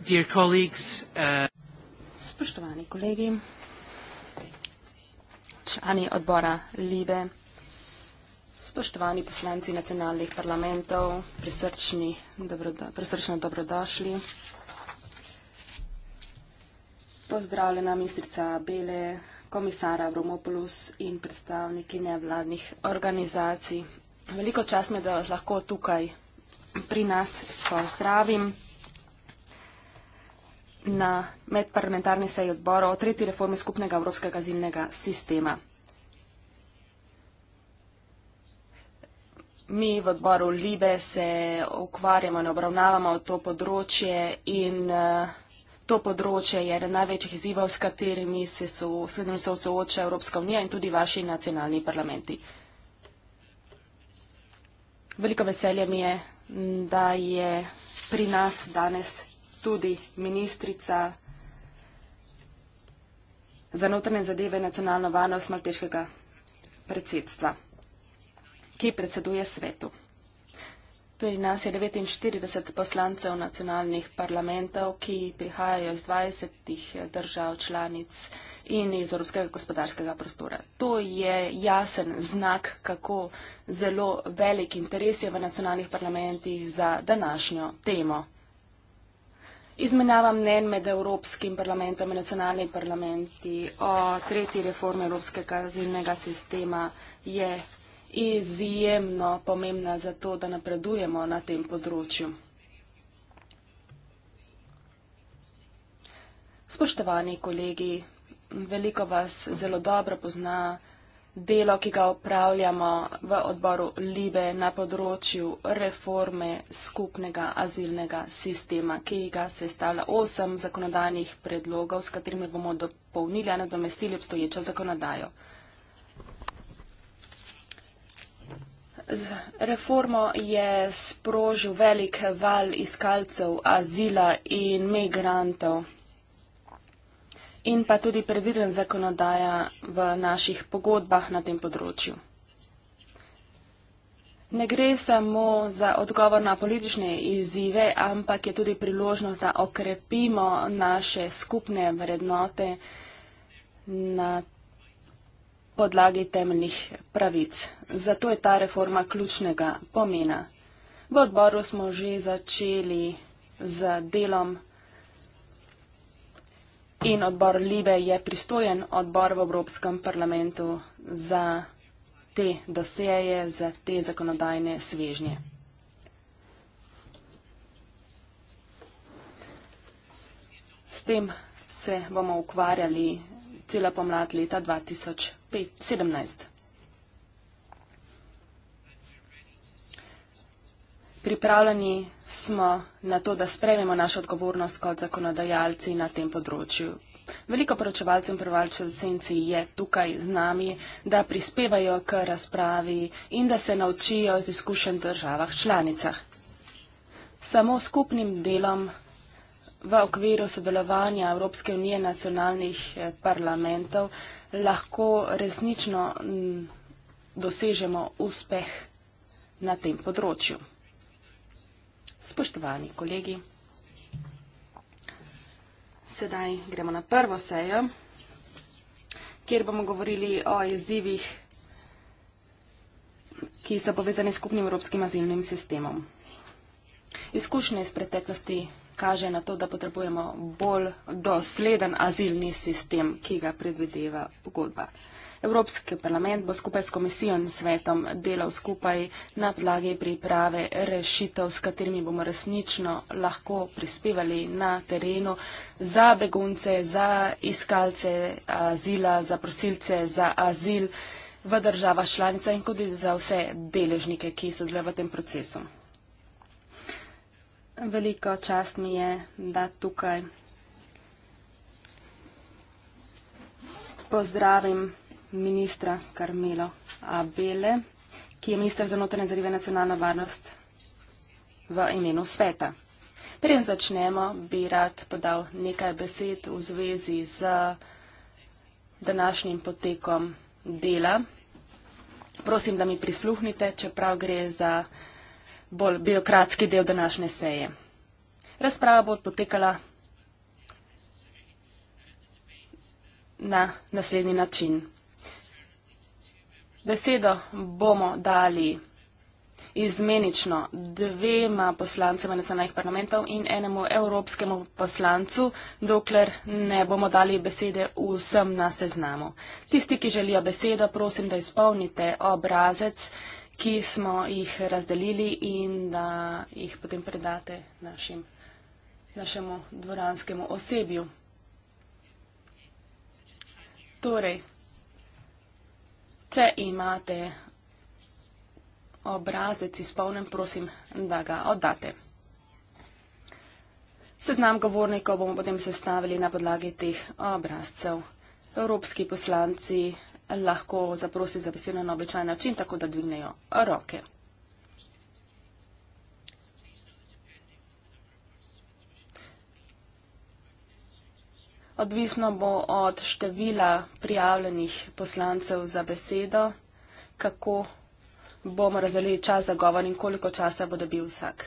Dear colleagues, uh... Spoštovani kolegi, člani odbora Libe, spoštovani poslanci nacionalnih parlamentov, prisrčni, dobroda, prisrčno dobrodošli. Pozdravljena ministrica Bele, komisara Avromopoulos in predstavniki nevladnih organizacij. Veliko čas mi je, da vas lahko tukaj pri nas pozdravim na medparlamentarni seji odbora o tretji reformi skupnega evropskega azilnega sistema. Mi v odboru Libe se ukvarjamo in obravnavamo to področje in eh, to področje je eden največjih izzivov, s katerimi se so srednjim so sooča Evropska unija in tudi vaši nacionalni parlamenti. Veliko veselje mi je, da je pri nas danes tudi ministrica za notrne zadeve in nacionalno varnost malteškega predsedstva, ki predseduje svetu. Pri nas je 49 poslancev nacionalnih parlamentov, ki prihajajo iz 20 držav članic in iz evropskega gospodarskega prostora. To je jasen znak, kako zelo velik interes je v nacionalnih parlamentih za današnjo temo izmenjava mnen med Evropskim parlamentom in nacionalnim parlamenti o tretji reformi Evropskega kazilnega sistema je izjemno pomembna za to, da napredujemo na tem področju. Spoštovani kolegi, veliko vas zelo dobro pozna delo, ki ga upravljamo v odboru Libe na področju reforme skupnega azilnega sistema, ki ga sestavlja osem zakonodajnih predlogov, s katerimi bomo dopolnili in nadomestili obstoječo zakonodajo. Z reformo je sprožil velik val iskalcev azila in migrantov in pa tudi previden zakonodaja v naših pogodbah na tem področju. Ne gre samo za odgovor na politične izzive, ampak je tudi priložnost, da okrepimo naše skupne vrednote na podlagi temeljnih pravic. Zato je ta reforma ključnega pomena. V odboru smo že začeli z delom. In odbor Libe je pristojen odbor v Evropskem parlamentu za te doseje, za te zakonodajne svežnje. S tem se bomo ukvarjali cela pomlad leta 2017. Pripravljeni smo na to, da sprejmemo našo odgovornost kot zakonodajalci na tem področju. Veliko poročevalcev in prevalcev licenci je tukaj z nami, da prispevajo k razpravi in da se naučijo z izkušen državah članicah. Samo skupnim delom v okviru sodelovanja Evropske unije nacionalnih eh, parlamentov lahko resnično mm, dosežemo uspeh na tem področju. Spoštovani kolegi, sedaj gremo na prvo sejo, kjer bomo govorili o izzivih, ki so povezani s skupnim evropskim azilnim sistemom. Izkušnje iz preteklosti kaže na to, da potrebujemo bolj dosleden azilni sistem, ki ga predvideva pogodba. Evropski parlament bo skupaj s komisijo in svetom delal skupaj na podlagi priprave rešitev, s katerimi bomo resnično lahko prispevali na terenu za begunce, za iskalce azila, za prosilce za azil v država članica in tudi za vse deležnike, ki so dele v tem procesu. Veliko čast mi je, da tukaj pozdravim ministra Karmelo Abele, ki je minister za notranje zadeve in nacionalno varnost v imenu sveta. Preden začnemo, bi rad podal nekaj besed v zvezi z današnjim potekom dela. Prosim, da mi prisluhnite, čeprav gre za bolj birokratski del današnje seje. Razprava bo potekala na naslednji način. Besedo bomo dali izmenično dvema poslancema nacionalnih parlamentov in enemu evropskemu poslancu, dokler ne bomo dali besede vsem na seznamu. Tisti, ki želijo besedo, prosim, da izpolnite obrazec, ki smo jih razdelili in da jih potem predate našim, našemu dvoranskemu osebju. Torej, Če imate obrazec izpolnjen, prosim, da ga oddate. Seznam govornikov bomo potem sestavili na podlagi teh obrazcev. Evropski poslanci lahko zaprosi za besedo na običajen način, tako da dvignejo roke. Odvisno bo od števila prijavljenih poslancev za besedo, kako bomo razdelili čas za govor in koliko časa bo dobil vsak.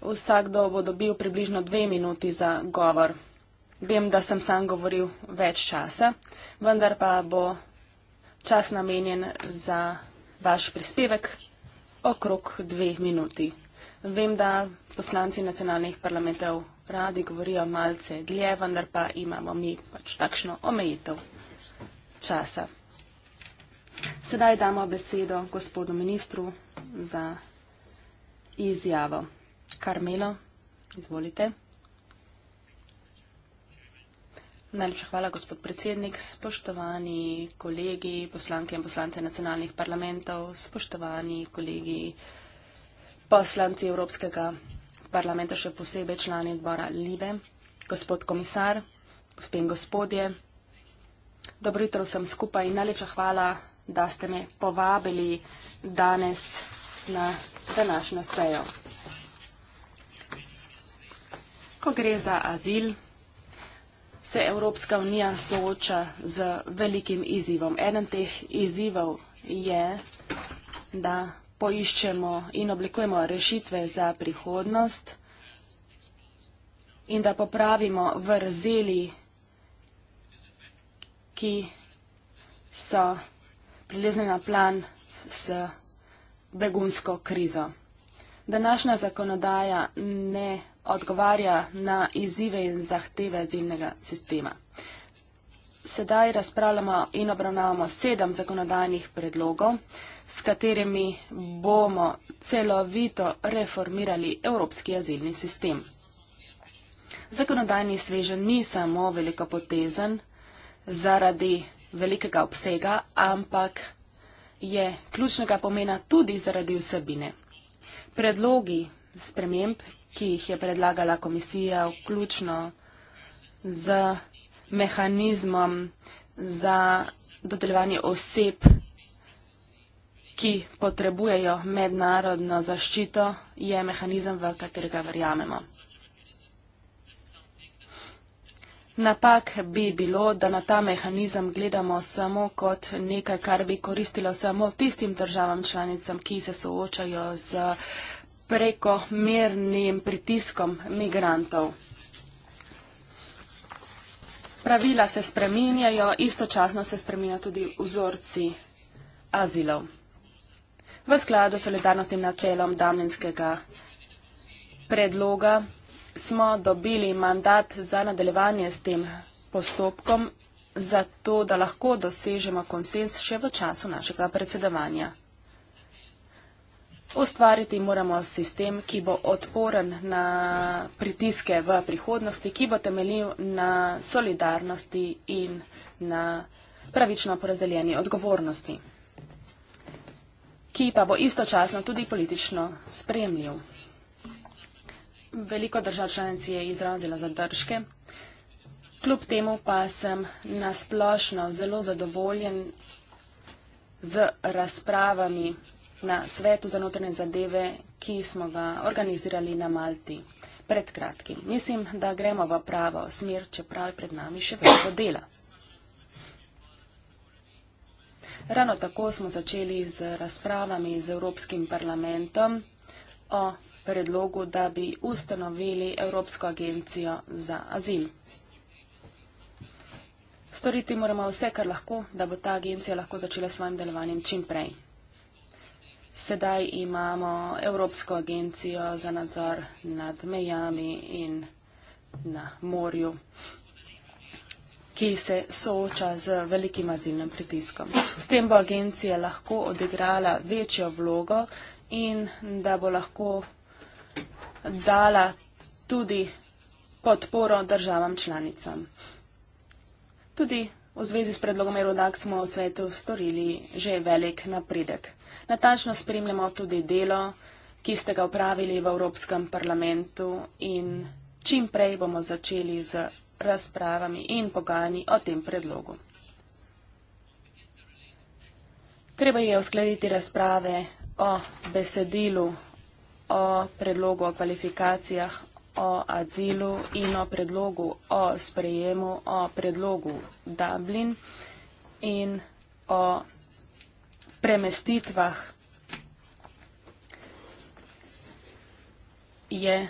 Vsakdo bo dobil približno dve minuti za govor. Vem, da sem sam govoril več časa, vendar pa bo čas namenjen za vaš prispevek okrog dve minuti. Vem, da poslanci nacionalnih parlamentov radi govorijo malce dlje, vendar pa imamo mi pač takšno omejitev časa. Sedaj damo besedo gospodu ministru za izjavo. Karmelo, izvolite. Najlepša hvala, gospod predsednik, spoštovani kolegi, poslanke in poslance nacionalnih parlamentov, spoštovani kolegi, poslanci Evropskega parlamenta, še posebej člani odbora Libe, gospod komisar, gospe in gospodje. Dobro jutro vsem skupaj in najlepša hvala, da ste me povabili danes na današnjo sejo. Ko gre za azil, se Evropska unija sooča z velikim izzivom. Eden teh izzivov je, da poiščemo in oblikujemo rešitve za prihodnost in da popravimo vrzeli, ki so prilezne na plan s begunsko krizo. Današnja zakonodaja ne odgovarja na izzive in zahteve zilnega sistema. Sedaj razpravljamo in obravnavamo sedem zakonodajnih predlogov s katerimi bomo celovito reformirali evropski azilni sistem. Zakonodajni svežen ni samo velikopotezen zaradi velikega obsega, ampak je ključnega pomena tudi zaradi vsebine. Predlogi sprememb, ki jih je predlagala komisija, vključno z mehanizmom za dodeljevanje oseb, ki potrebujejo mednarodno zaščito, je mehanizem, v katerega verjamemo. Napak bi bilo, da na ta mehanizem gledamo samo kot nekaj, kar bi koristilo samo tistim državam članicam, ki se soočajo z prekomernim pritiskom migrantov. Pravila se spreminjajo, istočasno se spreminjajo tudi vzorci azilov v skladu s solidarnostnim načelom Damlinskega predloga smo dobili mandat za nadaljevanje s tem postopkom, zato da lahko dosežemo konsens še v času našega predsedovanja. Ustvariti moramo sistem, ki bo odporen na pritiske v prihodnosti, ki bo temeljil na solidarnosti in na pravično porazdeljeni odgovornosti ki pa bo istočasno tudi politično spremljiv. Veliko držav članic je izrazila zadržke, kljub temu pa sem nasplošno zelo zadovoljen z razpravami na svetu za notrne zadeve, ki smo ga organizirali na Malti pred kratkim. Mislim, da gremo v pravo smer, čeprav je pred nami še veliko dela. Ravno tako smo začeli z razpravami z Evropskim parlamentom o predlogu, da bi ustanovili Evropsko agencijo za azil. Storiti moramo vse, kar lahko, da bo ta agencija lahko začela svojim delovanjem čim prej. Sedaj imamo Evropsko agencijo za nadzor nad mejami in na morju ki se sooča z velikim azilnim pritiskom. S tem bo agencija lahko odigrala večjo vlogo in da bo lahko dala tudi podporo državam članicam. Tudi v zvezi s predlogom Erodak smo v svetu storili že velik napredek. Natančno spremljamo tudi delo, ki ste ga upravili v Evropskem parlamentu in čim prej bomo začeli z razpravami in pogajanji o tem predlogu. Treba je uskladiti razprave o besedilu, o predlogu o kvalifikacijah, o azilu in o predlogu o sprejemu, o predlogu Dublin in o premestitvah je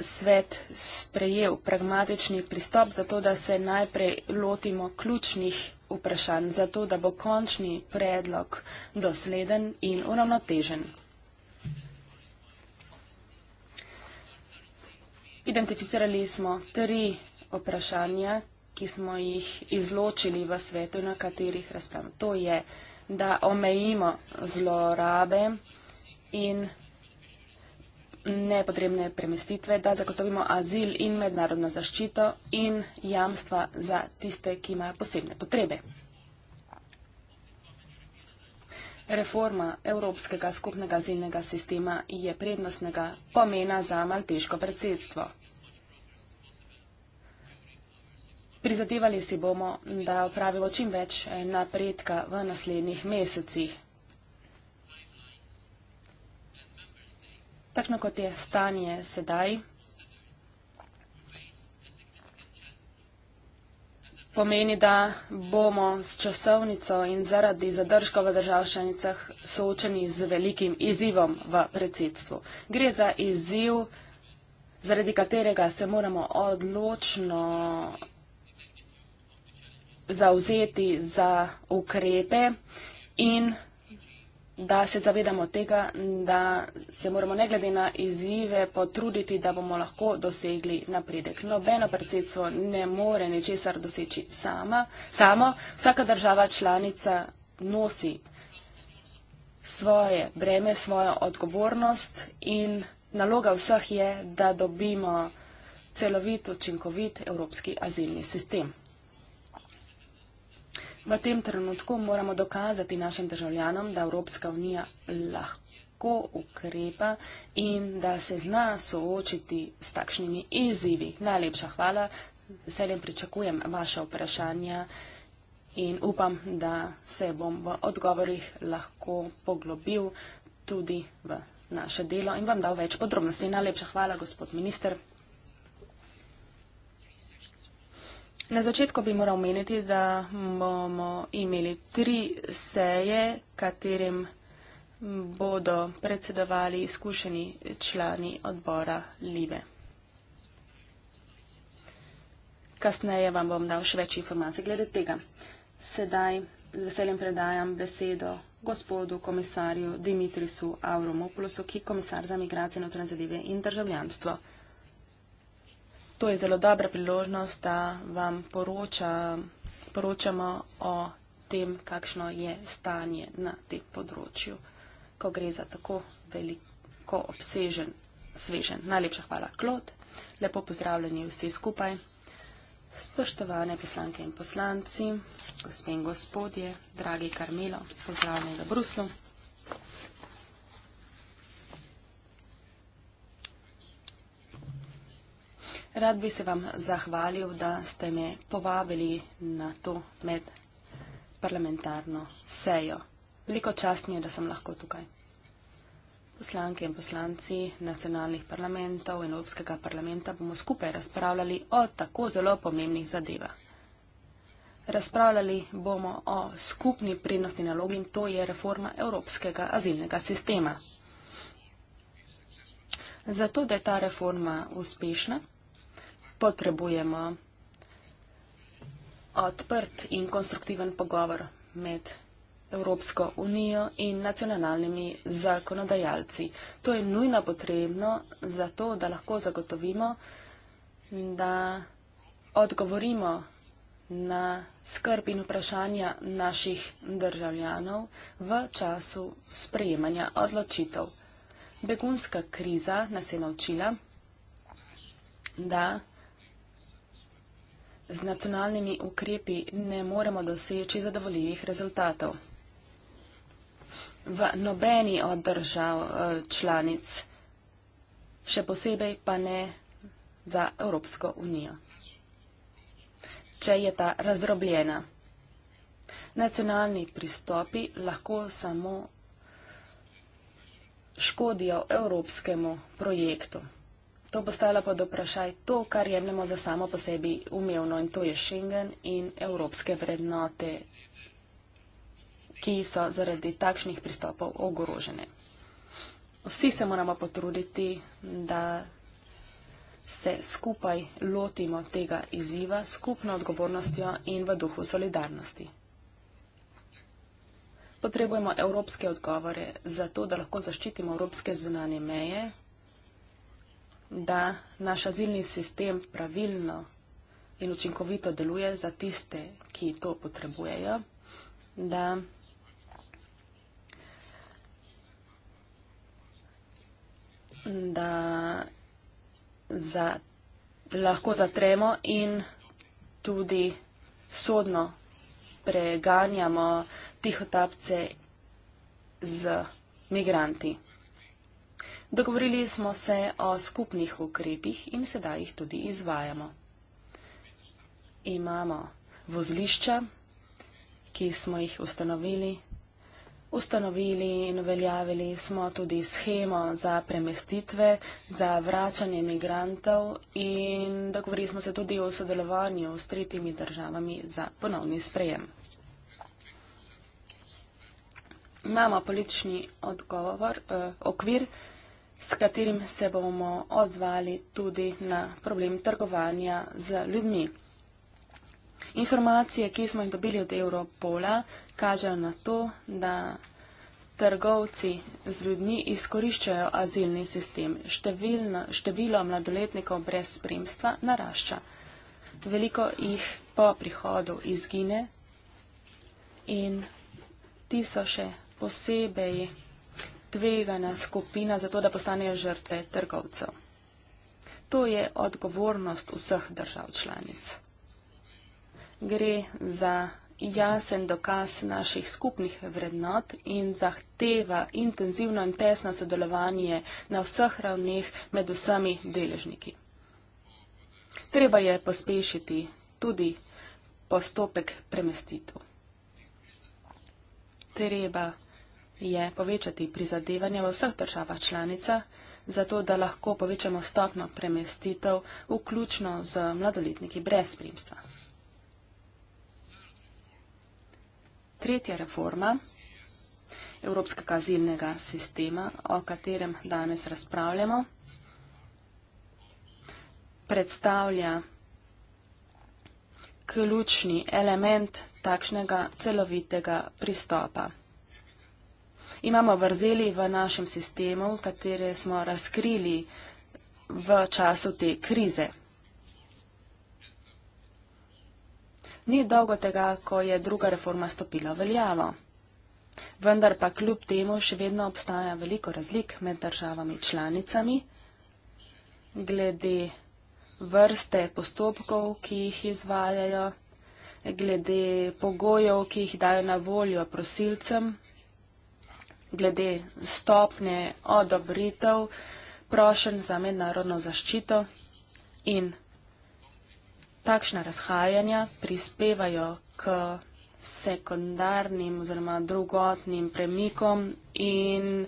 svet sprejel pragmatični pristop, zato da se najprej lotimo ključnih vprašanj, zato da bo končni predlog dosleden in uravnotežen. Identificirali smo tri vprašanja, ki smo jih izločili v svetu, na katerih razpravljamo. To je, da omejimo zlorabe in nepotrebne premestitve, da zagotovimo azil in mednarodno zaščito in jamstva za tiste, ki imajo posebne potrebe. Reforma Evropskega skupnega azilnega sistema je prednostnega pomena za malteško predsedstvo. Prizadevali si bomo, da opravimo čim več napredka v naslednjih mesecih. takšno kot je stanje sedaj, pomeni, da bomo s časovnico in zaradi zadržka v državšanicah soočeni z velikim izzivom v predsedstvu. Gre za izziv, zaradi katerega se moramo odločno zauzeti za ukrepe in da se zavedamo tega, da se moramo ne glede na izzive potruditi, da bomo lahko dosegli napredek. Nobeno predsedstvo ne more ničesar doseči sama, samo vsaka država članica nosi svoje breme, svojo odgovornost in naloga vseh je, da dobimo celovit, učinkovit evropski azilni sistem. V tem trenutku moramo dokazati našim državljanom, da Evropska unija lahko ukrepa in da se zna soočiti s takšnimi izzivi. Najlepša hvala, veseljem pričakujem vaše vprašanja in upam, da se bom v odgovorih lahko poglobil tudi v naše delo in vam dal več podrobnosti. Najlepša hvala, gospod minister. Na začetku bi moral omeniti, da bomo imeli tri seje, katerim bodo predsedovali izkušeni člani odbora Live. Kasneje vam bom dal še več informacij glede tega. Sedaj z veseljem predajam besedo gospodu komisarju Dimitrisu Avromopulosu, ki je komisar za migracijo, notranje zadeve in državljanstvo. To je zelo dobra priložnost, da vam poroča, poročamo o tem, kakšno je stanje na tem področju, ko gre za tako veliko obsežen svežen. Najlepša hvala, Klod. Lepo pozdravljeni vsi skupaj. Spoštovane poslanke in poslanci, gospe in gospodje, dragi Karmelo, pozdravljeni v Bruslu. Rad bi se vam zahvalil, da ste me povabili na to med parlamentarno sejo. Veliko čast mi je, da sem lahko tukaj. Poslanke in poslanci nacionalnih parlamentov in Evropskega parlamenta bomo skupaj razpravljali o tako zelo pomembnih zadevah. Razpravljali bomo o skupni prednosti nalogi in to je reforma Evropskega azilnega sistema. Zato, da je ta reforma uspešna, potrebujemo odprt in konstruktiven pogovor med Evropsko unijo in nacionalnimi zakonodajalci. To je nujno potrebno zato, da lahko zagotovimo, da odgovorimo na skrb in vprašanja naših državljanov v času sprejemanja odločitev. Begunska kriza nas je naučila, da z nacionalnimi ukrepi ne moremo doseči zadovoljivih rezultatov. V nobeni od držav eh, članic, še posebej pa ne za Evropsko unijo. Če je ta razdrobljena, nacionalni pristopi lahko samo škodijo evropskemu projektu. To postavlja pod vprašaj to, kar jemljemo za samo po sebi umevno in to je Schengen in evropske vrednote, ki so zaradi takšnih pristopov ogrožene. Vsi se moramo potruditi, da se skupaj lotimo tega izziva skupno odgovornostjo in v duhu solidarnosti. Potrebujemo evropske odgovore za to, da lahko zaščitimo evropske zunanje meje da naš azilni sistem pravilno in učinkovito deluje za tiste, ki to potrebujejo, da da za, lahko zatremo in tudi sodno preganjamo tihotapce z migranti. Dogovorili smo se o skupnih ukrepih in sedaj jih tudi izvajamo. Imamo vozlišča, ki smo jih ustanovili. Ustanovili in uveljavili smo tudi schemo za premestitve, za vračanje migrantov in dogovorili smo se tudi o sodelovanju s tretjimi državami za ponovni sprejem. Imamo politični odgovor, eh, okvir, s katerim se bomo odzvali tudi na problem trgovanja z ljudmi. Informacije, ki smo jih dobili od Europola, kažejo na to, da trgovci z ljudmi izkoriščajo azilni sistem. Številno, število mladoletnikov brez spremstva narašča. Veliko jih po prihodu izgine in ti so še posebej tvegana skupina za to, da postanejo žrtve trgovcev. To je odgovornost vseh držav članic. Gre za jasen dokaz naših skupnih vrednot in zahteva intenzivno in tesno sodelovanje na vseh ravneh med vsemi deležniki. Treba je pospešiti tudi postopek premestitev. Treba je povečati prizadevanja v vseh državah članicah, zato da lahko povečamo stopno premestitev, vključno z mladoletniki brez spremstva. Tretja reforma Evropskega zilnega sistema, o katerem danes razpravljamo, predstavlja ključni element takšnega celovitega pristopa imamo vrzeli v našem sistemu, katere smo razkrili v času te krize. Ni dolgo tega, ko je druga reforma stopila veljavo. Vendar pa kljub temu še vedno obstaja veliko razlik med državami članicami glede vrste postopkov, ki jih izvajajo, glede pogojev, ki jih dajo na voljo prosilcem glede stopnje odobritev prošenj za mednarodno zaščito in takšna razhajanja prispevajo k sekundarnim oziroma drugotnim premikom in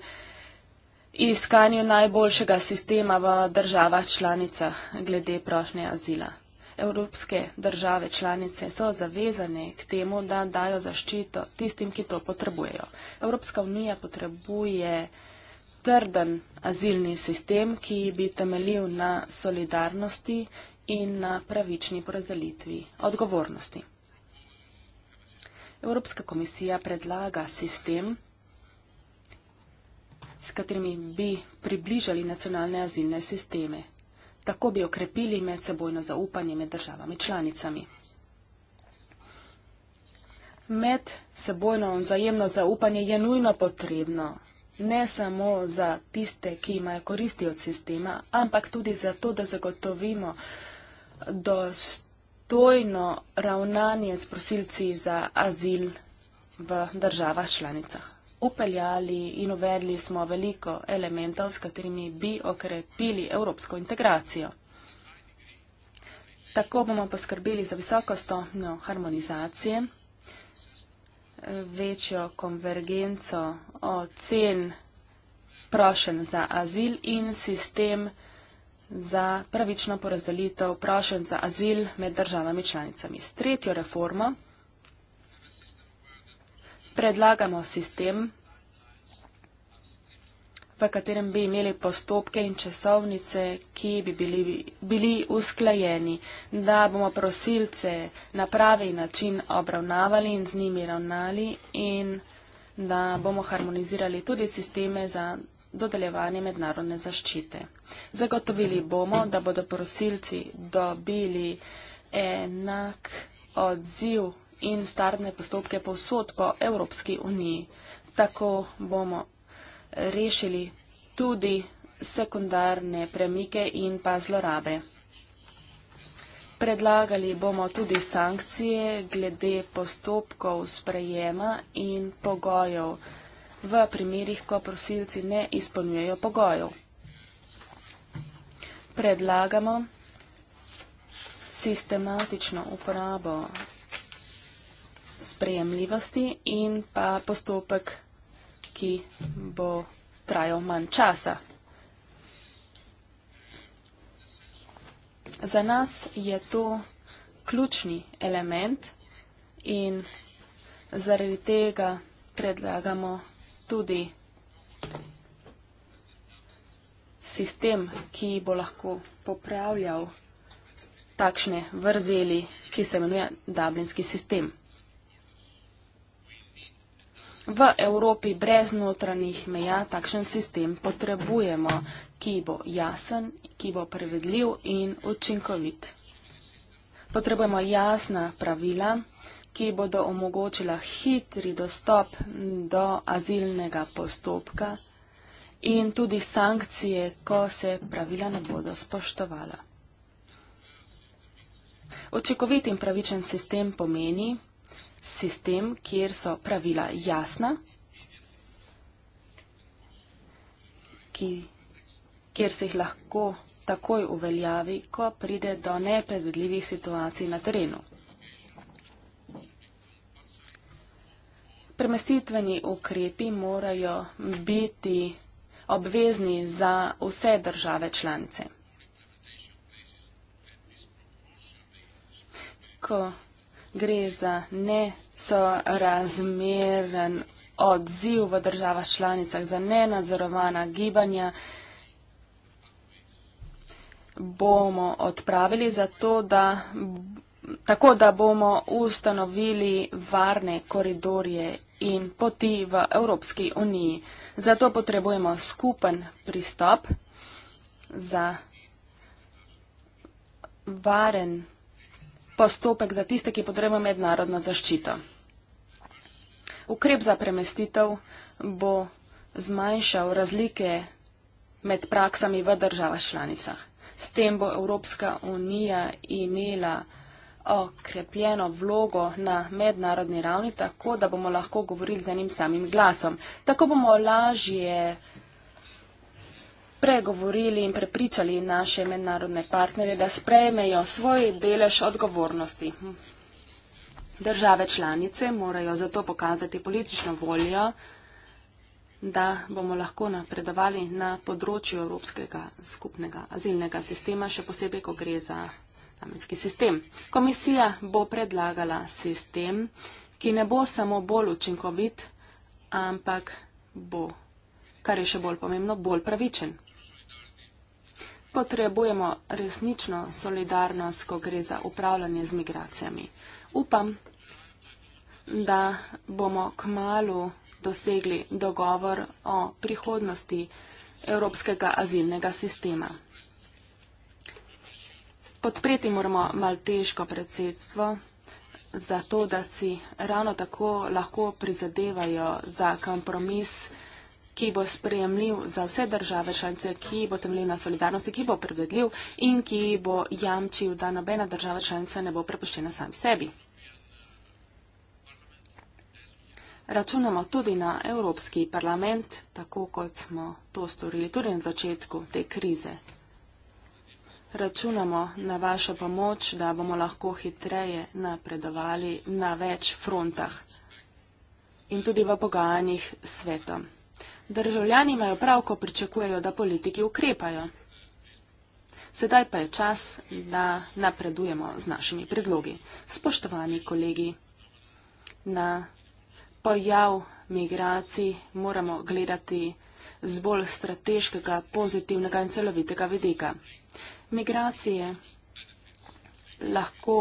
iskanju najboljšega sistema v državah članicah glede prošnje azila evropske države članice so zavezane k temu, da dajo zaščito tistim, ki to potrebujejo. Evropska unija potrebuje trden azilni sistem, ki bi temeljil na solidarnosti in na pravični porazdelitvi odgovornosti. Evropska komisija predlaga sistem, s katerimi bi približali nacionalne azilne sisteme. Tako bi okrepili medsebojno zaupanje med državami članicami. Med sebojno vzajemno zaupanje je nujno potrebno, ne samo za tiste, ki imajo koristi od sistema, ampak tudi za to, da zagotovimo dostojno ravnanje s prosilci za azil v državah članicah upeljali in uvedli smo veliko elementov, s katerimi bi okrepili evropsko integracijo. Tako bomo poskrbeli za visoko stopnjo harmonizacije, večjo konvergenco ocen prošen za azil in sistem za pravično porazdelitev prošen za azil med državami članicami. S tretjo reformo predlagamo sistem, v katerem bi imeli postopke in časovnice, ki bi bili, bili usklajeni, da bomo prosilce na pravi način obravnavali in z njimi ravnali in da bomo harmonizirali tudi sisteme za dodeljevanje mednarodne zaščite. Zagotovili bomo, da bodo prosilci dobili enak odziv in startne postopke povsod po Evropski uniji. Tako bomo rešili tudi sekundarne premike in pa zlorabe. Predlagali bomo tudi sankcije glede postopkov sprejema in pogojev v primerih, ko prosilci ne izpolnjujejo pogojev. Predlagamo sistematično uporabo sprejemljivosti in pa postopek, ki bo trajal manj časa. Za nas je to ključni element in zaradi tega predlagamo tudi sistem, ki bo lahko popravljal takšne vrzeli, ki se imenuje Dublinski sistem. V Evropi brez notranjih meja takšen sistem potrebujemo, ki bo jasen, ki bo prevedljiv in učinkovit. Potrebujemo jasna pravila, ki bodo omogočila hitri dostop do azilnega postopka in tudi sankcije, ko se pravila ne bodo spoštovala. Očekovit in pravičen sistem pomeni, sistem, kjer so pravila jasna, ki, kjer se jih lahko takoj uveljavi, ko pride do nepredvidljivih situacij na terenu. Premestitveni ukrepi morajo biti obvezni za vse države članice. Ko gre za nesorazmeren odziv v državah članicah, za nenadzorovana gibanja bomo odpravili zato, da, tako da bomo ustanovili varne koridorje in poti v Evropski uniji. Zato potrebujemo skupen pristop za varen pristop postopek za tiste, ki potrebujejo mednarodno zaščito. Ukrep za premestitev bo zmanjšal razlike med praksami v državah članicah. S tem bo Evropska unija imela okrepljeno vlogo na mednarodni ravni, tako da bomo lahko govorili z enim samim glasom. Tako bomo lažje pregovorili in prepričali naše mednarodne partnerje, da sprejmejo svoj delež odgovornosti. Države članice morajo zato pokazati politično voljo, da bomo lahko napredovali na področju Evropskega skupnega azilnega sistema, še posebej, ko gre za namenski sistem. Komisija bo predlagala sistem, ki ne bo samo bolj učinkovit, ampak bo, kar je še bolj pomembno, bolj pravičen. Potrebujemo resnično solidarnost, ko gre za upravljanje z migracijami. Upam, da bomo k malu dosegli dogovor o prihodnosti evropskega azilnega sistema. Podpreti moramo malteško predsedstvo za to, da si ravno tako lahko prizadevajo za kompromis ki bo sprejemljiv za vse države članice, ki bo temeljil na solidarnosti, ki bo prevedljiv in ki bo jamčil, da nobena država članica ne bo prepuščena sam sebi. Računamo tudi na Evropski parlament, tako kot smo to storili tudi na začetku te krize. Računamo na vašo pomoč, da bomo lahko hitreje napredovali na več frontah in tudi v pogajanjih svetom. Državljani imajo prav, ko pričakujejo, da politiki ukrepajo. Sedaj pa je čas, da napredujemo z našimi predlogi. Spoštovani kolegi, na pojav migracij moramo gledati z bolj strateškega, pozitivnega in celovitega vidika. Migracije lahko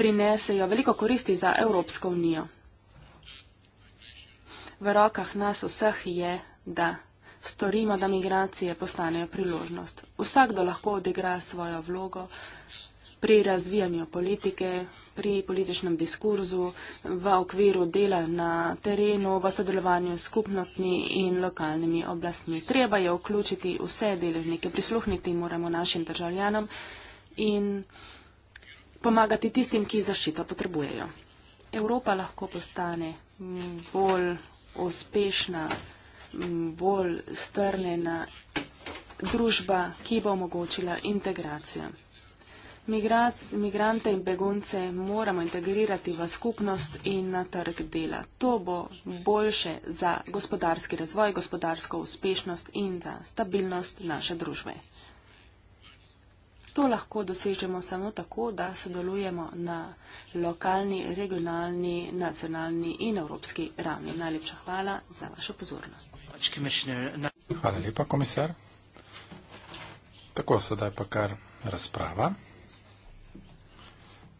prinesejo veliko koristi za Evropsko unijo v rokah nas vseh je, da storimo, da migracije postanejo priložnost. Vsakdo lahko odigra svojo vlogo pri razvijanju politike, pri političnem diskurzu, v okviru dela na terenu, v sodelovanju s skupnostmi in lokalnimi oblastmi. Treba je vključiti vse deležnike, prisluhniti moramo našim državljanom in pomagati tistim, ki zaščito potrebujejo. Evropa lahko postane bolj uspešna, bolj strnjena družba, ki bo omogočila integracijo. Migrac, migrante in begunce moramo integrirati v skupnost in na trg dela. To bo boljše za gospodarski razvoj, gospodarsko uspešnost in za stabilnost naše družbe. To lahko dosežemo samo tako, da sodelujemo na lokalni, regionalni, nacionalni in evropski ravni. Najlepša hvala za vašo pozornost. Hvala lepa, komisar. Tako sedaj pa kar razprava.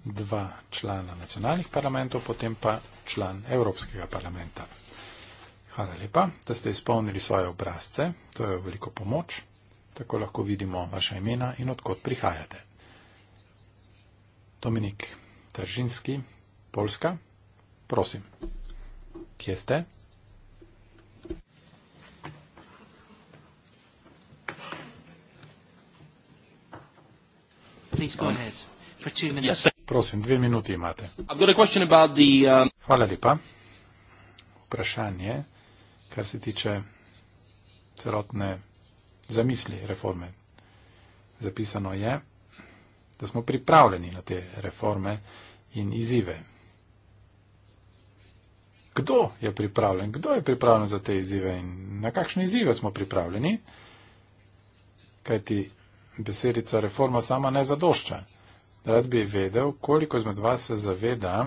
Dva člana nacionalnih parlamentov, potem pa član Evropskega parlamenta. Hvala lepa, da ste izpolnili svoje obrazce. To je veliko pomoč tako lahko vidimo vaše imena in odkot prihajate. Dominik Tržinski, Polska, prosim, kje ste? Prosim, dve minuti imate. Um, Hvala lepa. Vprašanje, kar se tiče celotne zamisli reforme. Zapisano je, da smo pripravljeni na te reforme in izzive. Kdo je pripravljen? Kdo je pripravljen za te izzive in na kakšne izzive smo pripravljeni? Kajti besedica reforma sama ne zadošča. Rad bi vedel, koliko izmed vas se zaveda,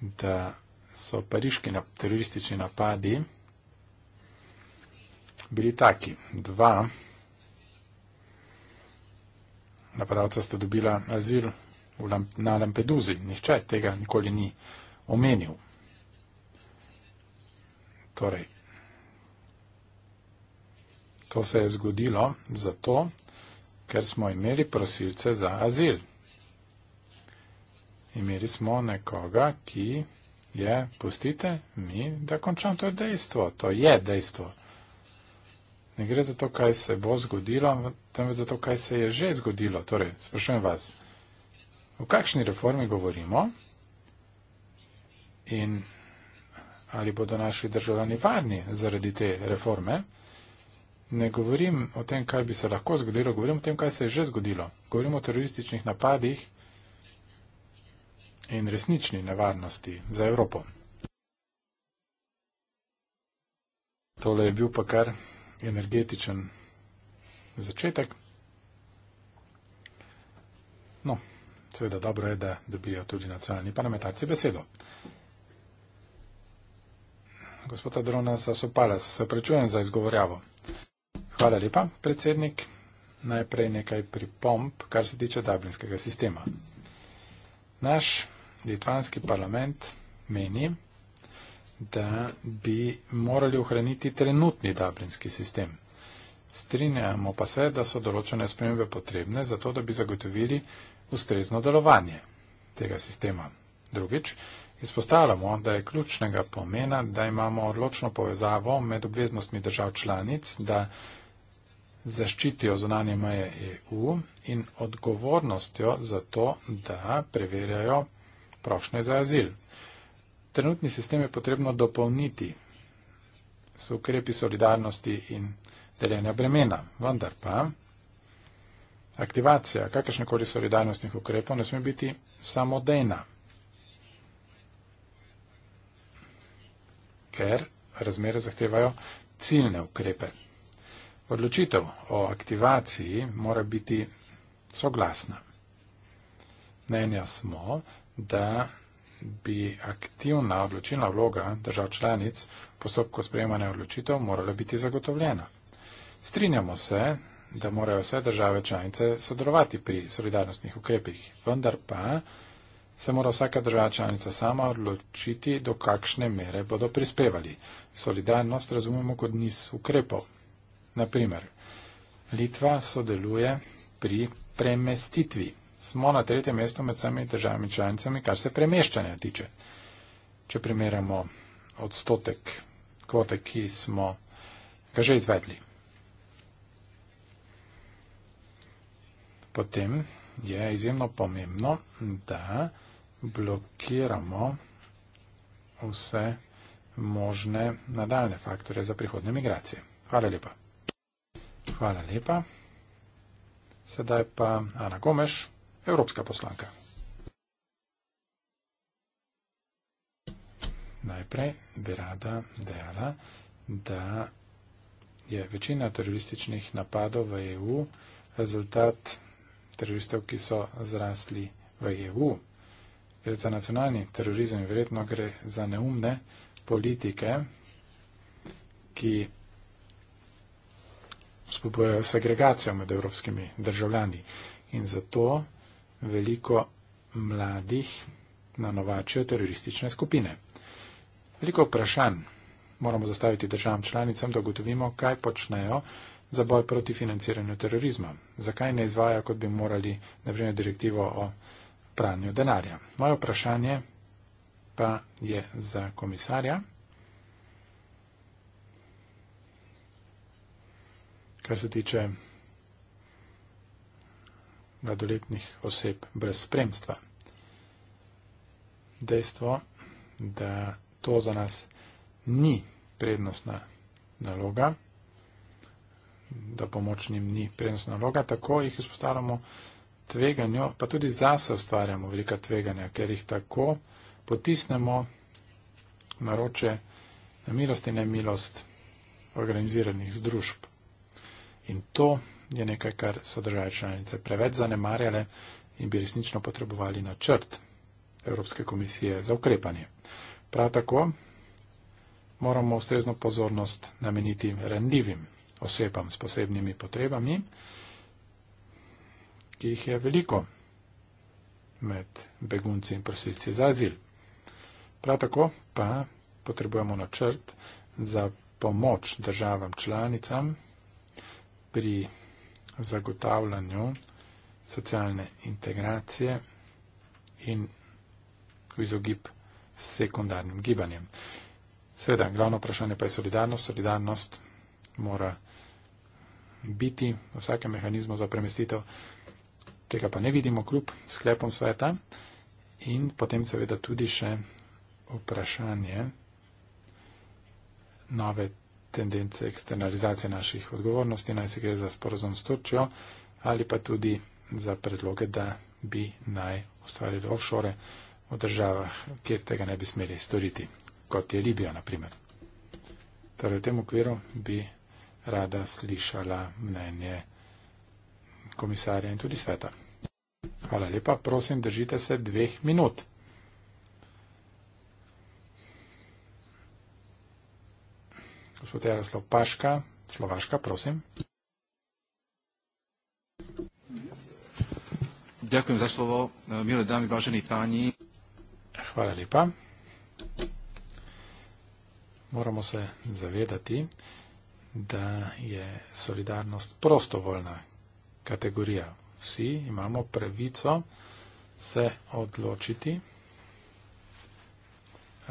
da so pariški teroristični napadi bili taki. Dva napadalca sta dobila azil na Lampeduzi. Nihče tega nikoli ni omenil. Torej, to se je zgodilo zato, ker smo imeli prosilce za azil. Imeli smo nekoga, ki je, pustite mi, da končam to dejstvo. To je dejstvo. Ne gre za to, kaj se bo zgodilo, temveč za to, kaj se je že zgodilo. Torej, sprašujem vas, o kakšni reformi govorimo in ali bodo naši državljani varni zaradi te reforme. Ne govorim o tem, kaj bi se lahko zgodilo, govorim o tem, kaj se je že zgodilo. Govorim o terorističnih napadih in resnični nevarnosti za Evropo. Tole je bil pa kar energetičen začetek. No, seveda dobro je, da dobijo tudi nacionalni parlamentarci besedo. Gospod Adrona Sasopala, se prečujem za izgovorjavo. Hvala lepa, predsednik. Najprej nekaj pripomp, kar se tiče dublinskega sistema. Naš litvanski parlament meni, da bi morali ohraniti trenutni dablinski sistem. Strinjamo pa se, da so določene spremembe potrebne za to, da bi zagotovili ustrezno delovanje tega sistema. Drugič, izpostavljamo, da je ključnega pomena, da imamo odločno povezavo med obveznostmi držav članic, da zaščitijo zunanje meje EU in odgovornostjo za to, da preverjajo prošnje za azil. Trenutni sistem je potrebno dopolniti s ukrepi solidarnosti in deljenja bremena. Vendar pa aktivacija kakršnekoli solidarnostnih ukrepov ne sme biti samodejna, ker razmere zahtevajo ciljne ukrepe. Odločitev o aktivaciji mora biti soglasna. Mnenja smo, da bi aktivna odločilna vloga držav članic v postopku sprejemanja odločitev morala biti zagotovljena. Strinjamo se, da morajo vse države članice sodelovati pri solidarnostnih ukrepih, vendar pa se mora vsaka država članica sama odločiti, do kakšne mere bodo prispevali. Solidarnost razumemo kot niz ukrepov. Naprimer, Litva sodeluje pri premestitvi smo na tretjem mestu med vsemi državami članicami, kar se premeščanja tiče. Če primerjamo odstotek kvote, ki smo ga že izvedli. Potem je izjemno pomembno, da blokiramo vse možne nadaljne faktore za prihodne migracije. Hvala lepa. Hvala lepa. Sedaj pa Ana Gomeš evropska poslanka. Najprej bi rada dejala, da je večina terorističnih napadov v EU rezultat teroristov, ki so zrasli v EU. Gre za nacionalni terorizem in verjetno gre za neumne politike, ki spodbujajo segregacijo med evropskimi državljani. In zato veliko mladih na novačijo teroristične skupine. Veliko vprašanj moramo zastaviti državam članicam, da gotovimo, kaj počnejo za boj proti financiranju terorizma. Zakaj ne izvaja, kot bi morali, na primer, direktivo o pranju denarja. Moje vprašanje pa je za komisarja. Kar se tiče mladoletnih oseb brez spremstva. Dejstvo, da to za nas ni prednostna naloga, da pomoč njim ni prednostna naloga, tako jih izpostavljamo tveganju, pa tudi zase ustvarjamo velika tveganja, ker jih tako potisnemo naroče na milost in nemilost organiziranih združb. In to je nekaj, kar so države članice preveč zanemarjale in bi resnično potrebovali načrt Evropske komisije za ukrepanje. Prav tako moramo ustrezno pozornost nameniti rendljivim osebam s posebnimi potrebami, ki jih je veliko med begunci in prosilci za azil. Prav tako pa potrebujemo načrt za pomoč državam članicam pri zagotavljanju socialne integracije in v izogib sekundarnim gibanjem. Sveda, glavno vprašanje pa je solidarnost. Solidarnost mora biti v vsakem mehanizmu za premestitev. Tega pa ne vidimo kljub sklepom sveta. In potem seveda tudi še vprašanje nove tendence eksternalizacije naših odgovornosti, naj se gre za sporozum s Turčjo ali pa tudi za predloge, da bi naj ustvarili offshore v državah, kjer tega ne bi smeli storiti, kot je Libija na primer. Torej v tem okviru bi rada slišala mnenje komisarja in tudi sveta. Hvala lepa, prosim, držite se dveh minut. Gospod Jaroslav Paška, Slovaška, prosim. Dziękuję za słowo, miłe dami, ważeni pani. Hvala lepa. Moramo se zavedati, da je solidarnost prostovoljna kategorija. Vsi imamo pravico se odločiti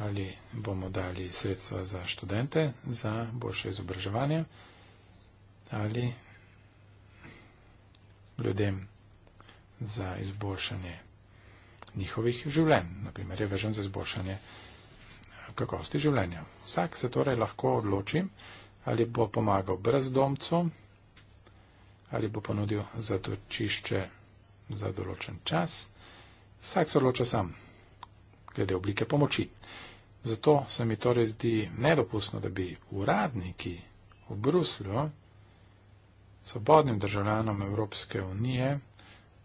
ali bomo dali sredstva za študente, za boljše izobraževanje, ali ljudem za izboljšanje njihovih življenj, naprimer revežem za izboljšanje kakosti življenja. Vsak se torej lahko odloči, ali bo pomagal brezdomcu, ali bo ponudil zatočišče za določen čas. Vsak se odloča sam, glede oblike pomoči. Zato se mi torej zdi nedopustno, da bi uradniki v Bruslju, svobodnim državljanom Evropske unije,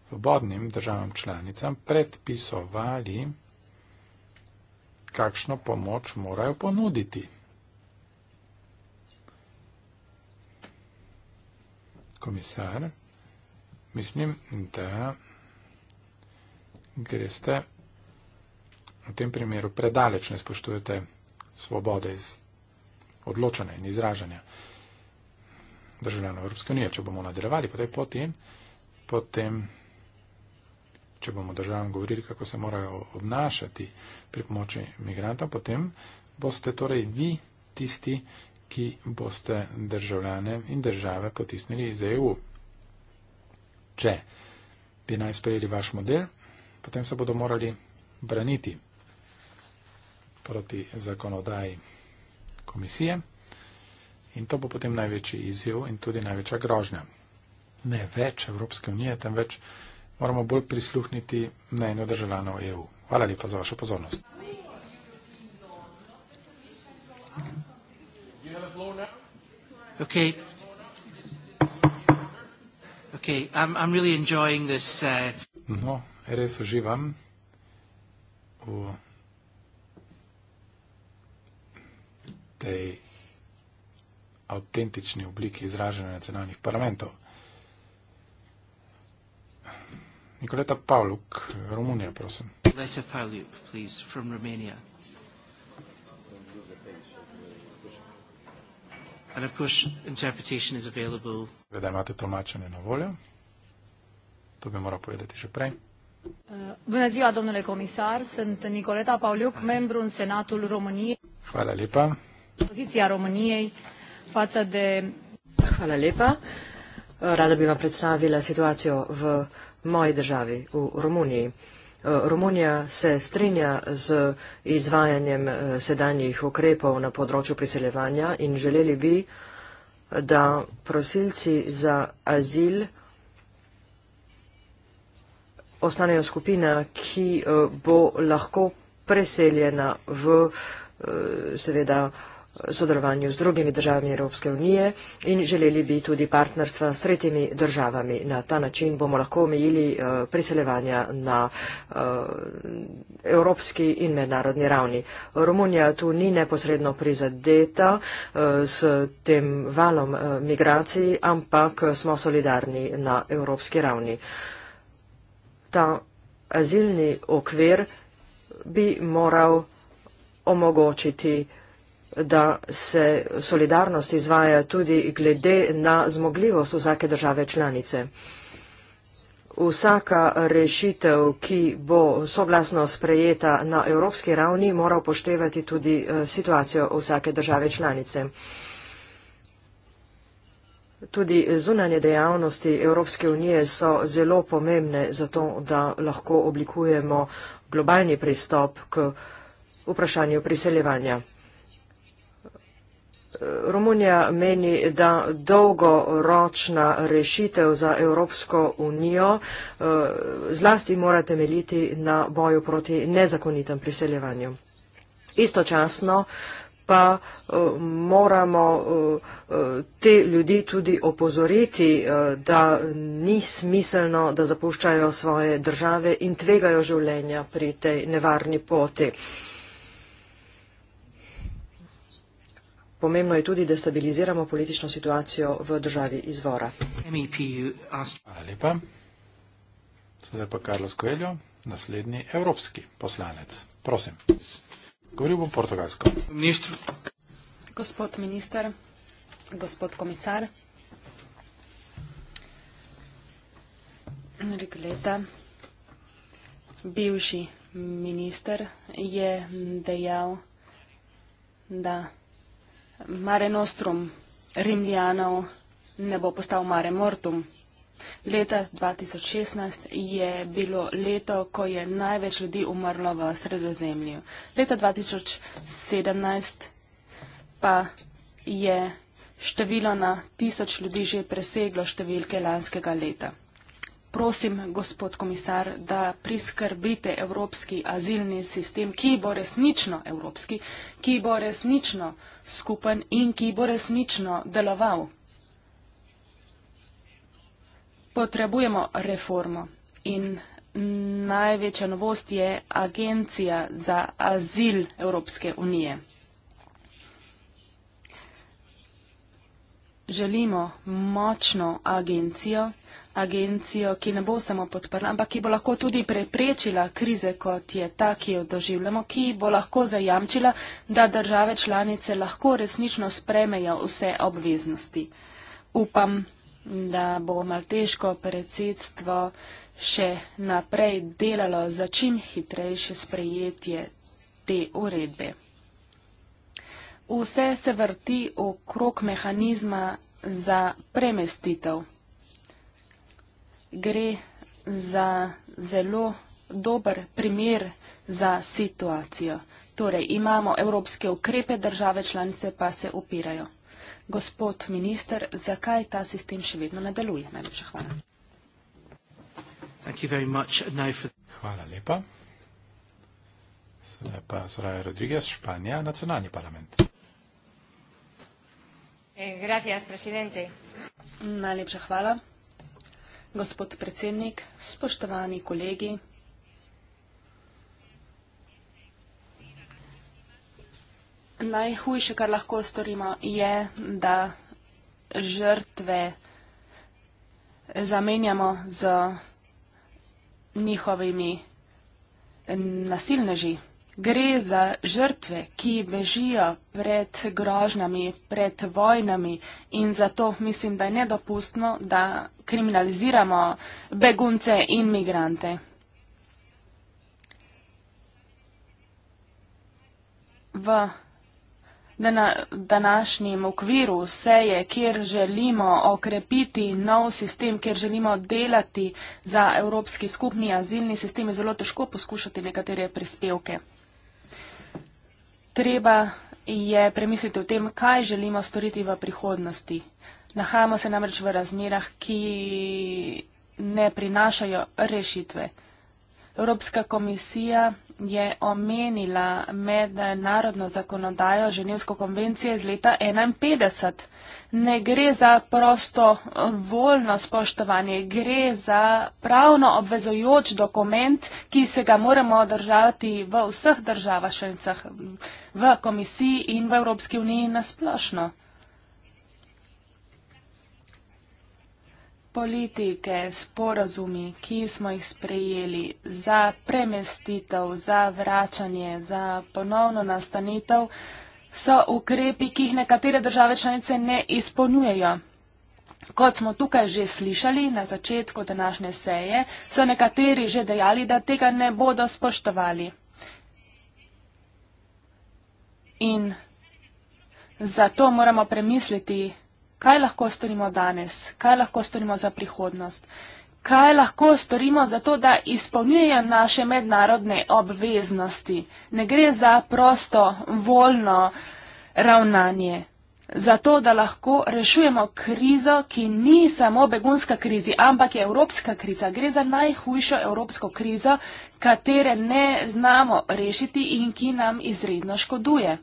svobodnim državam članicam predpisovali, kakšno pomoč morajo ponuditi. Komisar, mislim, da greste v tem primeru predaleč ne spoštujete svobode iz odločanja in izražanja državljanov Evropske unije. Če bomo nadaljevali po tej poti, potem, če bomo državam govorili, kako se morajo obnašati pri pomoči migranta, potem boste torej vi tisti, ki boste državljane in države potisnili iz EU. Če bi naj sprejeli vaš model, potem se bodo morali braniti proti zakonodaji komisije. In to bo potem največji izjiv in tudi največja grožnja. Ne več Evropske unije, temveč moramo bolj prisluhniti mnenju državljanov EU. Hvala lepa za vašo pozornost. Okay. Okay. I'm, I'm really this, uh... No, res uživam v. Uh... tej avtentični obliki izražanja nacionalnih parlamentov. Nikoleta Pavluk, Romunija, prosim. Nikoleta Pavluk, please, from Romania. And of course, interpretation is available. Veda imate tolmačenje na voljo. To bi moral povedati še prej. Uh, bună ziua, domnule comisar, sunt Nicoleta Pauliuc, membru în Senatul României. Hvala lepa pozicija Romunije faca de. Hvala lepa. Rada bi vam predstavila situacijo v moji državi, v Romuniji. E, Romunija se strinja z izvajanjem e, sedanjih ukrepov na področju priseljevanja in želeli bi, da prosilci za azil ostanejo skupina, ki e, bo lahko preseljena v seveda sodelovanju z drugimi državami Evropske unije in želeli bi tudi partnerstva s tretjimi državami. Na ta način bomo lahko omejili eh, priseljevanja na eh, evropski in mednarodni ravni. Romunija tu ni neposredno prizadeta eh, s tem valom migracij, ampak smo solidarni na evropski ravni. Ta azilni okvir bi moral omogočiti vsega, da se solidarnost izvaja tudi glede na zmogljivost vsake države članice. Vsaka rešitev, ki bo soglasno sprejeta na evropski ravni, mora upoštevati tudi eh, situacijo vsake države članice. Tudi zunanje dejavnosti Evropske unije so zelo pomembne za to, da lahko oblikujemo globalni pristop k vprašanju priseljevanja. Romunija meni, da dolgoročna rešitev za Evropsko unijo eh, zlasti mora temeljiti na boju proti nezakonitem priseljevanju. Istočasno pa eh, moramo eh, te ljudi tudi opozoriti, da ni smiselno, da zapuščajo svoje države in tvegajo življenja pri tej nevarni poti. Pomembno je tudi, da stabiliziramo politično situacijo v državi izvora. E Hvala lepa. Sedaj pa Carlos Coelho, naslednji evropski poslanec. Prosim. Govoril bom portugalsko. Ministr. Gospod minister, gospod komisar. Rigleta, bivši minister je dejal, da Mare Nostrum Rimljanov ne bo postal Mare Mortum. Leta 2016 je bilo leto, ko je največ ljudi umrlo v sredozemlju. Leta 2017 pa je število na tisoč ljudi že preseglo številke lanskega leta prosim, gospod komisar, da priskrbite evropski azilni sistem, ki bo resnično evropski, ki bo resnično skupen in ki bo resnično deloval. Potrebujemo reformo in največja novost je Agencija za azil Evropske unije. Želimo močno agencijo, agencijo, ki ne bo samo podprla, ampak ki bo lahko tudi preprečila krize, kot je ta, ki jo doživljamo, ki bo lahko zajamčila, da države članice lahko resnično spremejo vse obveznosti. Upam, da bo malteško predsedstvo še naprej delalo za čim hitrejše sprejetje te uredbe. Vse se vrti okrog mehanizma za premestitev gre za zelo dober primer za situacijo. Torej, imamo evropske ukrepe, države članice pa se upirajo. Gospod minister, zakaj ta sistem še vedno ne deluje? Najlepša hvala. Hvala lepa. Sedaj pa Soraya Rodriguez, Španija, nacionalni parlament. Eh, Najlepša hvala. Gospod predsednik, spoštovani kolegi, najhujše, kar lahko storimo, je, da žrtve zamenjamo z njihovimi nasilneži. Gre za žrtve, ki bežijo pred grožnjami, pred vojnami in zato mislim, da je nedopustno, da kriminaliziramo begunce in migrante. V današnjem okviru vse je, kjer želimo okrepiti nov sistem, kjer želimo delati za evropski skupni azilni sistem, je zelo težko poskušati nekatere prispevke treba je premisliti o tem, kaj želimo storiti v prihodnosti. Nahajamo se namreč v razmerah, ki ne prinašajo rešitve. Evropska komisija je omenila mednarodno zakonodajo Ženevsko konvencijo iz leta 1951. Ne gre za prosto voljno spoštovanje, gre za pravno obvezojoč dokument, ki se ga moramo držati v vseh državah, šencah, v komisiji in v Evropski uniji nasplošno. politike, sporazumi, ki smo jih sprejeli za premestitev, za vračanje, za ponovno nastanitev, so ukrepi, ki jih nekatere države članice ne izpolnjujejo. Kot smo tukaj že slišali na začetku današnje seje, so nekateri že dejali, da tega ne bodo spoštovali. In zato moramo premisliti, kaj lahko storimo danes, kaj lahko storimo za prihodnost, kaj lahko storimo za to, da izpolnjujejo naše mednarodne obveznosti. Ne gre za prosto, voljno ravnanje. Zato, da lahko rešujemo krizo, ki ni samo begunska kriza, ampak je evropska kriza. Gre za najhujšo evropsko krizo, katere ne znamo rešiti in ki nam izredno škoduje.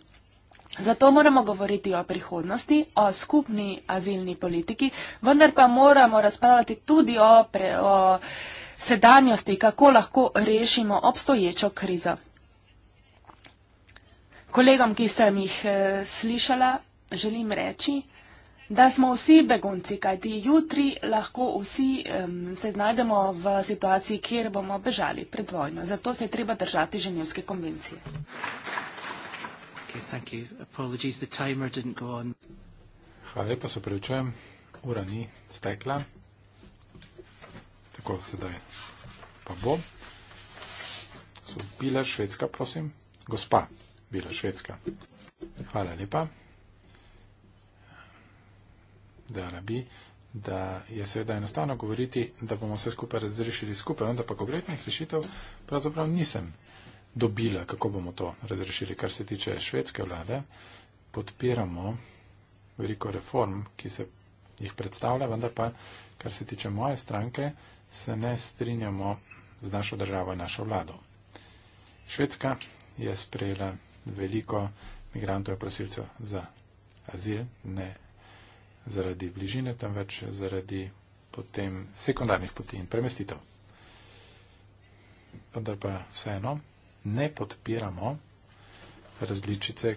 Zato moramo govoriti o prihodnosti, o skupni azilni politiki, vendar pa moramo razpravljati tudi o, pre, o sedanjosti, kako lahko rešimo obstoječo krizo. Kolegom, ki sem jih e, slišala, želim reči, da smo vsi begunci, kajti jutri lahko vsi um, se znajdemo v situaciji, kjer bomo bežali pred vojno. Zato se je treba držati ženevske konvencije. Okay, thank you. Apologies, the timer didn't go on. Hvala lepa, se pravičujem. Ura ni stekla. Tako sedaj pa bo. So bila švedska, prosim. Gospa, bila švedska. Hvala lepa. Dala bi, da je seveda enostavno govoriti, da bomo vse skupaj razrešili skupaj, vendar pa konkretnih rešitev pravzaprav nisem dobila, kako bomo to razrešili. Kar se tiče švedske vlade, podpiramo veliko reform, ki se jih predstavlja, vendar pa, kar se tiče moje stranke, se ne strinjamo z našo državo in našo vlado. Švedska je sprejela veliko migrantov in prosilcev za azil, ne zaradi bližine, temveč zaradi potem sekundarnih poti in premestitev. Vendar pa vseeno ne podpiramo različice,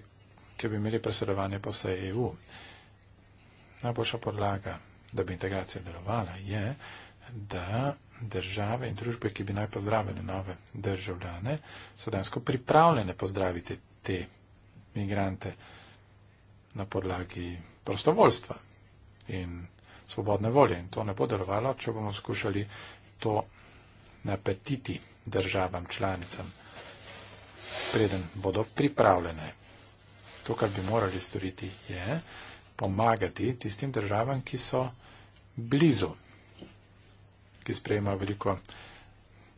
ki bi imeli presedovanje po vsej EU. Najboljša podlaga, da bi integracija delovala, je, da države in družbe, ki bi naj pozdravili nove državljane, so dansko pripravljene pozdraviti te migrante na podlagi prostovoljstva in svobodne volje. In to ne bo delovalo, če bomo skušali to napetiti državam članicam preden bodo pripravljene. To, kar bi morali storiti, je pomagati tistim državam, ki so blizu, ki sprejemajo veliko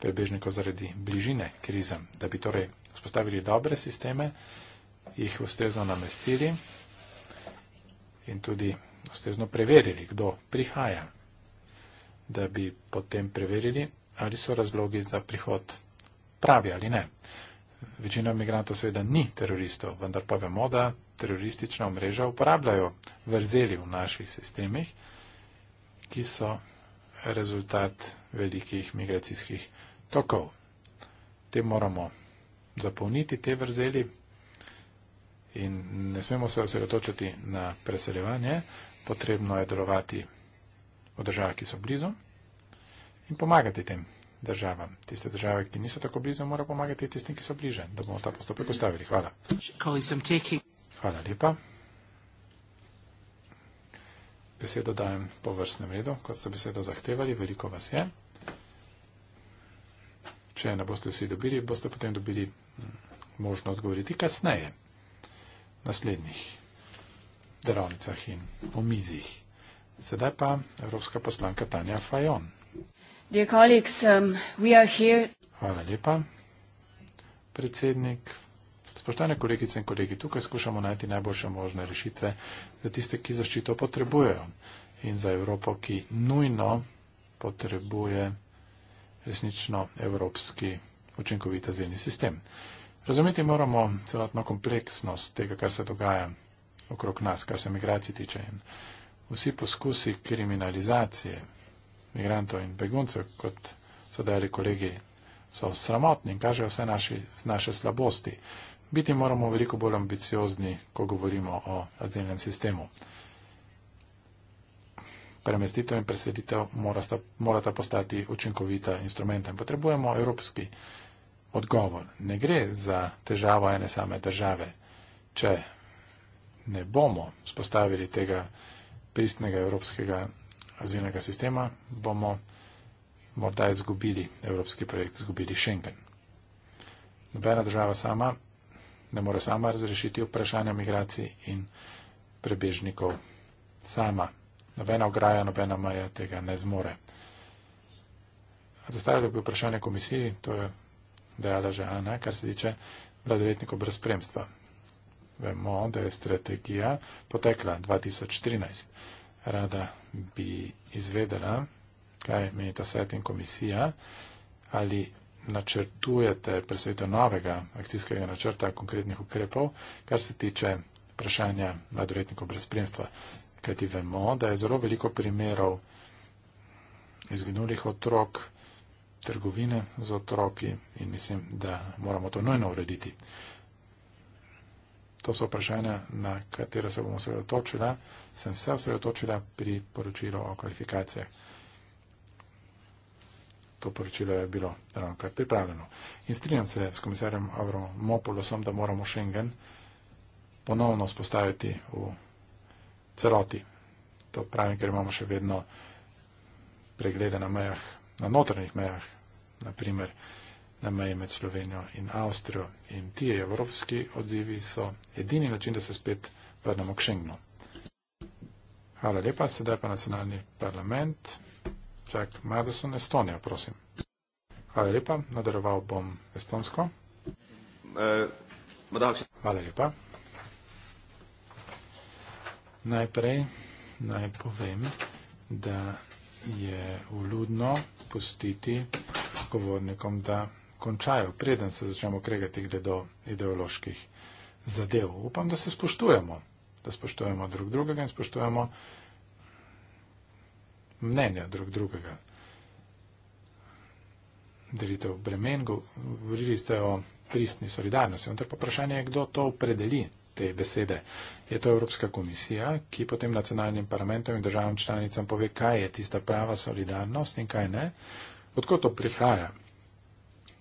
prebežnikov zaradi bližine krizam, da bi torej vzpostavili dobre sisteme, jih ustrezno namestili in tudi ustrezno preverili, kdo prihaja, da bi potem preverili, ali so razlogi za prihod pravi ali ne. Večina imigrantov seveda ni teroristov, vendar pa vemo, da teroristična omrežja uporabljajo vrzeli v naših sistemih, ki so rezultat velikih migracijskih tokov. Te moramo zapolniti, te vrzeli in ne smemo se osredotočiti na preseljevanje, potrebno je delovati v državah, ki so blizu in pomagati tem državam. Tiste države, ki niso tako blizu, mora pomagati tistim, ki so bliže, da bomo ta postopek ustavili. Hvala. Hvala lepa. Besedo dajem po vrstnem redu, kot ste besedo zahtevali, veliko vas je. Če ne boste vsi dobili, boste potem dobili hm, možno odgovoriti kasneje v naslednjih delavnicah in omizjih. Sedaj pa Evropska poslanka Tanja Fajon. Dear colleagues, um, we are here. Hvala lepa, predsednik. Spoštovane kolegice in kolegi, tukaj skušamo najti najboljše možne rešitve za tiste, ki zaščito potrebujejo in za Evropo, ki nujno potrebuje resnično evropski učinkovit azilni sistem. Razumeti moramo celotno kompleksnost tega, kar se dogaja okrog nas, kar se migracij tiče. Vsi poskusi kriminalizacije migrantov in beguncev, kot so dejali kolegi, so sramotni in kažejo vse naši, naše slabosti. Biti moramo veliko bolj ambiciozni, ko govorimo o azilnem sistemu. Premestitev in preseditev morata, morata postati učinkovita instrumenta. Potrebujemo evropski odgovor. Ne gre za težavo ene same države. Če ne bomo spostavili tega pristnega evropskega azilnega sistema, bomo morda izgubili evropski projekt, izgubili Schengen. Nobena država sama ne more sama razrešiti vprašanja migracij in prebežnikov sama. Nobena ograja, nobena maja tega ne zmore. Zastavljali bi vprašanje komisiji, to je dejala že Ana, kar se tiče vladovetnikov brez spremstva. Vemo, da je strategija potekla 2013. Rada bi izvedela, kaj meni ta svet in komisija, ali načrtujete presvetljo novega akcijskega načrta konkretnih ukrepov, kar se tiče vprašanja mladoletnikov brez spremstva. Kajti vemo, da je zelo veliko primerov izginulih otrok, trgovine z otroki in mislim, da moramo to nujno urediti. To so vprašanja, na katera se bom osredotočila. Sem se osredotočila pri poročilu o kvalifikacijah. To poročilo je bilo ravno kar pripravljeno. In strinjam se s komisarjem Avromopolosom, da moramo Schengen ponovno spostaviti v celoti. To pravim, ker imamo še vedno preglede na mejah, na notranjih mejah, naprimer. primer na meji med Slovenijo in Avstrijo. In ti evropski odzivi so edini način, da se spet vrnemo k Schengnu. Hvala lepa, sedaj pa nacionalni parlament. Jack Madison, Estonija, prosim. Hvala lepa, nadaroval bom estonsko. Eh, Hvala lepa. Najprej naj povem, da je uludno pustiti govornikom, da končajo, preden se začnemo kregati glede ideoloških zadev. Upam, da se spoštujemo, da spoštujemo drug drugega in spoštujemo mnenja drug drugega. Delitev bremen, govorili ste o pristni solidarnosti, vendar pa vprašanje je, kdo to opredeli te besede. Je to Evropska komisija, ki potem nacionalnim parlamentom in državam članicam pove, kaj je tista prava solidarnost in kaj ne. Odkot to prihaja?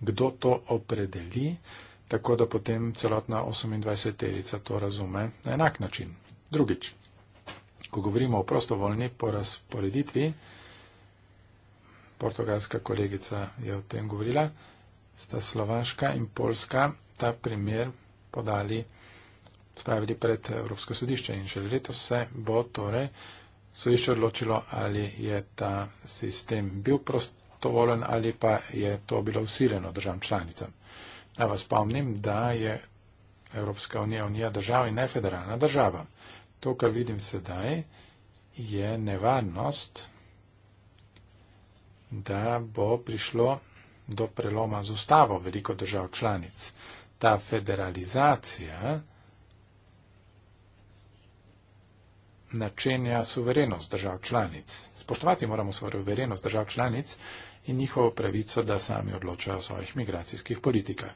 kdo to opredeli, tako da potem celotna 28-terica to razume na enak način. Drugič, ko govorimo o prostovoljni porazporeditvi, portugalska kolegica je o tem govorila, sta slovaška in polska ta primer podali, spravili pred Evropsko sodišče in še letos se bo torej sodišče odločilo, ali je ta sistem bil prost dovoljen ali pa je to bilo usiljeno državam članicam. Naj vas spomnim, da je Evropska unija unija država in ne federalna država. To, kar vidim sedaj, je nevarnost, da bo prišlo do preloma z ustavo veliko držav članic. Ta federalizacija načenja suverenost držav članic. Spoštovati moramo suverenost držav članic in njihovo pravico, da sami odločajo o svojih migracijskih politikah.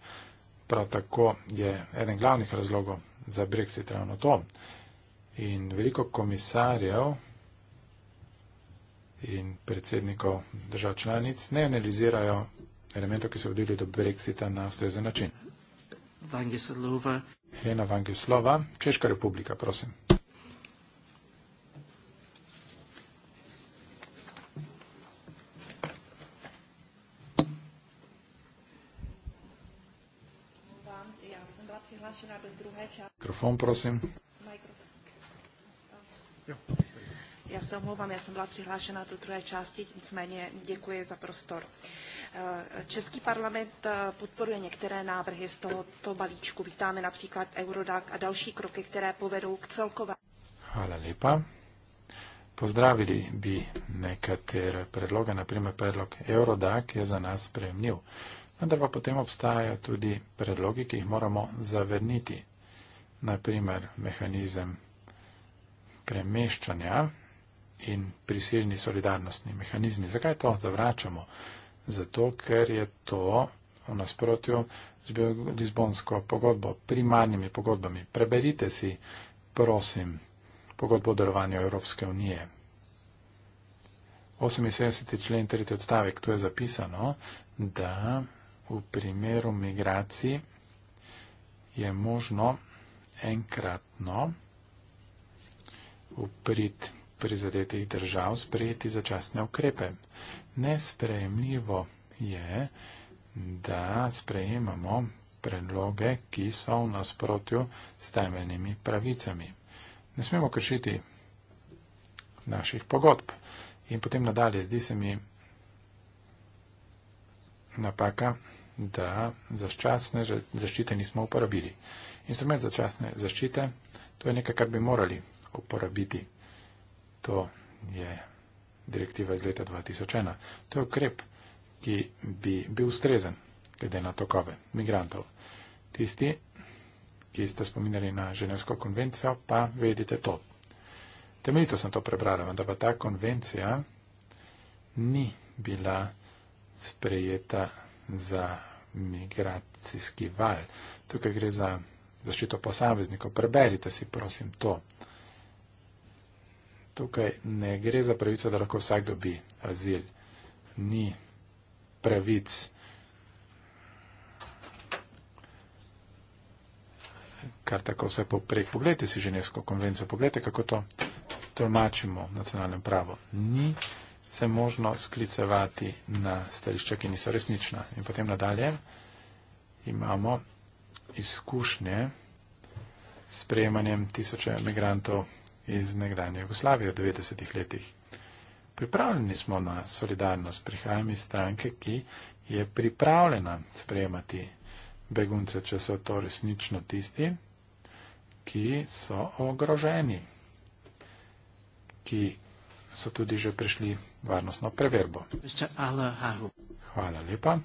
Prav tako je eden glavnih razlogov za Brexit ravno to. In veliko komisarjev in predsednikov držav članic ne analizirajo elementov, ki so vodili do Brexita na ustrezen način. Helena Vangeslova, Češka republika, prosim. přesuná do druhé části. Mikrofon, prosím. Já se omlouvám, já jsem byla přihlášena do druhé části, nicméně děkuji za prostor. Eh, Český parlament eh, podporuje některé návrhy z tohoto balíčku. Vítáme například Eurodac a další kroky, které povedou k celkové. Hvala lepa. Pozdravili bi nekatere predloge, naprimer predlog Eurodac je za nas sprejemljiv vendar pa potem obstajajo tudi predlogi, ki jih moramo zavrniti. Naprimer, mehanizem premeščanja in prisilni solidarnostni mehanizmi. Zakaj to zavračamo? Zato, ker je to v nasprotju z Lizbonsko pogodbo, primarnimi pogodbami. Preberite si, prosim, pogodbo o delovanju Evropske unije. 78. člen 3. odstavek, tu je zapisano, da v primeru migracij je možno enkratno uprit prizadetih držav sprejeti začasne ukrepe. Nesprejemljivo je, da sprejemamo predloge, ki so v nasprotju s temeljnimi pravicami. Ne smemo kršiti naših pogodb. In potem nadalje zdi se mi napaka da zaščasne zaščite nismo uporabili. Instrument zaščasne zaščite, to je nekaj, kar bi morali uporabiti. To je direktiva iz leta 2001. To je ukrep, ki bi bil ustrezen, glede na tokove migrantov. Tisti, ki ste spominjali na Ženevsko konvencijo, pa vedite to. Temeljito sem to prebrala, da pa ta konvencija ni bila sprejeta za migracijski val. Tukaj gre za zaščito posameznikov. Preberite si, prosim, to. Tukaj ne gre za pravico, da lahko vsak dobi azil. Ni pravic. kar tako vse poprek. Poglejte si ženevsko konvencijo, poglejte, kako to tolmačimo v nacionalnem pravu. Ni se možno sklicevati na stališča, ki niso resnična. In potem nadalje imamo izkušnje s prejemanjem tisoče migrantov iz nekdanje Jugoslavije v 90-ih letih. Pripravljeni smo na solidarnost, prihajam iz stranke, ki je pripravljena sprejemati begunce, če so to resnično tisti, ki so ogroženi, ki so tudi že prišli varnostno preverbo. Hvala lepa.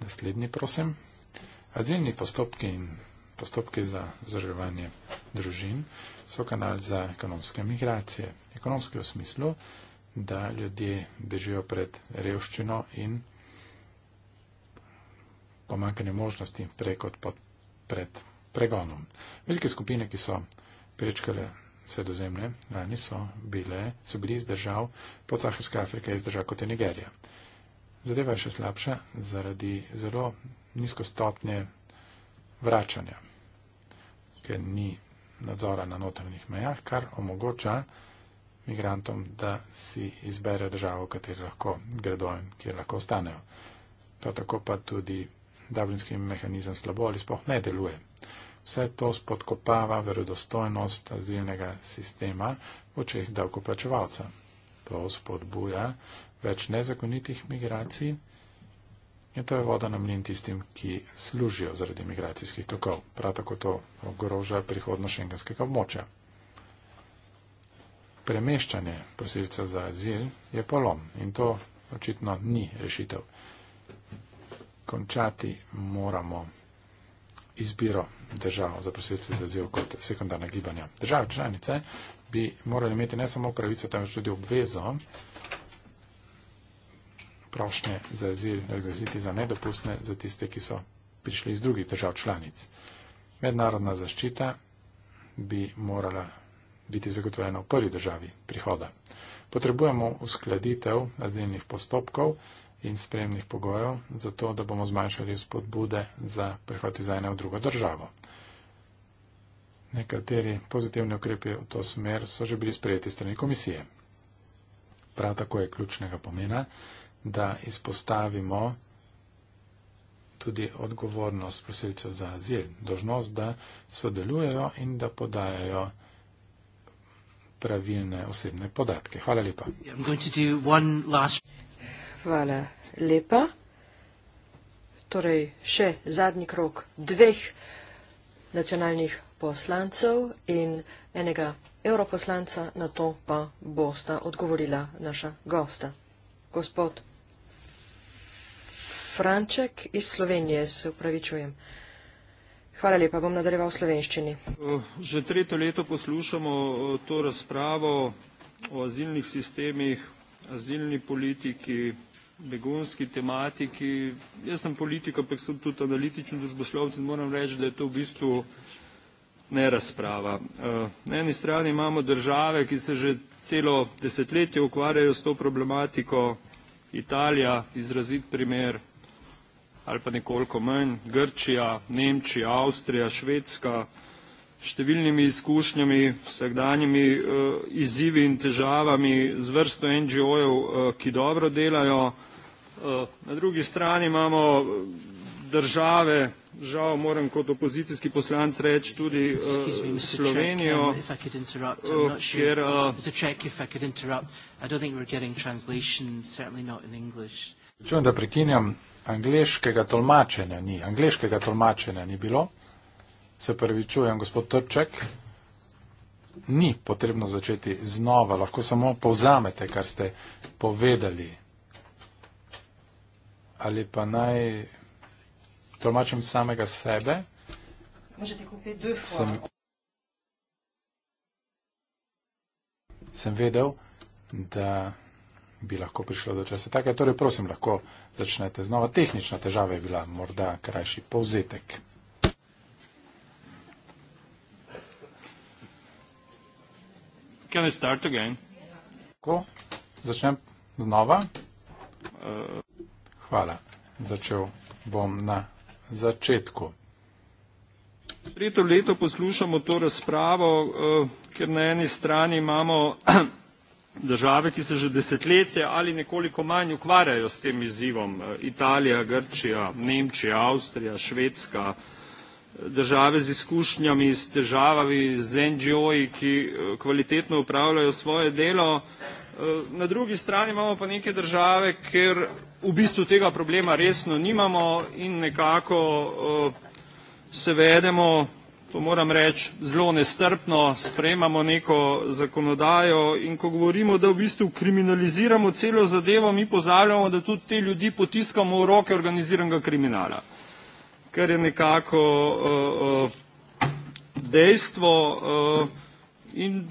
Naslednji, prosim. Azilni postopki in postopki za zaživanje družin so kanal za ekonomske migracije. Ekonomske v smislu, da ljudje bežijo pred revščino in pomankanje možnosti preko pod, pred pregonom. Velike skupine, ki so prečkale sredozemne, lani so, bile, so bili iz držav podsaharske Afrike, iz držav kot je Nigerija. Zadeva je še slabša zaradi zelo nizko stopnje vračanja, ker ni nadzora na notranjih mejah, kar omogoča migrantom, da si izberejo državo, v kateri lahko gredo in kjer lahko ostanejo. Prav tako pa tudi dublinski mehanizem slabo ali spoh ne deluje. Vse to spodkopava verodostojnost azilnega sistema v očeh davkoplačevalca. To spodbuja več nezakonitih migracij in to je voda na mlin tistim, ki služijo zaradi migracijskih tokov. Prav tako to ogroža prihodnost šengenskega območja. Premeščanje prosilcev za azil je polom in to očitno ni rešitev. Končati moramo izbiro držav za prosilce za zil kot sekundarna gibanja. Države članice bi morali imeti ne samo pravico, temveč tudi obvezo prošnje za zil razglasiti za nedopustne za tiste, ki so prišli iz drugih držav članic. Mednarodna zaščita bi morala biti zagotovljena v prvi državi prihoda. Potrebujemo uskladitev azilnih postopkov, in spremnih pogojev, zato da bomo zmanjšali spodbude za prehod iz ene v drugo državo. Nekateri pozitivni ukrepi v to smer so že bili sprejeti strani komisije. Prav tako je ključnega pomena, da izpostavimo tudi odgovornost prosilcev za azil, dožnost, da sodelujejo in da podajajo pravilne osebne podatke. Hvala lepa. Yeah, Hvala lepa. Torej, še zadnji krok dveh nacionalnih poslancev in enega europoslanca, na to pa bosta odgovorila naša gosta. Gospod Franček iz Slovenije, se upravičujem. Hvala lepa, bom nadaljeval v slovenščini. Že tretje leto poslušamo eh, to razpravo o azilnih sistemih, azilni politiki, begunski tematiki. Jaz sem politik, ampak sem tudi analitičen družboslovec in moram reči, da je to v bistvu ne razprava. Eh, na eni strani imamo države, ki se že celo desetletje ukvarjajo s to problematiko, Italija, izrazit primer, ali pa nekoliko manj, Grčija, Nemčija, Avstrija, Švedska, številnimi izkušnjami, vsakdanjimi eh, izzivi in težavami z vrsto NGO-jev, eh, ki dobro delajo, Eh, na drugi strani imamo eh, države, žal moram kot opozicijski poslanc reči tudi eh, Slovenijo, kjer... Čujem, da prekinjam, angliškega tolmačenja ni, angliškega tolmačenja ni bilo. Se prvi čujem, gospod Trček, ni potrebno začeti znova, lahko samo povzamete, kar ste povedali ali pa naj tolmačim samega sebe. Sem, sem vedel, da bi lahko prišlo do časa. Tako je, torej prosim, lahko začnete znova. Tehnična težava je bila morda krajši povzetek. Can I start again? Ko začnem znova? Uh, Hvala. Začel bom na začetku. Tretje leto poslušamo to razpravo, eh, ker na eni strani imamo države, ki se že desetletje ali nekoliko manj ukvarjajo s tem izzivom. Eh, Italija, Grčija, Nemčija, Avstrija, Švedska, eh, države z izkušnjami, s težavami, z NGO-ji, ki kvalitetno upravljajo svoje delo. Eh, na drugi strani imamo pa neke države, ker v bistvu tega problema resno nimamo in nekako eh, se vedemo, to moram reči, zelo nestrpno, spremamo neko zakonodajo in ko govorimo, da v bistvu kriminaliziramo celo zadevo, mi pozdravljamo, da tudi te ljudi potiskamo v roke organiziranega kriminala, ker je nekako eh, dejstvo in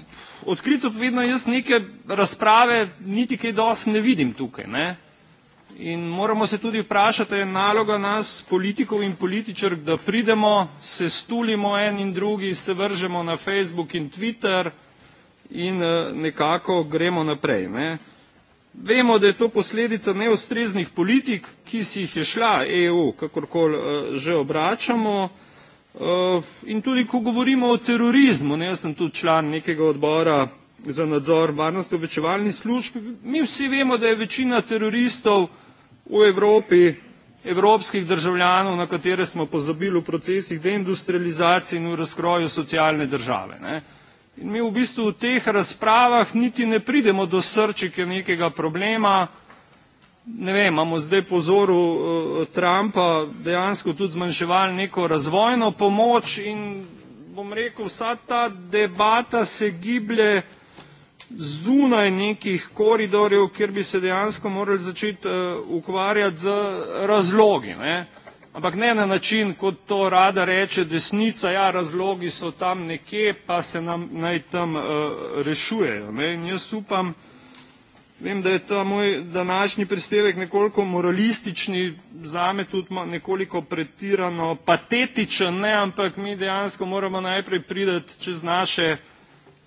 odkrito povedano, jaz neke razprave niti kaj dosti ne vidim tukaj. Ne? In moramo se tudi vprašati, je naloga nas, politikov in političark, da pridemo, se stulimo en in drugi, se vržemo na Facebook in Twitter in eh, nekako gremo naprej. Ne? Vemo, da je to posledica neustreznih politik, ki si jih je šla EU, kakorkoli eh, že obračamo. Eh, in tudi, ko govorimo o terorizmu, ne, jaz sem tudi član nekega odbora za nadzor varnosti obveščevalnih služb, mi vsi vemo, da je večina teroristov v Evropi, evropskih državljanov, na katere smo pozabili v procesih deindustrializacije in v razkroju socialne države. Ne. In mi v bistvu v teh razpravah niti ne pridemo do srčike nekega problema, ne vem, imamo zdaj po vzoru e, Trumpa dejansko tudi zmanjševali neko razvojno pomoč in bom rekel, vsa ta debata se giblje zunaj nekih koridorjev, kjer bi se dejansko morali začeti e, ukvarjati z razlogi. Ne? Ampak ne na način, kot to rada reče desnica, ja, razlogi so tam nekje, pa se nam naj tam uh, rešujejo. Ne? In jaz upam, uh, Vem, da je ta moj današnji prispevek nekoliko moralistični, zame tudi nekoliko pretirano patetičen, ne, ampak mi dejansko moramo najprej priti čez naše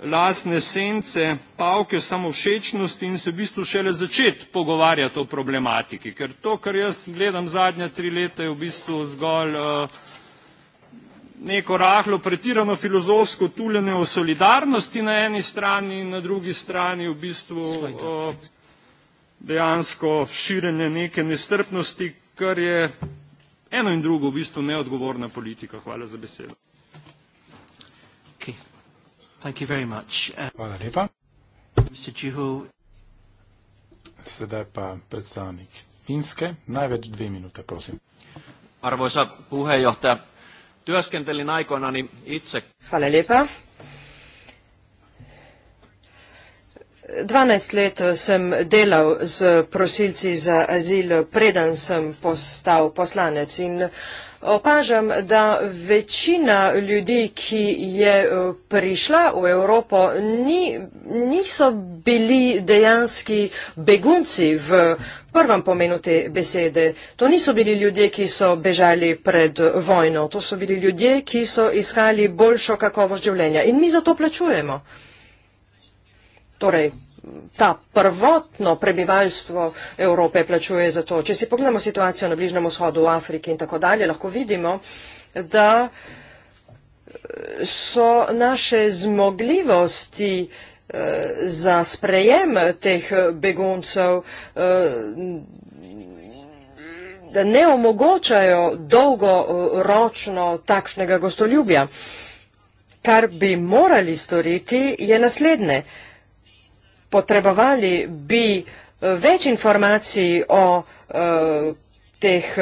lasne sence, pavke samovšečnosti in se v bistvu šele začeti pogovarjati o problematiki. Ker to, kar jaz gledam zadnja tri leta, je v bistvu zgolj uh, neko rahlo pretirano filozofsko tuljenje o solidarnosti na eni strani in na drugi strani v bistvu o, eh, dejansko širjenje neke nestrpnosti, kar je eno in drugo v bistvu neodgovorna politika. Hvala za besedo. Okay. Thank you very much. Uh, Hvala lepa. Sedaj pa predstavnik Finske. Največ dve minute, prosim. Arvoisa puheenjohtaja, työskentelin aikoinani itse. Hvala lepa. 12 let sem delal z prosilci za azil, preden sem postal poslanec in opažam, da večina ljudi, ki je eh, prišla v Evropo, ni, niso bili dejanski begunci v prvem pomenu te besede. To niso bili ljudje, ki so bežali pred vojno, to so bili ljudje, ki so iskali boljšo kakovost življenja in mi za to plačujemo. Torej, ta prvotno prebivalstvo Evrope plačuje za to. Če si pogledamo situacijo na Bližnjem vzhodu, v Afriki in tako dalje, lahko vidimo, da eh, so naše zmogljivosti Eh, za sprejem teh beguncev, eh, da ne omogočajo dolgoročno takšnega gostoljubja. Kar bi morali storiti, je naslednje. Potrebovali bi eh, več informacij o teh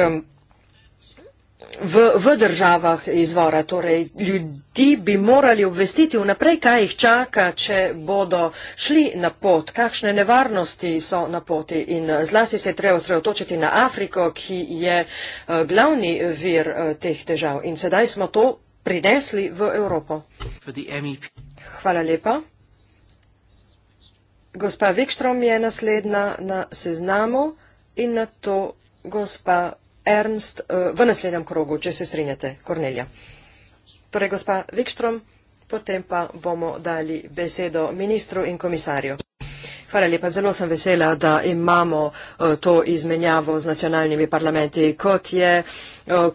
v, v državah izvora. Torej, ljudi bi morali obvestiti vnaprej, kaj jih čaka, če bodo šli na pot, kakšne nevarnosti so na poti. In eh, zlasti se je treba osredotočiti na Afriko, ki je eh, glavni vir eh, teh težav. In sedaj smo to prinesli v Evropo. E Hvala lepa. Gospa Vikstrom je naslednja na seznamu in na to gospa Ernst eh, v naslednjem krogu, če se strinjate, Kornelija. Torej, gospa Vikstrom, potem pa bomo dali besedo ministru in komisarju. Hvala lepa, zelo sem vesela, da imamo eh, to izmenjavo z nacionalnimi parlamenti, kot je eh,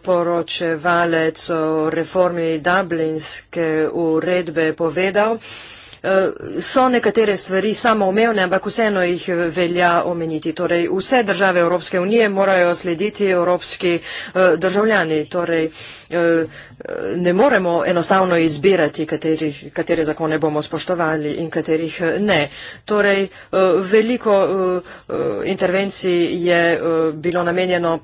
poročevalec o reformi Dublinske uredbe povedal. Eh, so nekatere stvari samoumevne, ampak vseeno jih eh, velja omeniti. Torej, vse države Evropske unije morajo slediti evropski eh, državljani. Torej, ne moremo enostavno izbirati, katerih, katere zakone bomo spoštovali in katerih ne. Torej, veliko intervencij je bilo namenjeno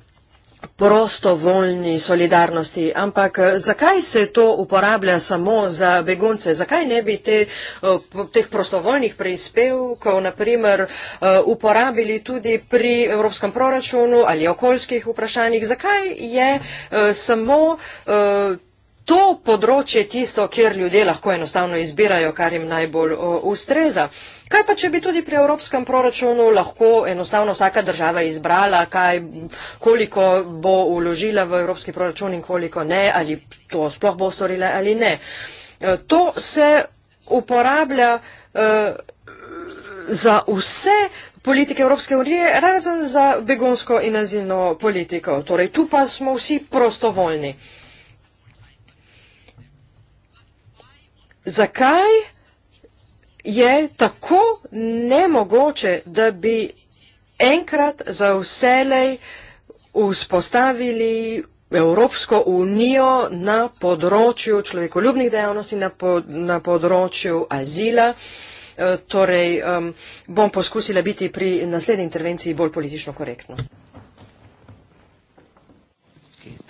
prostovoljni solidarnosti. Ampak eh, zakaj se to uporablja samo za begunce? Zakaj ne bi te, eh, teh prostovoljnih prispevkov, naprimer, eh, uporabili tudi pri evropskem proračunu ali okoljskih vprašanjih? Zakaj je samo to področje tisto, kjer ljudje lahko enostavno izbirajo, kar jim najbolj o, ustreza. Kaj pa, če bi tudi pri evropskem proračunu lahko enostavno vsaka država izbrala, kaj, koliko bo uložila v evropski proračun in koliko ne, ali to sploh bo storila ali ne. E, to se uporablja eh, za vse politike Evropske unije, razen za begonsko in azilno politiko. Torej, tu pa smo vsi prostovoljni. Eh, zakaj je tako nemogoče, da bi enkrat za vselej vzpostavili Evropsko unijo na področju človekoljubnih dejavnosti, na, po, na področju azila. E, torej, um, bom poskusila biti pri naslednji intervenciji bolj politično korektno.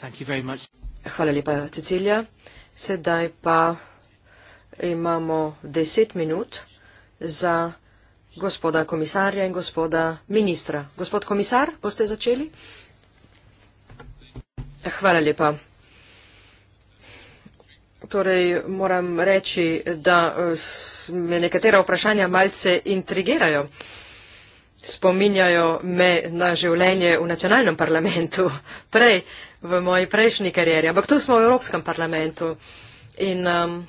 Okay, Hvala lepa, Cecilija. Sedaj pa imamo deset minut za gospoda komisarja in gospoda ministra. Gospod komisar, boste začeli? Hvala lepa. Torej, moram reči, da eh, me nekatera vprašanja malce intrigirajo. Spominjajo me na življenje v nacionalnem parlamentu, prej, v moji prejšnji karieri, ampak tu smo v Evropskem parlamentu. In, um,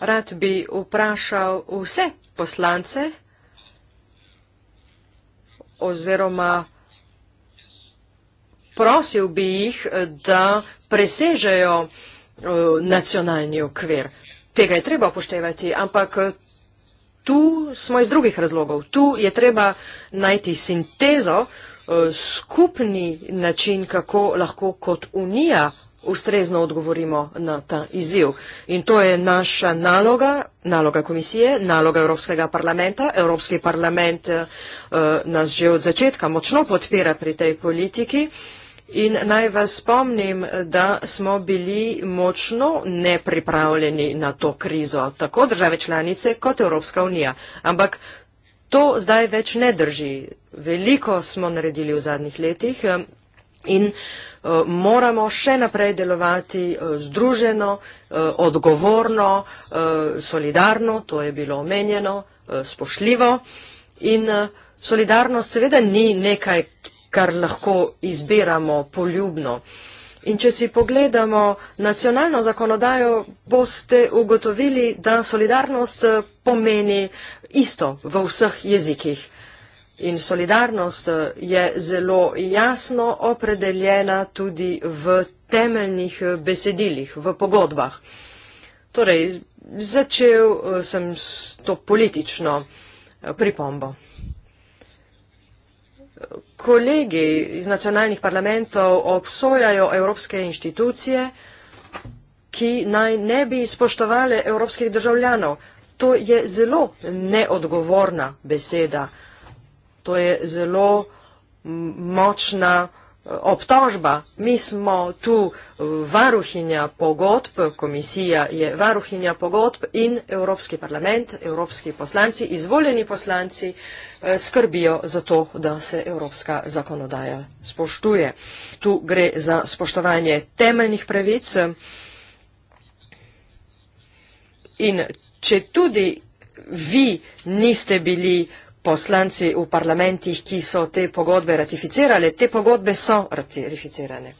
rad bi vprašal vse poslance oziroma prosil bi jih, da presežejo eh, nacionalni okvir. Tega je treba upoštevati, ampak eh, tu smo iz drugih razlogov. Tu je treba najti sintezo, eh, skupni način, kako lahko kot Unija ustrezno odgovorimo na ta izziv. In to je naša naloga, naloga komisije, naloga Evropskega parlamenta. Evropski parlament eh, nas že od začetka močno podpira pri tej politiki. In naj vas spomnim, da smo bili močno nepripravljeni na to krizo, tako države članice kot Evropska unija. Ampak to zdaj več ne drži. Veliko smo naredili v zadnjih letih. Eh, In eh, moramo še naprej delovati eh, združeno, eh, odgovorno, solidarno, to je bilo omenjeno, spošljivo. In solidarnost seveda ni nekaj, kar lahko izbiramo poljubno. In če si pogledamo nacionalno zakonodajo, boste ugotovili, da solidarnost pomeni isto v vseh jezikih. In solidarnost eh, je zelo jasno opredeljena tudi v temeljnih eh, besedilih, v pogodbah. Torej, začel eh, sem s to politično pripombo. Kolegi iz nacionalnih parlamentov obsojajo evropske inštitucije, ki naj ne bi spoštovali evropskih državljanov. To je zelo neodgovorna beseda. To je zelo močna eh, obtožba. Mi smo tu eh, varuhinja pogodb, komisija je varuhinja pogodb in Evropski parlament, evropski poslanci, izvoljeni poslanci eh, skrbijo za to, da se evropska zakonodaja spoštuje. Tu gre za spoštovanje temeljnih pravic in če tudi vi niste bili uh, poslanci v parlamentih, ki so te pogodbe ratificirale, te pogodbe so ratificirane.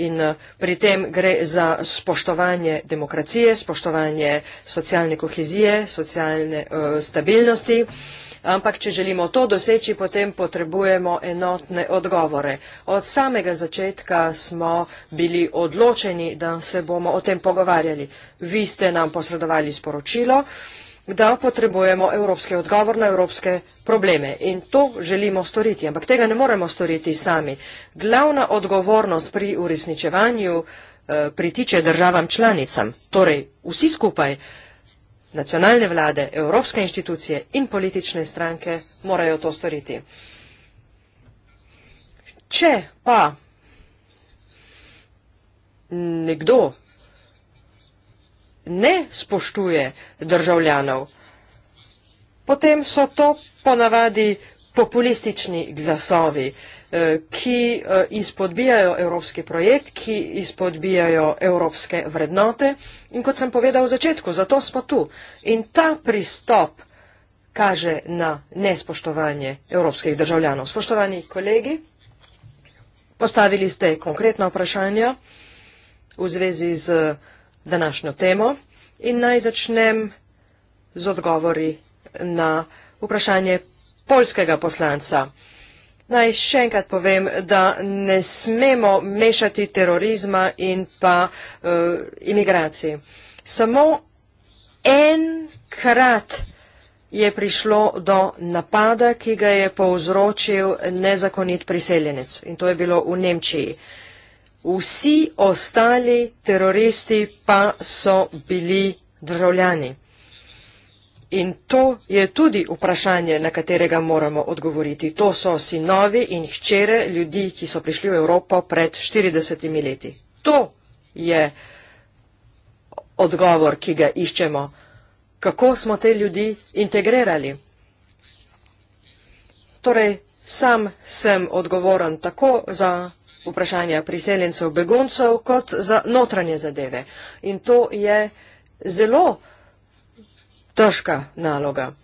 In eh, pri tem gre za spoštovanje demokracije, spoštovanje socialne kohezije, socialne eh, stabilnosti. Ampak, če želimo to doseči, potem potrebujemo enotne odgovore. Od samega začetka smo bili odločeni, da se bomo o tem pogovarjali. Vi ste nam posredovali sporočilo da potrebujemo evropski odgovor na evropske probleme. In to želimo storiti, ampak tega ne moremo storiti sami. Glavna odgovornost pri uresničevanju eh, pritiče državam članicam, torej vsi skupaj, nacionalne vlade, evropske inštitucije in politične stranke morajo to storiti. Če pa nekdo ne spoštuje državljanov. Potem so to ponavadi populistični glasovi, eh, ki eh, izpodbijajo evropski projekt, ki izpodbijajo evropske vrednote in kot sem povedal v začetku, zato smo tu. In ta pristop kaže na nespoštovanje evropskih državljanov. Spoštovani kolegi, postavili ste konkretna vprašanja v zvezi z vprašanjem, današnjo temo in naj začnem z odgovori na vprašanje polskega poslanca. Naj še enkrat povem, da ne smemo mešati terorizma in pa e, imigracij. Samo enkrat je prišlo do napada, ki ga je povzročil nezakonit priseljenec in to je bilo v Nemčiji. Vsi ostali teroristi pa so bili državljani. In to je tudi vprašanje, na katerega moramo odgovoriti. To so sinovi in hčere ljudi, ki so prišli v Evropo pred 40 leti. To je odgovor, ki ga iščemo. Kako smo te ljudi integrirali? Torej, sam sem odgovoren tako za vprašanja priseljencev, beguncev, kot za notranje zadeve. In to je zelo težka naloga.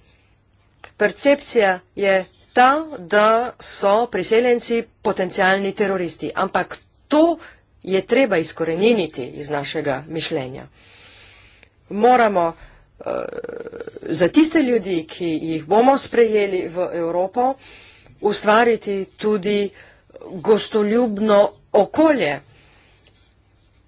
Percepcija je ta, da so priseljenci potencijalni teroristi, ampak to je treba izkoreniniti iz našega mišljenja. Moramo uh, za tiste ljudi, ki jih bomo sprejeli v Evropo, ustvariti tudi uh, gostoljubno okolje.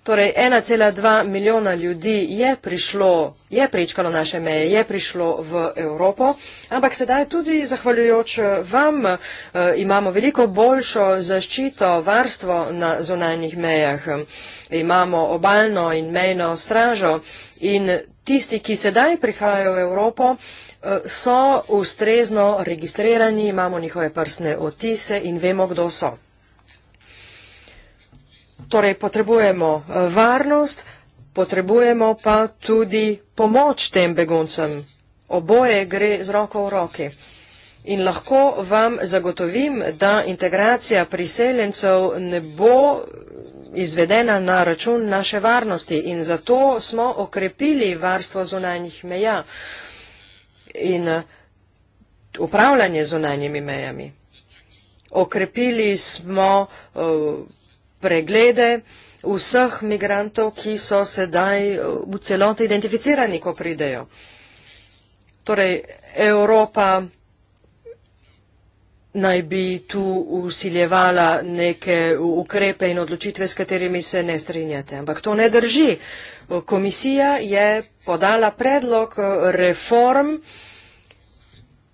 Torej, 1,2 milijona ljudi je prišlo, je prečkalo naše meje, je prišlo v Evropo, ampak sedaj tudi zahvaljujoč vam eh, imamo veliko boljšo zaščito, varstvo na zonalnih mejah. Imamo obalno in mejno stražo in tisti, ki sedaj prihajajo v Evropo, eh, so ustrezno registrirani, imamo njihove prsne otise in vemo, kdo so. Torej, potrebujemo eh, varnost, potrebujemo pa tudi pomoč tem beguncem. Oboje gre z roko v roki. In lahko vam zagotovim, da integracija priseljencev ne bo izvedena na račun naše varnosti in zato smo okrepili varstvo zunanjih meja in eh, upravljanje zunanjimi mejami. Okrepili smo eh, preglede vseh migrantov, ki so sedaj eh, v celoti identificirani, ko pridejo. Torej, Evropa naj bi tu usiljevala neke ukrepe in odločitve, s katerimi se ne strinjate. Ampak to ne drži. Komisija je podala predlog reform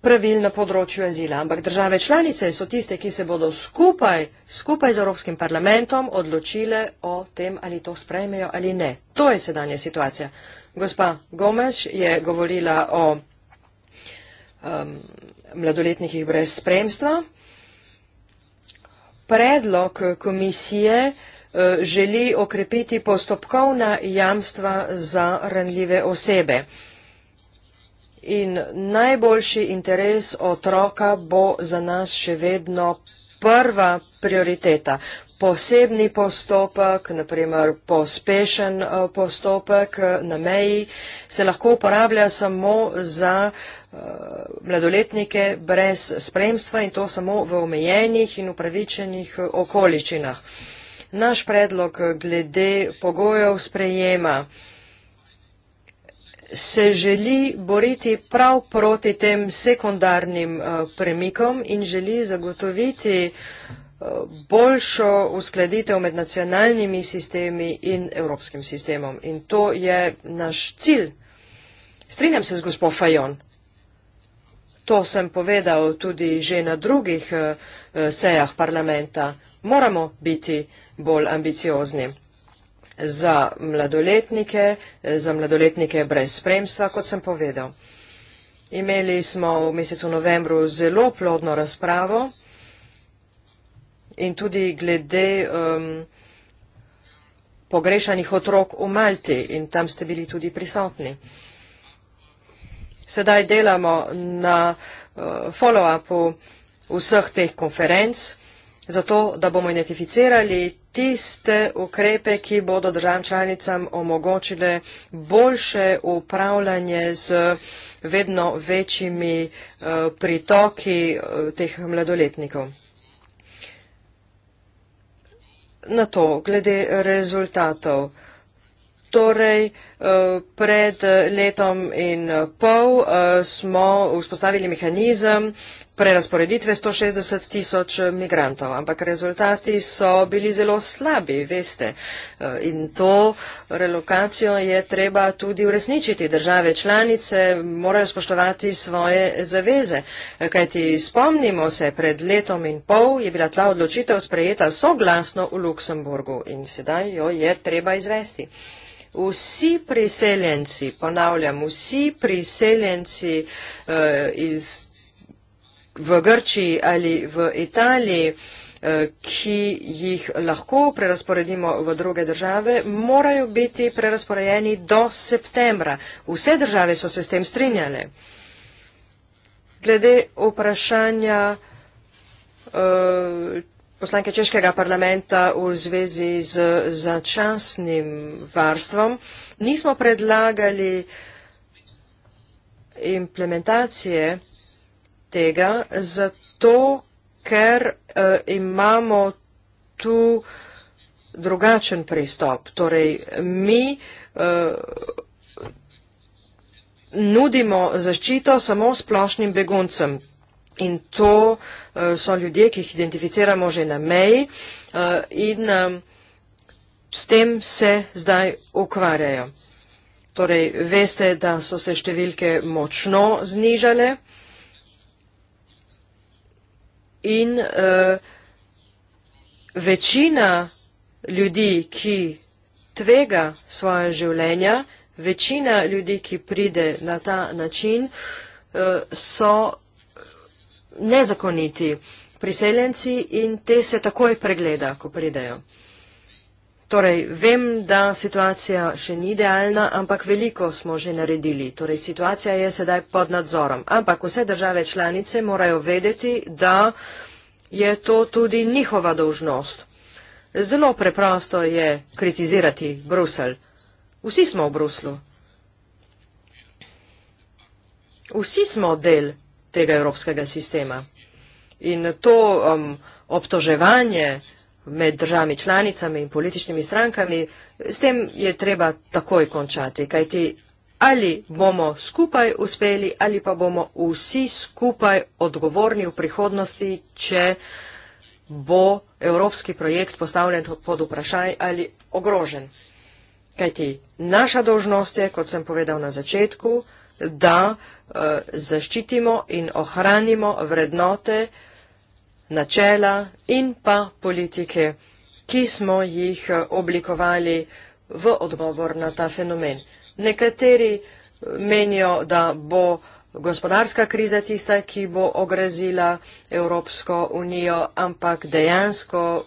pravil na področju azila. Ampak države članice so tiste, ki se bodo skupaj, skupaj z Evropskim parlamentom odločile o tem, ali to sprejmejo ali ne. To je sedanja situacija. Gospa Gomes je govorila o um, mladoletnih jih brez spremstva. Predlog komisije eh, želi okrepiti postopkovna jamstva za ranljive osebe. In najboljši interes otroka bo za nas še vedno prva prioriteta. Posebni postopek, naprimer pospešen eh, postopek eh, na meji, se lahko uporablja samo za uh, Eh, mladoletnike brez spremstva in to samo v omejenih in upravičenih okoliščinah. Naš predlog glede pogojev sprejema se želi boriti prav proti tem sekundarnim eh, premikom in želi zagotoviti eh, boljšo uskladitev med nacionalnimi sistemi in evropskim sistemom. In to je naš cilj. Strinjam se z gospod Fajon. To sem povedal tudi že na drugih eh, sejah parlamenta. Moramo biti bolj ambiciozni. Za mladoletnike, eh, za mladoletnike brez spremstva, kot sem povedal. Imeli smo v mesecu novembru zelo plodno razpravo in tudi glede um, pogrešanih otrok v Malti in tam ste bili tudi prisotni. Sedaj delamo na eh, follow-upu vseh teh konferenc, zato da bomo identificirali tiste ukrepe, ki bodo državam članicam omogočile boljše upravljanje z vedno večjimi eh, pritoki eh, teh mladoletnikov. Na to, glede rezultatov. Torej, eh, pred letom in eh, pol eh, smo vzpostavili mehanizem prerasporeditve 160 tisoč migrantov, ampak rezultati so bili zelo slabi, veste. In to relokacijo je treba tudi uresničiti. Države članice morajo spoštovati svoje zaveze. Kajti spomnimo se, pred letom in pol je bila ta odločitev sprejeta soglasno v Luksemburgu in sedaj jo je treba izvesti vsi priseljenci, ponavljam, vsi priseljenci uh, iz, v Grčiji ali v Italiji, eh, ki jih lahko prerasporedimo v druge države, morajo biti prerasporejeni do septembra. Vse države so se s tem strinjale. Glede vprašanja, eh, Poslanke Češkega parlamenta v zvezi z začasnim varstvom nismo predlagali implementacije tega, zato ker uh, imamo tu drugačen pristop. Torej, mi uh, nudimo zaščito samo splošnim beguncem, In to uh, so ljudje, ki jih identificiramo že na meji uh, in um, s tem se zdaj ukvarjajo. Torej, veste, da so se številke močno znižale in uh, večina ljudi, ki tvega svoje življenja, večina ljudi, ki pride na ta način, uh, so nezakoniti priseljenci in te se takoj pregleda, ko pridejo. Torej, vem, da situacija še ni idealna, ampak veliko smo že naredili. Torej, situacija je sedaj pod nadzorom. Ampak vse države članice morajo vedeti, da je to tudi njihova dolžnost. Zelo preprosto je kritizirati Brusel. Vsi smo v Bruslu. Vsi smo del tega evropskega sistema. In to um, obtoževanje med državami članicami in političnimi strankami, s tem je treba takoj končati, kajti ali bomo skupaj uspeli ali pa bomo vsi skupaj odgovorni v prihodnosti, če bo evropski projekt postavljen pod vprašaj ali ogrožen. Kajti naša dožnost je, kot sem povedal na začetku, da eh, zaščitimo in ohranimo vrednote, načela in pa politike, ki smo jih eh, oblikovali v odgovor na ta fenomen. Nekateri eh, menijo, da bo gospodarska kriza tista, ki bo ogrezila Evropsko unijo, ampak dejansko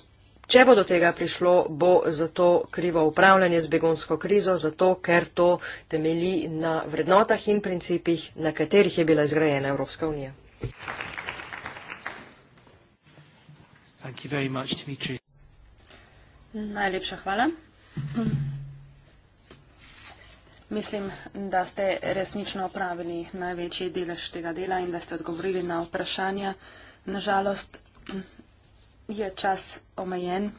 Če bo do tega prišlo, bo za to krivo upravljanje z begonsko krizo, zato ker to temeli na vrednotah in principih, na katerih je bila izgrajena Evropska unija. Much, Najlepša hvala. Mislim, da ste resnično opravili največji delež tega dela in da ste odgovorili na vprašanja. Nažalost, je čas omejen.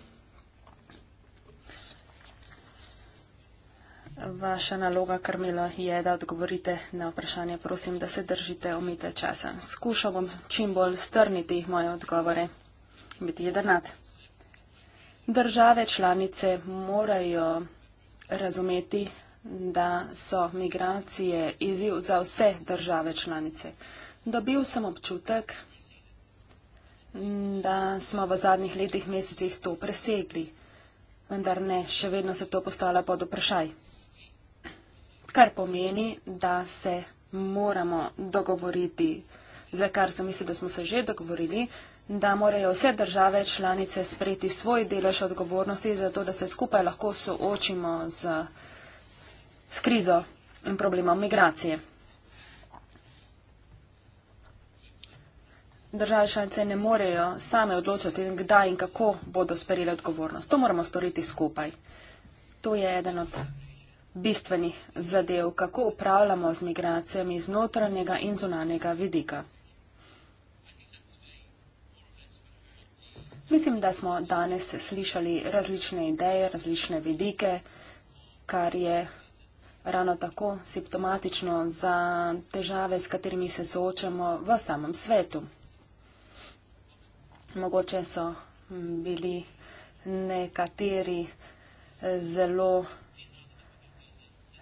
Vaša naloga, Karmelo, je, da odgovorite na vprašanje. Prosim, da se držite omite časa. Skušal bom čim bolj strniti moje odgovore. Biti jedrnat. Države članice morajo razumeti, da so migracije izziv za vse države članice. Dobil sem občutek, da smo v zadnjih letih mesecih to presegli. Vendar ne, še vedno se to postala pod vprašaj. Kar pomeni, da se moramo dogovoriti, za kar sem mislil, da smo se že dogovorili, da morajo vse države članice sprejeti svoj delež odgovornosti, zato da se skupaj lahko soočimo z, z krizo in problemom migracije. Države članice ne morejo same odločati, kdaj in kako bodo sprejeli odgovornost. To moramo storiti skupaj. To je eden od bistvenih zadev, kako upravljamo z migracijami iz notranjega in zunanjega vidika. Mislim, da smo danes slišali različne ideje, različne vidike, kar je ravno tako simptomatično za težave, s katerimi se soočamo v samem svetu mogoče so mm, bili nekateri eh, zelo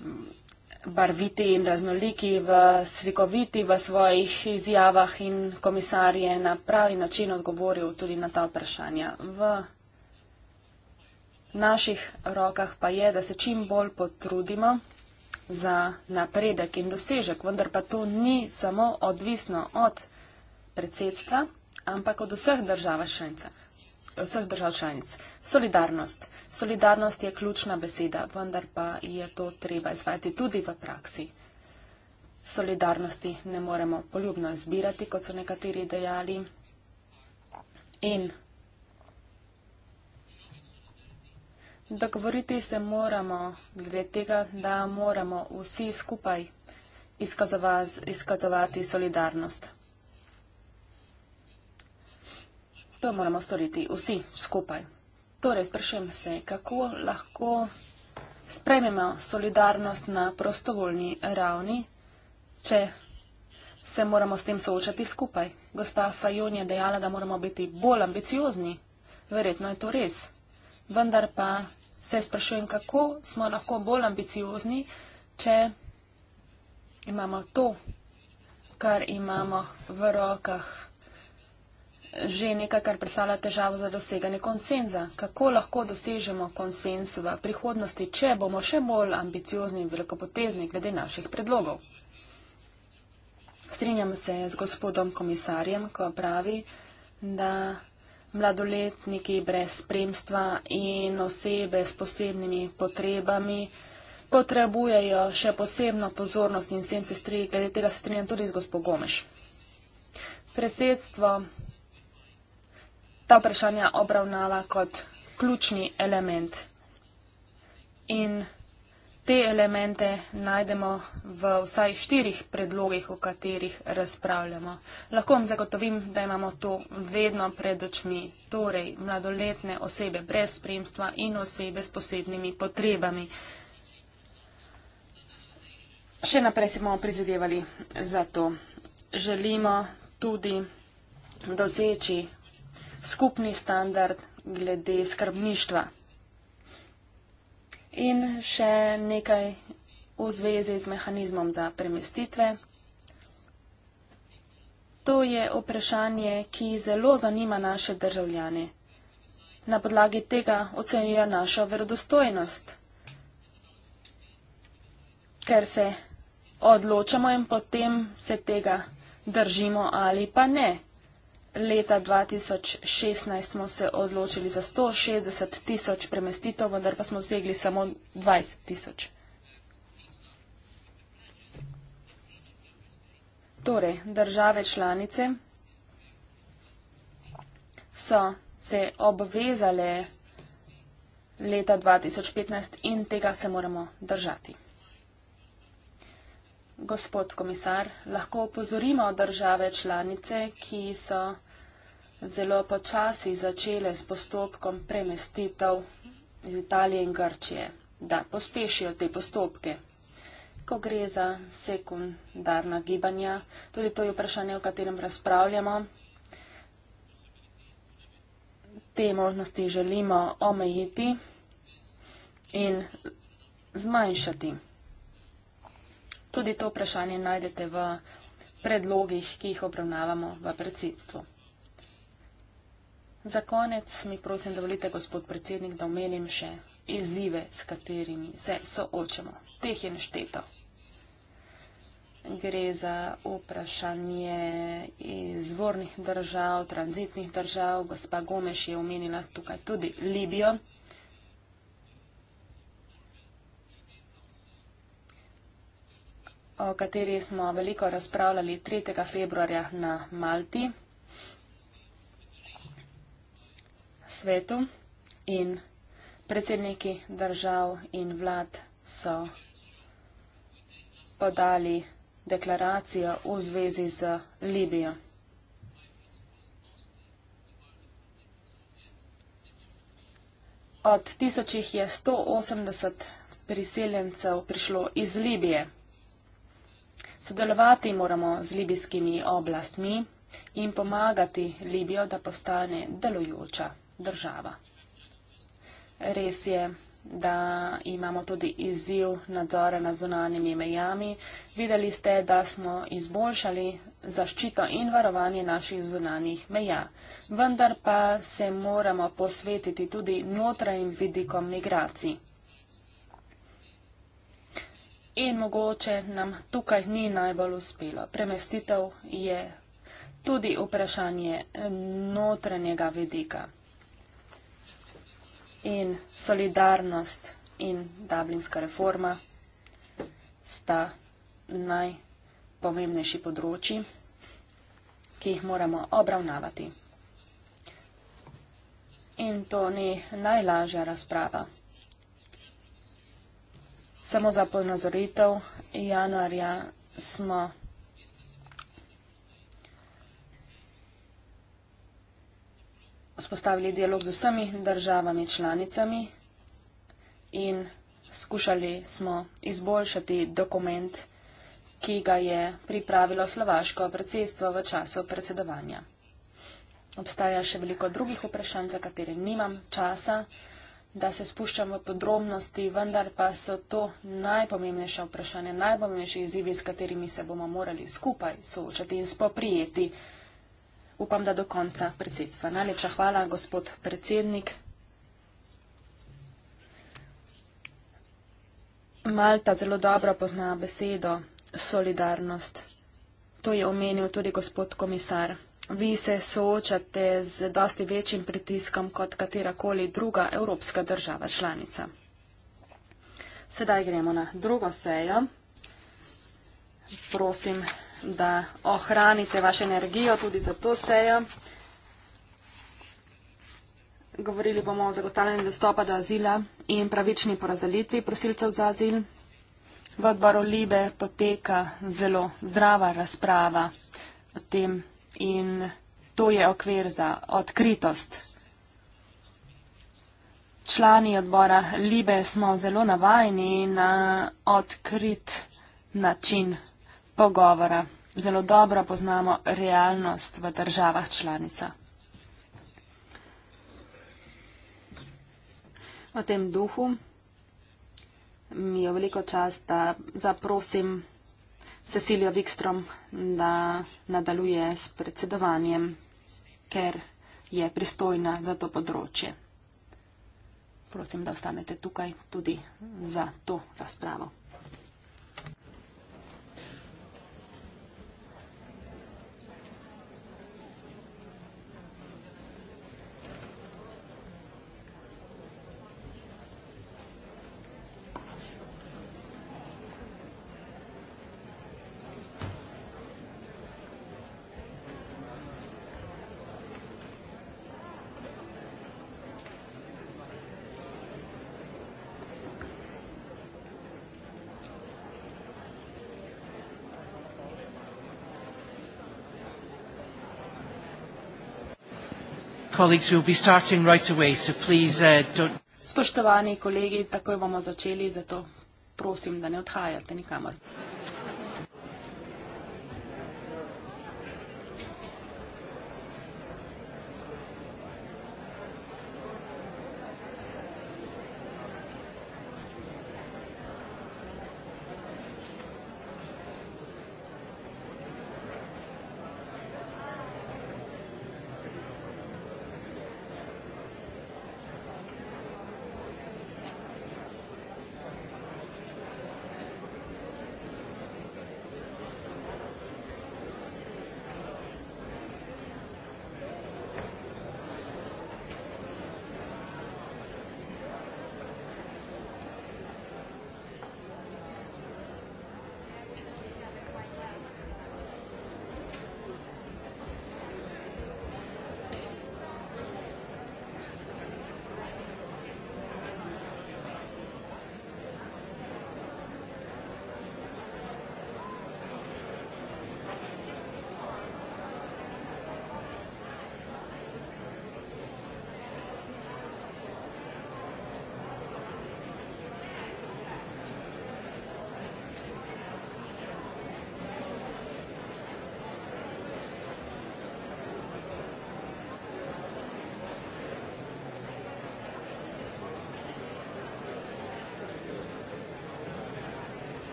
mm, barviti in raznoliki, v slikoviti v svojih izjavah in komisar je na pravi način odgovoril tudi na ta vprašanja. V naših rokah pa je, da se čim bolj potrudimo za napredek in dosežek, vendar pa to ni samo odvisno od predsedstva ampak od vseh držav članicah. Vseh držav članic. Solidarnost. Solidarnost je ključna beseda, vendar pa je to treba izvajati tudi v praksi. Solidarnosti ne moremo poljubno izbirati, kot so nekateri dejali. In dogovoriti se moramo glede tega, da moramo vsi skupaj izkazovati solidarnost. To moramo storiti vsi skupaj. Torej, sprašujem se, kako lahko sprememo solidarnost na prostovoljni ravni, če se moramo s tem soočati skupaj. Gospa Fajon je dejala, da moramo biti bolj ambiciozni. Verjetno je to res. Vendar pa se sprašujem, kako smo lahko bolj ambiciozni, če imamo to, kar imamo v rokah že nekaj, kar predstavlja težavo za doseganje konsenza. Kako lahko dosežemo konsens v prihodnosti, če bomo še bolj ambiciozni in velikopotezni glede naših predlogov? Strinjam se z gospodom komisarjem, ko pravi, da mladoletniki brez spremstva in osebe s posebnimi potrebami potrebujejo še posebno pozornost in sensestri, glede tega se strinjam tudi z gospod Gomeš. Presedstvo ta vprašanja obravnava kot ključni element. In te elemente najdemo v vsaj štirih predlogih, o katerih razpravljamo. Lahko vam zagotovim, da imamo to vedno pred očmi, torej mladoletne osebe brez spremstva in osebe s posebnimi potrebami. Še naprej si bomo prizadevali za to. Želimo tudi doseči skupni standard glede skrbništva. In še nekaj v zvezi z mehanizmom za premestitve. To je vprašanje, ki zelo zanima naše državljane. Na podlagi tega ocenijo našo verodostojnost, ker se odločamo in potem se tega držimo ali pa ne. Leta 2016 smo se odločili za 160 tisoč premestitev, vendar pa smo vzegli samo 20 tisoč. Torej, države članice so se obvezale leta 2015 in tega se moramo držati gospod komisar, lahko opozorimo države članice, ki so zelo počasi začele s postopkom premestitev iz Italije in Grčije, da pospešijo te postopke. Ko gre za sekundarna gibanja, tudi to je vprašanje, o katerem razpravljamo. Te možnosti želimo omejiti in zmanjšati. Tudi to vprašanje najdete v predlogih, ki jih obravnavamo v predsedstvu. Za konec mi prosim, da volite, gospod predsednik, da omenim še izzive, s katerimi se soočamo. Teh je nešteto. Gre za vprašanje izvornih držav, tranzitnih držav. Gospa Gomeš je omenila tukaj tudi Libijo. o kateri smo veliko razpravljali 3. februarja na Malti, svetu in predsedniki držav in vlad so podali deklaracijo v zvezi z Libijo. Od tisočih je 180 priseljencev prišlo iz Libije. Sodelovati moramo z libijskimi oblastmi in pomagati Libijo, da postane delujoča država. Res je, da imamo tudi izziv nadzora nad zunanimi mejami. Videli ste, da smo izboljšali zaščito in varovanje naših zunanih meja. Vendar pa se moramo posvetiti tudi notranjim vidikom migracij in mogoče nam tukaj ni najbolj uspelo. Premestitev je tudi vprašanje notranjega vidika in solidarnost in dablinska reforma sta najpomembnejši področji, ki jih moramo obravnavati. In to ni najlažja razprava samo za ponazoritev, januarja smo spostavili dialog z vsemi državami članicami in skušali smo izboljšati dokument, ki ga je pripravilo slovaško predsedstvo v času predsedovanja. Obstaja še veliko drugih vprašanj, za katere nimam časa da se spuščam v podrobnosti, vendar pa so to najpomembnejša vprašanja, najpomembnejši izzivi, s katerimi se bomo morali skupaj soočati in spoprijeti. Upam, da do konca predsedstva. Najlepša hvala, gospod predsednik. Malta zelo dobro pozna besedo solidarnost. To je omenil tudi gospod komisar. Vi se soočate z dosti večjim pritiskom kot katerakoli druga evropska država članica. Sedaj gremo na drugo sejo. Prosim, da ohranite vašo energijo tudi za to sejo. Govorili bomo o zagotavljanju dostopa do azila in pravični porazdelitvi prosilcev za azil. V odboru Libe poteka zelo zdrava razprava o tem, in to je okvir za odkritost. Člani odbora Libe smo zelo navajeni na odkrit način pogovora. Zelo dobro poznamo realnost v državah članica. V tem duhu mi je veliko čast, da zaprosim. Cecilijo Wikstrom, da nadaljuje s predsedovanjem, ker je pristojna za to področje. Prosim, da ostanete tukaj tudi za to razpravo. colleagues, we'll be starting right away, so please uh, don't... Spoštovani kolegi, takoj bomo začeli, zato prosim, da ne odhajate nikamor.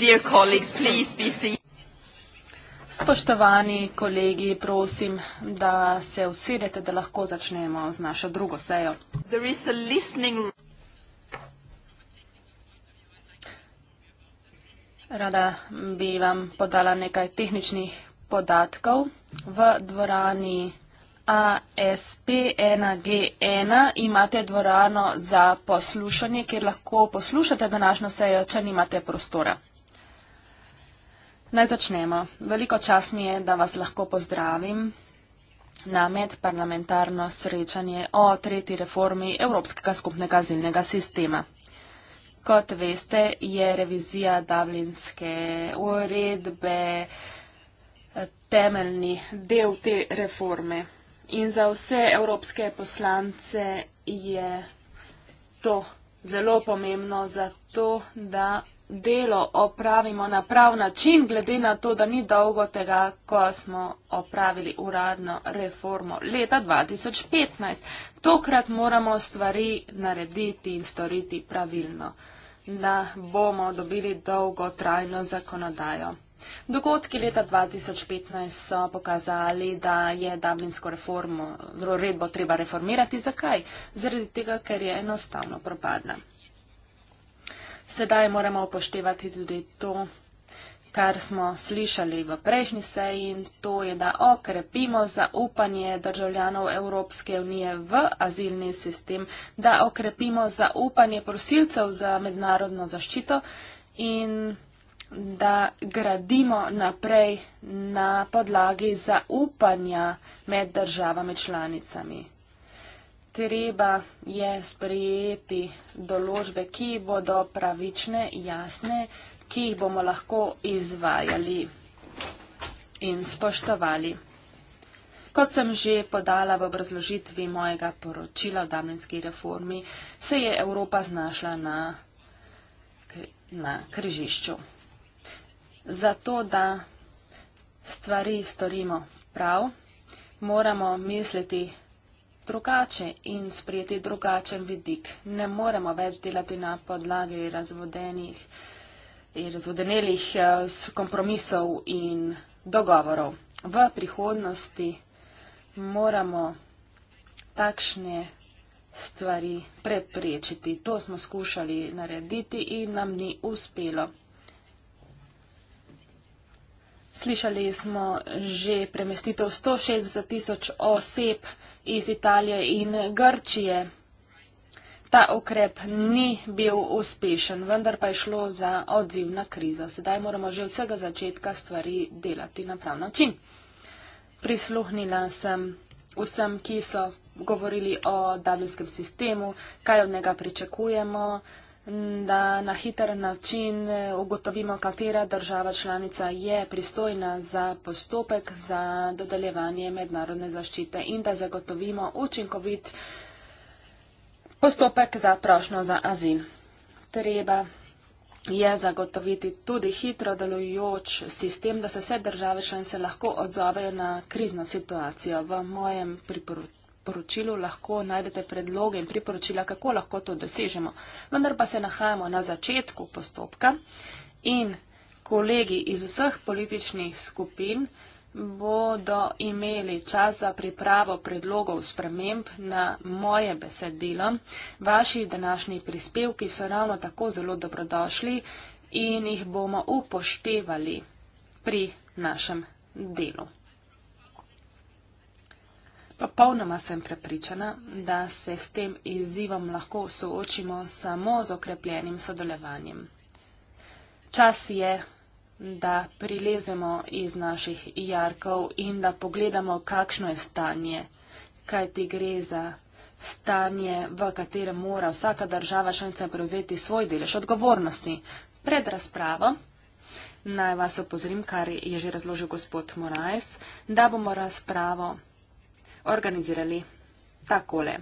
Dear colleagues, please be seated. Spoštovani kolegi, prosim, da se usedete, da lahko začnemo z našo drugo sejo. Rada bi vam podala nekaj tehničnih podatkov. V dvorani ASP1G1 imate dvorano za poslušanje, kjer lahko poslušate današnjo sejo, če nimate prostora. Naj začnemo. Veliko čas mi je, da vas lahko pozdravim na medparlamentarno srečanje o tretji reformi Evropskega skupnega zilnega sistema. Kot veste, je revizija davljinske uredbe eh, temeljni del te reforme. In za vse evropske poslance je to zelo pomembno, zato da delo opravimo na prav način, glede na to, da ni dolgo tega, ko smo opravili uradno reformo leta 2015. Tokrat moramo stvari narediti in storiti pravilno, da bomo dobili dolgotrajno zakonodajo. Dogodki leta 2015 so pokazali, da je Dublinsko reformo, redbo treba reformirati. Zakaj? Zaradi tega, ker je enostavno propadla. Sedaj moramo upoštevati tudi to, kar smo slišali v prejšnji seji in to je, da okrepimo zaupanje državljanov Evropske unije v azilni sistem, da okrepimo zaupanje prosilcev za mednarodno zaščito in da gradimo naprej na podlagi zaupanja med državami članicami treba je sprejeti določbe, ki bodo pravične, jasne, ki jih bomo lahko izvajali in spoštovali. Kot sem že podala v obrazložitvi mojega poročila o danenski reformi, se je Evropa znašla na, na križišču. Zato, da stvari storimo prav, moramo misliti drugače in sprijeti drugačen vidik. Ne moremo več delati na podlagi razvodenih in razvodenelih eh, kompromisov in dogovorov. V prihodnosti moramo takšne stvari preprečiti. To smo skušali narediti in nam ni uspelo. Slišali smo že premestitev 160 tisoč oseb iz Italije in Grčije. Ta okrep ni bil uspešen, vendar pa je šlo za odziv na krizo. Sedaj moramo že vsega začetka stvari delati na prav način. Prisluhnila sem vsem, ki so govorili o davljanskem sistemu, kaj od njega pričakujemo, da na hiter način eh, ugotovimo, katera država članica je pristojna za postopek za dodeljevanje mednarodne zaščite in da zagotovimo učinkovit postopek za prošnjo za azil. Treba je zagotoviti tudi hitro delujoč sistem, da se vse države članice lahko odzovejo na krizno situacijo. V mojem priporočilu poročilu lahko najdete predloge in priporočila, kako lahko to dosežemo. Vendar pa se nahajamo na začetku postopka in kolegi iz vseh političnih skupin bodo imeli čas za pripravo predlogov sprememb na moje besedilo. Vaši današnji prispevki so ravno tako zelo dobrodošli in jih bomo upoštevali pri našem delu. Popolnoma sem prepričana, da se s tem izzivom lahko soočimo samo z okrepljenim sodelovanjem. Čas je, da prilezemo iz naših jarkov in da pogledamo, kakšno je stanje, kaj ti gre za stanje, v katerem mora vsaka država šanca prevzeti svoj delež odgovornosti. Pred razpravo naj vas opozorim, kar je že razložil gospod Moraes, da bomo razpravo organizirali takole.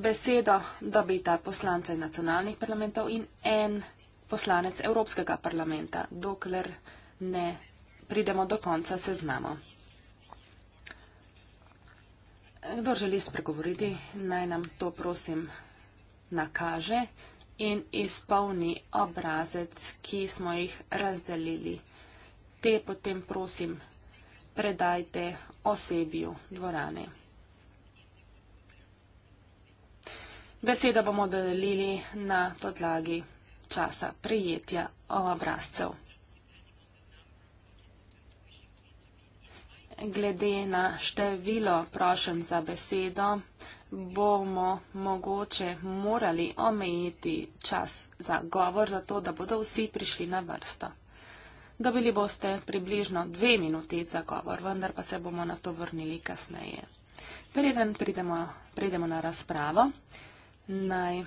Besedo dobita poslance nacionalnih parlamentov in en poslanec Evropskega parlamenta, dokler ne pridemo do konca seznamo. Kdo želi spregovoriti, naj nam to prosim nakaže in izpolni obrazec, ki smo jih razdelili. Te potem prosim predajte osebju dvorane. Beseda bomo dodelili na podlagi časa prijetja obrazcev. Glede na število prošen za besedo, bomo mogoče morali omejiti čas za govor, zato da bodo vsi prišli na vrsto dobili boste približno dve minuti za govor, vendar pa se bomo na to vrnili kasneje. Preden pridemo, pridemo na razpravo, naj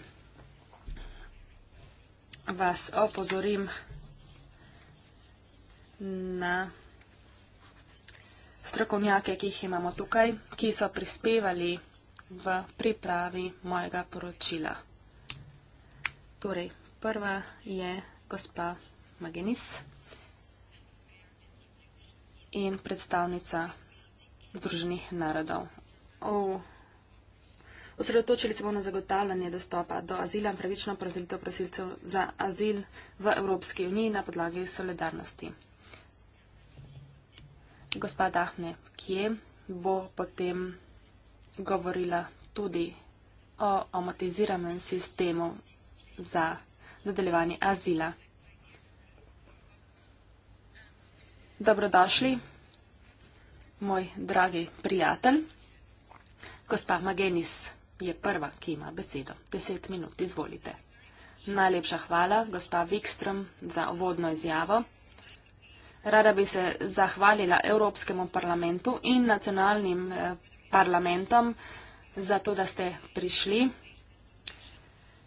vas opozorim na strokovnjake, ki jih imamo tukaj, ki so prispevali v pripravi mojega poročila. Torej, prva je gospa Magenis in predstavnica Združenih narodov. Oh. Osredotočili se bomo na zagotavljanje dostopa do azila in pravično porazdelitev prosilcev za azil v Evropski uniji na podlagi solidarnosti. Gospa Dahne, kje bo potem govorila tudi o amortiziranem sistemu za nadaljevanje azila? Dobrodošli, moj dragi prijatelj. Gospa Magenis je prva, ki ima besedo. Deset minut, izvolite. Najlepša hvala, gospa Wikström, za uvodno izjavo. Rada bi se zahvalila Evropskemu parlamentu in nacionalnim eh, parlamentom za to, da ste prišli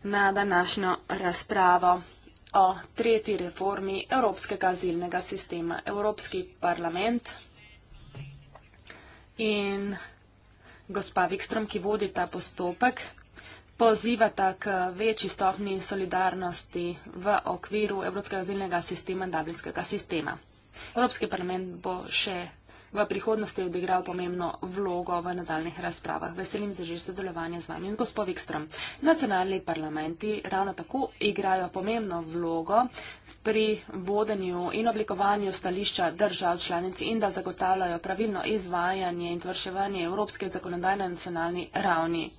na današnjo razpravo o tretji reformi Evropskega azilnega sistema. Evropski parlament in gospa Vikstrom, ki vodi ta postopek, pozivata k večji stopni solidarnosti v okviru Evropskega azilnega sistema in Dablinskega sistema. Evropski parlament bo še v prihodnosti odigral pomembno vlogo v nadaljnih razpravah. Veselim se že sodelovanja z vami in gospod Vikstrom. Nacionalni parlamenti ravno tako igrajo pomembno vlogo pri vodenju in oblikovanju stališča držav članic in da zagotavljajo pravilno izvajanje in tvrševanje evropske zakonodaje na nacionalni ravni.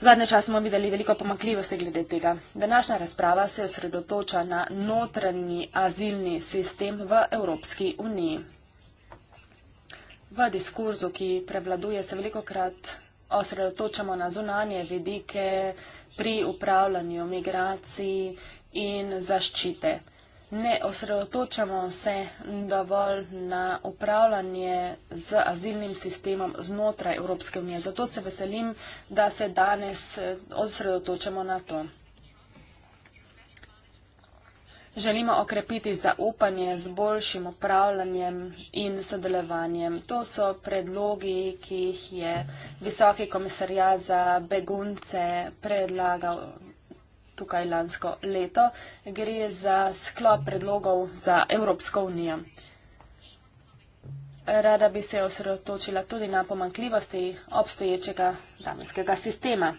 Zadnje čas smo videli veliko pomakljivosti glede tega. Današnja razprava se osredotoča na notranji azilni sistem v Evropski uniji. V diskurzu, ki prevladuje, se veliko krat osredotočamo na zunanje vidike pri upravljanju migracij in zaščite ne osredotočamo se dovolj na upravljanje z azilnim sistemom znotraj Evropske unije. Zato se veselim, da se danes eh, osredotočamo na to. Želimo okrepiti zaupanje z boljšim upravljanjem in sodelovanjem. To so predlogi, ki jih je visoki komisarjat za begunce predlagal tukaj lansko leto. Gre za sklop predlogov za Evropsko unijo. Rada bi se osredotočila tudi na pomankljivosti obstoječega danskega sistema.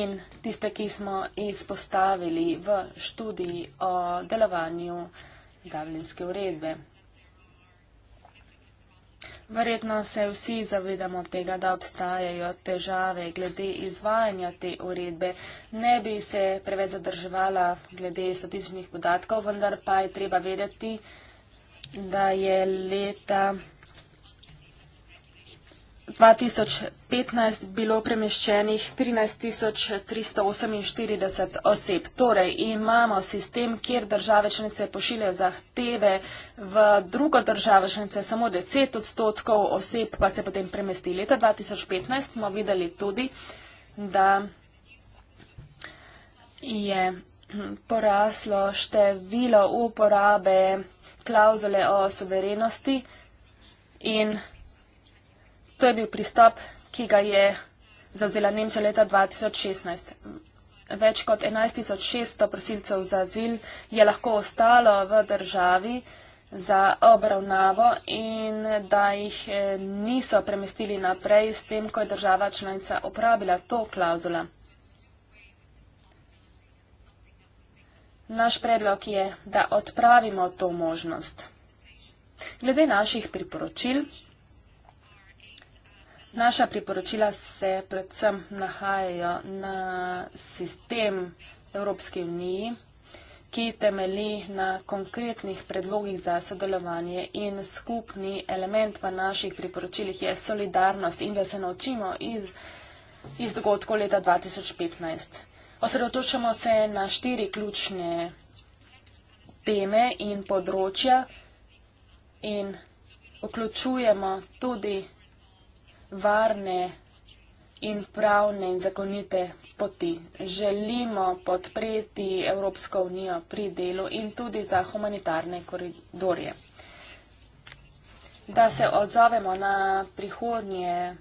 In tiste, ki smo izpostavili v študiji o delovanju Gavlinske uredbe. Verjetno se vsi zavedamo tega, da obstajajo težave glede izvajanja te uredbe. Ne bi se preveč zadrževala glede statističnih podatkov, vendar pa je treba vedeti, da je leta 2015 bilo premeščenih 13.348 oseb. Torej imamo sistem, kjer države članice pošiljajo zahteve v drugo državo članice, samo 10 odstotkov oseb pa se potem premesti. Leta 2015 smo videli tudi, da je hm, poraslo število uporabe klauzule o soverenosti in vsega. To je bil pristop, ki ga je zavzela Nemčija leta 2016. Več kot 11600 prosilcev za azil je lahko ostalo v državi za obravnavo in da jih eh, niso premestili naprej s tem, ko je država članica uporabila to klauzula. Naš predlog je, da odpravimo to možnost. Glede naših priporočil Naša priporočila se predvsem nahajajo na sistem Evropske unije, ki temeli na konkretnih predlogih za sodelovanje in skupni element v naših priporočilih je solidarnost in da se naučimo iz, iz dogodkov leta 2015. Osredotočamo se na štiri ključne teme in področja in vključujemo tudi varne in pravne in zakonite poti. Želimo podpreti Evropsko unijo pri delu in tudi za humanitarne koridorje. Da se odzovemo na prihodnje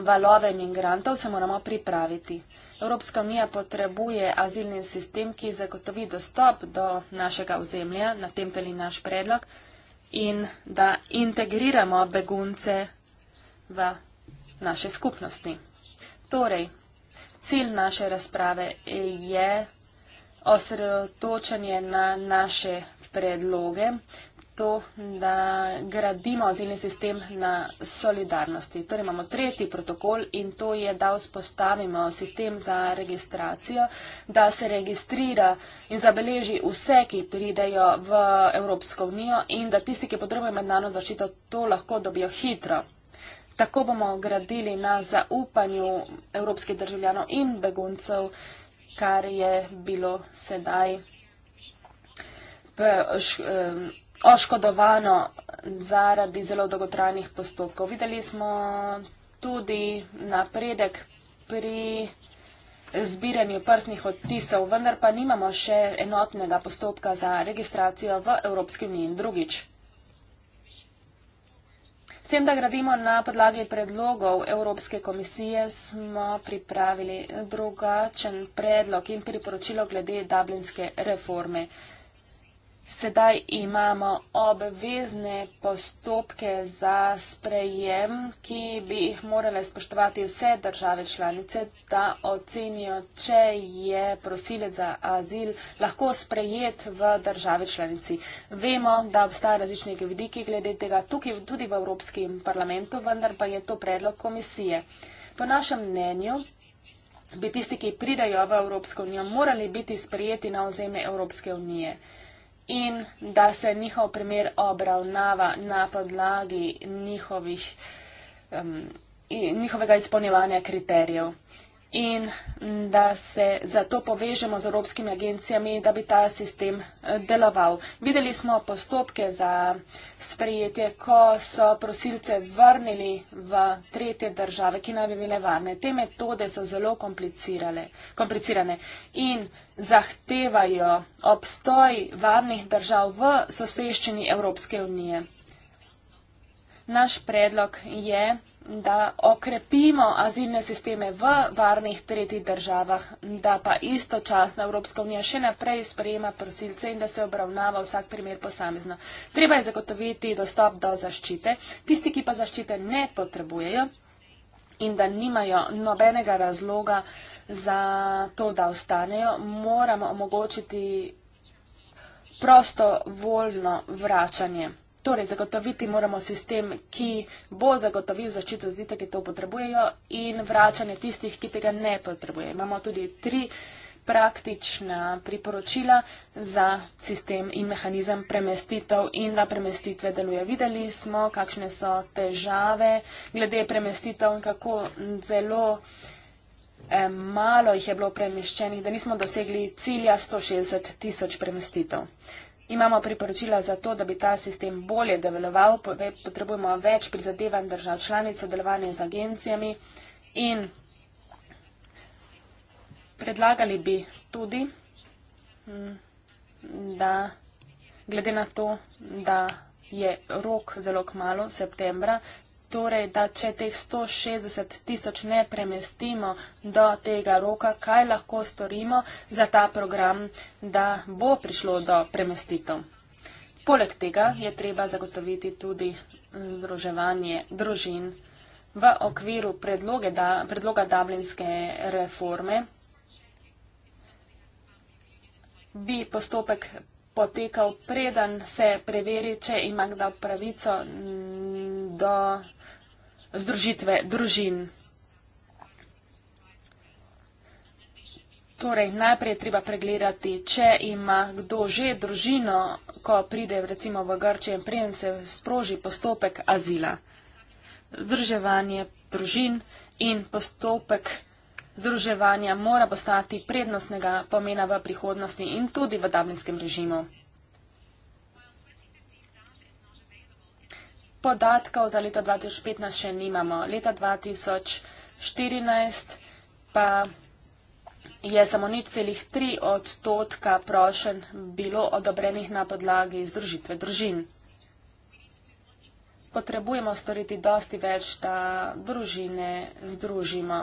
valove migrantov, se moramo pripraviti. Evropska unija potrebuje azilni sistem, ki zagotovi dostop do našega ozemlja, na tem tudi naš predlog, in da integriramo begunce v naše skupnosti. Torej, cilj naše razprave je osredotočanje na naše predloge, to, da gradimo azilni sistem na solidarnosti. Torej imamo tretji protokol in to je, da vzpostavimo sistem za registracijo, da se registrira in zabeleži vse, ki pridejo v Evropsko unijo in da tisti, ki potrebujejo mednarodno zaščito, to lahko dobijo hitro. Tako bomo gradili na zaupanju evropskih državljanov in beguncev, kar je bilo sedaj eh, eh, oškodovano zaradi zelo dogotranih postopkov. Videli smo tudi napredek pri zbiranju prstnih odtisov, vendar pa nimamo še enotnega postopka za registracijo v Evropski uniji drugič tem, da gradimo na podlagi predlogov Evropske komisije, smo pripravili drugačen predlog in priporočilo glede dublinske reforme. Sedaj imamo obvezne postopke za sprejem, ki bi jih morale spoštovati vse države članice, da ocenijo, če je prosilec za azil lahko sprejet v države članici. Vemo, da obstaja različni vidiki glede tega tukaj tudi v Evropskem parlamentu, vendar pa je to predlog komisije. Po našem mnenju bi tisti, ki pridajo v Evropsko unijo, morali biti sprejeti na ozemlje Evropske unije in da se njihov primer obravnava na podlagi njihovih, um, njihovega izpolnjevanja kriterijev in da se zato povežemo z evropskimi agencijami, da bi ta sistem eh, deloval. Videli smo postopke za sprejetje, ko so prosilce vrnili v tretje države, ki naj bi bile varne. Te metode so zelo komplicirane in zahtevajo obstoj varnih držav v soseščini Evropske unije. Naš predlog je, da okrepimo azilne sisteme v varnih tretjih državah, da pa istočasno Evropska unija še naprej sprejema prosilce in da se obravnava vsak primer posamezno. Treba je zagotoviti dostop do zaščite. Tisti, ki pa zaščite ne potrebujejo in da nimajo nobenega razloga za to, da ostanejo, moramo omogočiti prosto voljno vračanje. Torej, zagotoviti moramo sistem, ki bo zagotovil zaščito za tiste, ki to potrebujejo in vračanje tistih, ki tega ne potrebuje. Imamo tudi tri praktična priporočila za sistem in mehanizem premestitev in da premestitve deluje. Videli smo, kakšne so težave glede premestitev in kako zelo eh, malo jih je bilo premeščenih, da nismo dosegli cilja 160 tisoč premestitev. Imamo priporočila za to, da bi ta sistem bolje deloval, potrebujemo več prizadevanj držav članic, sodelovanje z agencijami in predlagali bi tudi, hm, da glede na to, da je rok zelo k malo, septembra, torej, da če teh 160 tisoč ne premestimo do tega roka, kaj lahko storimo za ta program, da bo prišlo do premestitev. Poleg tega je treba zagotoviti tudi združevanje družin v okviru predloge, da, predloga dablinske reforme. Bi postopek potekal, preden se preveri, če ima kdo pravico do združitve družin. Torej, najprej je treba pregledati, če ima kdo že družino, ko pride recimo v Grčijo in preden se sproži postopek azila. Združevanje družin in postopek združevanja mora postati prednostnega pomena v prihodnosti in tudi v dablinskem režimu. podatkov za leto 2015 še nimamo. Leta 2014 pa je samo nič celih tri odstotka prošen bilo odobrenih na podlagi združitve družin. Potrebujemo storiti dosti več, da družine združimo.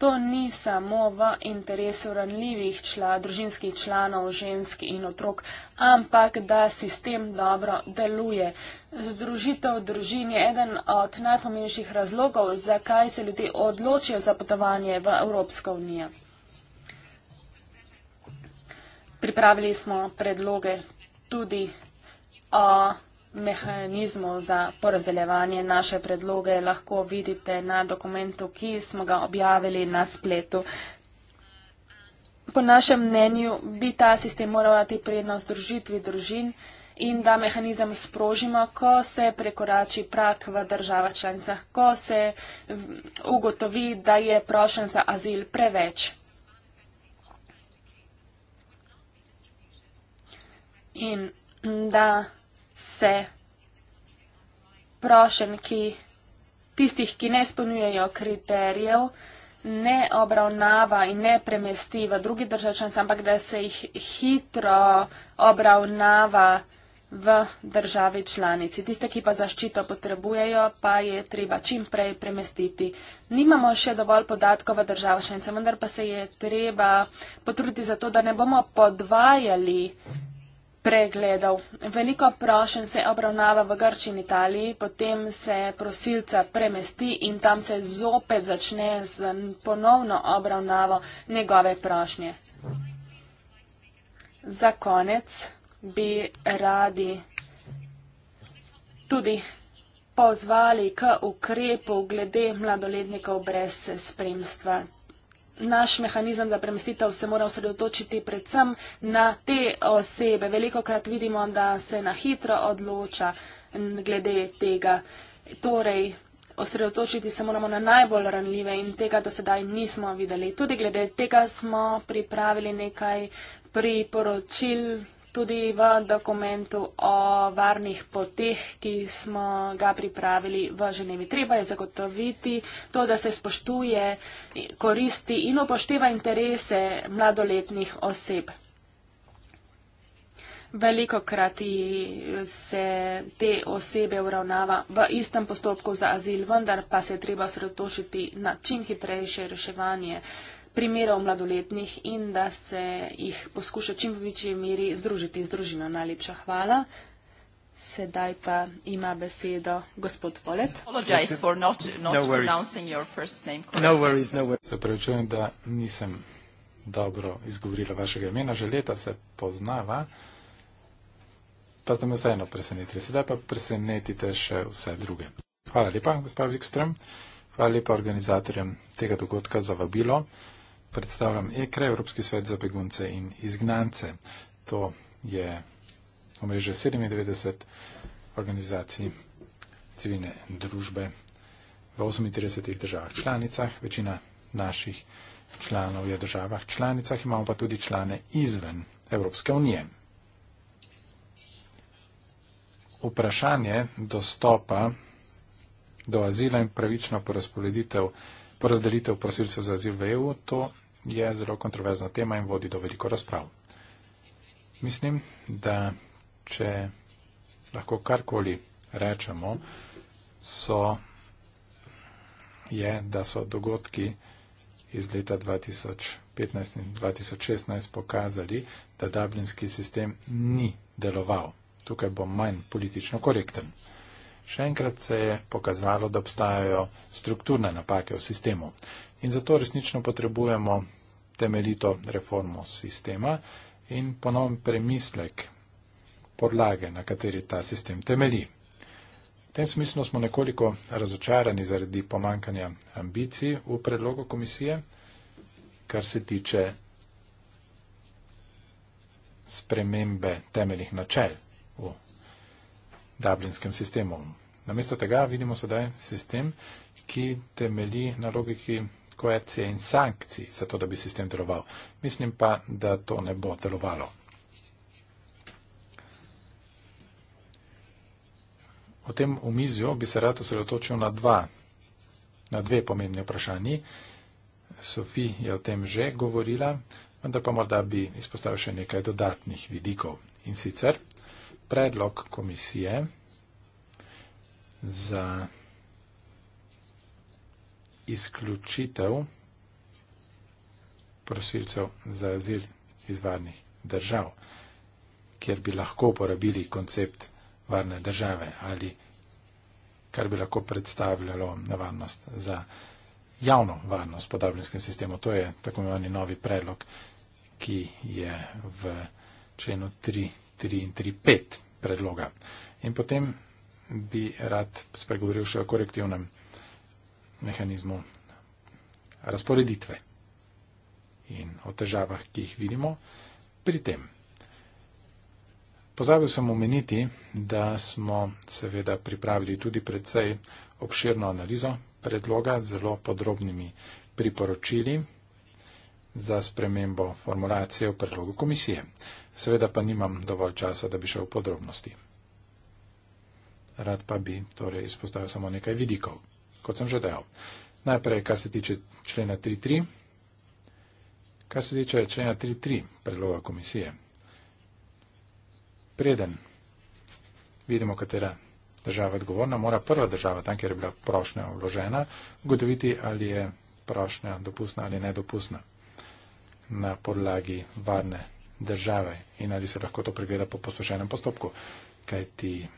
To ni samo v interesu ranljivih čla, družinskih članov, žensk in otrok, ampak da sistem dobro deluje. Združitev družin je eden od najpomembnejših razlogov, zakaj se ljudje odločijo za potovanje v Evropsko unijo. Pripravili smo predloge tudi o. Uh, mehanizmov za porazdeljevanje naše predloge lahko vidite na dokumentu, ki smo ga objavili na spletu. Po našem mnenju bi ta sistem moral dati prednost družitvi družin in da mehanizem sprožimo, ko se prekorači prak v državah članicah, ko se ugotovi, da je prošen za azil preveč. In da se prošen, ki tistih, ki ne spolnjujejo kriterijev, ne obravnava in ne premesti v drugi državčanci, ampak da se jih hitro obravnava v državi članici. Tiste, ki pa zaščito potrebujejo, pa je treba čim prej premestiti. Nimamo še dovolj podatkov v državah članicah, vendar pa se je treba potruditi za to, da ne bomo podvajali pregledov. Veliko prošen se obravnava v Grčiji in Italiji, potem se prosilca premesti in tam se zopet začne z ponovno obravnavo njegove prošnje. Za konec bi radi tudi pozvali k ukrepu glede mladoletnikov brez spremstva naš mehanizem za premestitev se mora osredotočiti predvsem na te osebe. Veliko krat vidimo, da se na hitro odloča glede tega. Torej, osredotočiti se moramo na najbolj ranljive in tega do sedaj nismo videli. Tudi glede tega smo pripravili nekaj priporočil tudi v dokumentu o varnih poteh, ki smo ga pripravili v Ženevi. Treba je zagotoviti to, da se spoštuje koristi in upošteva interese mladoletnih oseb. Veliko krati se te osebe uravnava v istem postopku za azil, vendar pa se je treba sredotošiti na čim hitrejše reševanje primerov mladoletnih in da se jih poskuša čim v večji meri združiti z družino. Najlepša hvala. Sedaj pa ima besedo gospod Polet. Not, not no no worries, no se prevečujem, da nisem dobro izgovorila vašega imena, že leta se poznava, pa ste me vseeno presenetili. Sedaj pa presenetite še vse druge. Hvala lepa, gospod Vikström. Hvala lepa organizatorjem tega dogodka za vabilo predstavljam EKRE, Evropski svet za begunce in izgnance. To je omrežje 97 organizacij civilne družbe v 38 državah članicah, večina naših članov je v državah članicah, imamo pa tudi člane izven Evropske unije. Vprašanje dostopa do azila in pravično porazdelitev prosilcev za azil v EU, to je zelo kontroverzna tema in vodi do veliko razprav. Mislim, da če lahko karkoli rečemo, so, je, da so dogodki iz leta 2015 in 2016 pokazali, da dublinski sistem ni deloval. Tukaj bom manj politično korekten. Še enkrat se je pokazalo, da obstajajo strukturne napake v sistemu. In zato resnično potrebujemo temeljito reformo sistema in ponovno premislek podlage, na kateri ta sistem temelji. V tem smislu smo nekoliko razočarani zaradi pomankanja ambicij v predlogu komisije, kar se tiče spremembe temeljih načel v dublinskem sistemu. Namesto tega vidimo sedaj sistem, ki temelji na logiki koercije in sankcij, zato da bi sistem deloval. Mislim pa, da to ne bo delovalo. O tem omizju bi se rad osredotočil na, na dve pomembni vprašanji. Sofi je o tem že govorila, vendar pa morda bi izpostavil še nekaj dodatnih vidikov. In sicer predlog komisije za izključitev prosilcev za azil iz varnih držav, kjer bi lahko uporabili koncept varne države ali kar bi lahko predstavljalo nevarnost za javno varnost po dublinskem sistemu. To je tako imenovani novi predlog, ki je v členu 3, 3 in 3, 5 predloga. In potem bi rad spregovoril še o korektivnem mehanizmu razporeditve in o težavah, ki jih vidimo pri tem. Pozabil sem omeniti, da smo seveda pripravili tudi predvsej obširno analizo predloga z zelo podrobnimi priporočili za spremembo formulacije v predlogu komisije. Seveda pa nimam dovolj časa, da bi šel v podrobnosti. Rad pa bi torej izpostavil samo nekaj vidikov kot sem že dejal. Najprej, kar se tiče člena 3.3. Kar se tiče člena 3.3 predloga komisije. Preden vidimo, katera država je odgovorna, mora prva država, tam, kjer je bila prošnja vložena, ugotoviti, ali je prošnja dopustna ali nedopustna na podlagi varne države in ali se lahko to pregleda po pospešenem postopku, kajti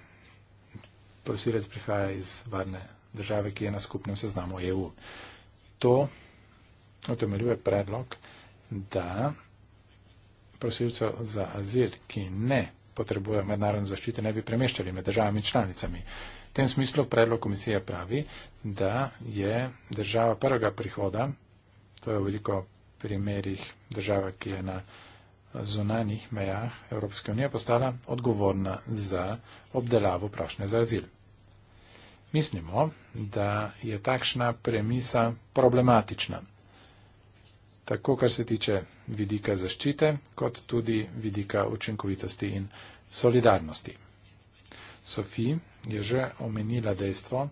prosilec prihaja iz varne države države, ki je na skupnem seznamu EU. To utemeljuje predlog, da prosilcev za azil, ki ne potrebujejo mednarodne zaščite, ne bi premeščali med državami in članicami. V tem smislu predlog komisije pravi, da je država prvega prihoda, to je v veliko primerjih država, ki je na zunanjih mejah Evropske unije, postala odgovorna za obdelavo prašne za azil. Mislimo, da je takšna premisa problematična. Tako, kar se tiče vidika zaščite, kot tudi vidika učinkovitosti in solidarnosti. Sofi je že omenila dejstvo,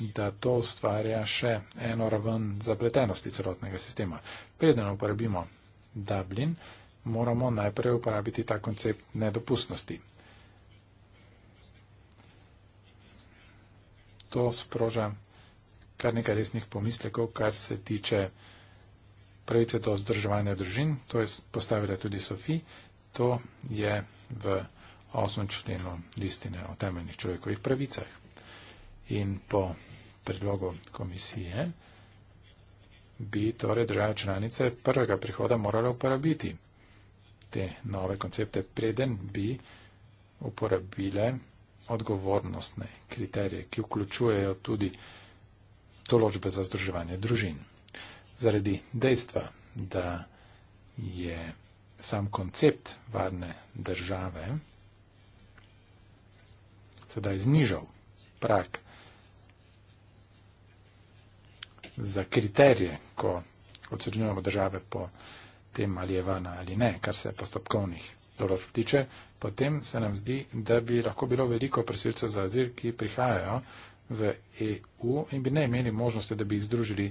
da to ustvarja še eno raven zapletenosti celotnega sistema. Preden uporabimo Dublin, moramo najprej uporabiti ta koncept nedopustnosti. to sproža kar nekaj resnih pomislekov, kar se tiče pravice do združevanja družin. To je postavila tudi Sofi. To je v 8. členu listine o temeljnih človekovih pravicah. In po predlogu komisije bi torej države članice prvega prihoda morale uporabiti te nove koncepte, preden bi uporabile odgovornostne kriterije, ki vključujejo tudi določbe za združevanje družin. Zaradi dejstva, da je sam koncept varne države sedaj znižal prak za kriterije, ko ocenjujemo države po tem, ali je varna ali ne, kar se postopkovnih določb tiče, potem se nam zdi, da bi lahko bilo veliko prosilcev za azil, ki prihajajo v EU in bi ne imeli možnosti, da bi jih združili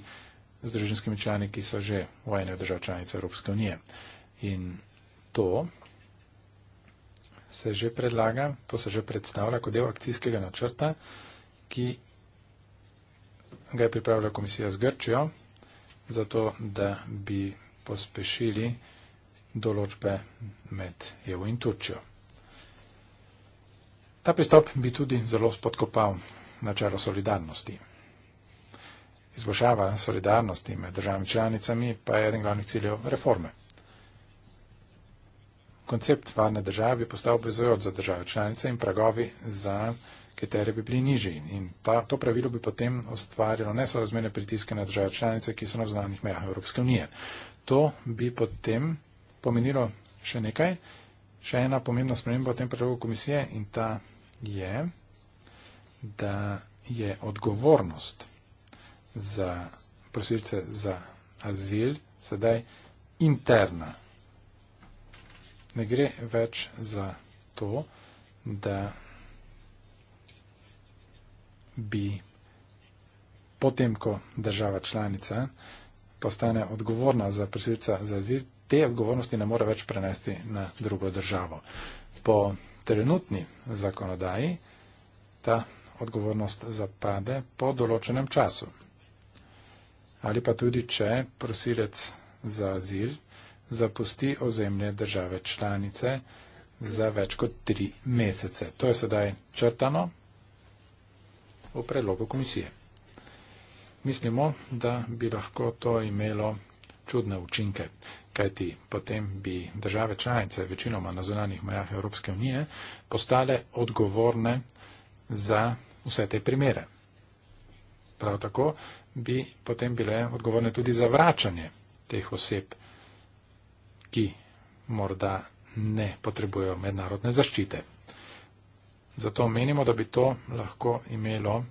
z družinskimi člani, ki so že vojne v držav članice Evropske unije. In to se že predlaga, to se že predstavlja kot del akcijskega načrta, ki ga je pripravila komisija z Grčijo, zato da bi pospešili določbe med EU in Turčijo. Ta pristop bi tudi zelo spodkopal načelo solidarnosti. Izboljšava solidarnosti med državami članicami pa je eden glavnih ciljev reforme. Koncept varne države je postal obvezujoč za države članice in pragovi za kateri bi bili nižji. In ta, to pravilo bi potem ustvarjalo nesorazmerne pritiske na države članice, ki so na znanih mejah Evropske unije. To bi potem pomenilo še nekaj, še ena pomembna sprememba v tem predlogu komisije in ta je, da je odgovornost za prosilce za azil sedaj interna. Ne gre več za to, da bi potem, ko država članica postane odgovorna za prosilca za azil, te odgovornosti ne more več prenesti na drugo državo. Po trenutni zakonodaji ta odgovornost zapade po določenem času. Ali pa tudi, če prosilec za azil zapusti ozemlje države članice za več kot tri mesece. To je sedaj črtano v predlogu komisije. Mislimo, da bi lahko to imelo čudne učinke kajti potem bi države članice, večinoma na zunanjih mejah Evropske unije, postale odgovorne za vse te primere. Prav tako bi potem bile odgovorne tudi za vračanje teh oseb, ki morda ne potrebujejo mednarodne zaščite. Zato menimo, da bi to lahko imelo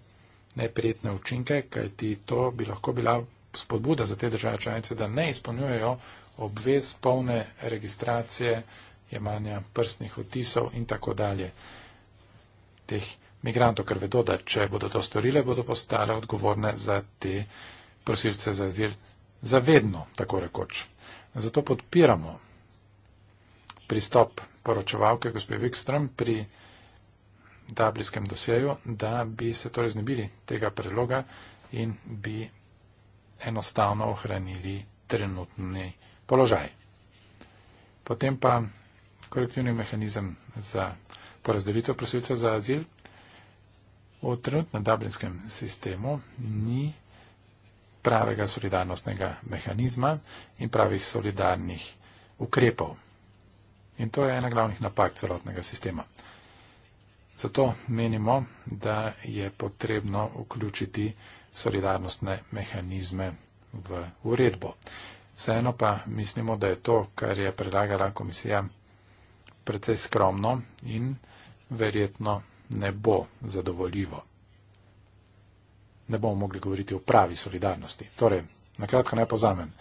neprijetne učinke, kajti to bi lahko bila spodbuda za te države članice, da ne izpolnjujejo obvez, polne registracije, jemanja prstnih otisov in tako dalje. Teh migrantov, ker vedo, da če bodo to storile, bodo postale odgovorne za te prosilce za azil zavedno, tako rekoč. Zato podpiramo pristop poročevalke gospe Wikström pri dablijskem dosjeju, da bi se torej znebili tega predloga in bi enostavno ohranili trenutni položaj. Potem pa korektivni mehanizem za porazdelitev prosilcev za azil v trenutnem dublinskem sistemu ni pravega solidarnostnega mehanizma in pravih solidarnih ukrepov. In to je ena glavnih napak celotnega sistema. Zato menimo, da je potrebno vključiti solidarnostne mehanizme v uredbo. Vseeno pa mislimo, da je to, kar je predlagala komisija, precej skromno in verjetno ne bo zadovoljivo. Ne bomo mogli govoriti o pravi solidarnosti. Torej, na kratko naj pozamem.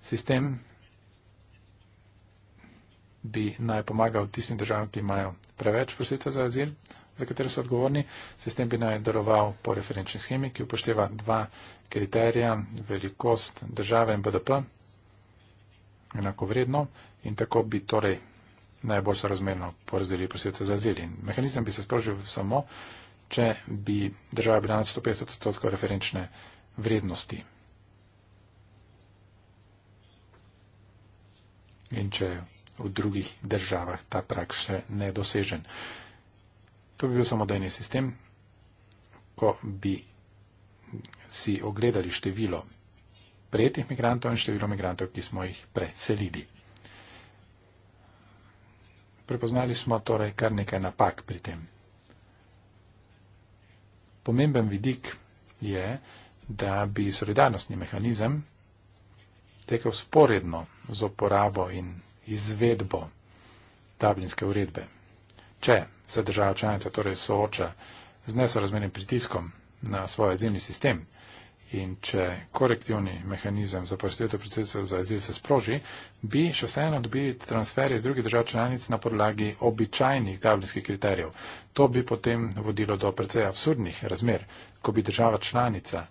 Sistem bi naj pomagal tistim državam, ki imajo preveč prosilcev za azil, za katere so odgovorni. Sistem bi naj deloval po referenčni schemi, ki upošteva dva kriterija, velikost države in BDP, enako vredno in tako bi torej najbolj sorazmerno porazdelili prosilce za azil. Mehanizem bi se sprožil samo, če bi država bila na 150 odstotkov referenčne vrednosti. In če je v drugih državah ta prak še nedosežen. To bi bil samodejni sistem, ko bi si ogledali število prejetih migrantov in število migrantov, ki smo jih preselili. Prepoznali smo torej kar nekaj napak pri tem. Pomemben vidik je, da bi solidarnostni mehanizem tekel sporedno z uporabo in izvedbo Dublinske uredbe. Če se država članica torej sooča z nesorazmernim pritiskom na svoj azilni sistem, in če korektivni mehanizem za prostitutev procesov za azil se sproži, bi še vseeno dobili transferje iz drugih držav članic na podlagi običajnih davljskih kriterijev. To bi potem vodilo do precej absurdnih razmer, ko bi država članica,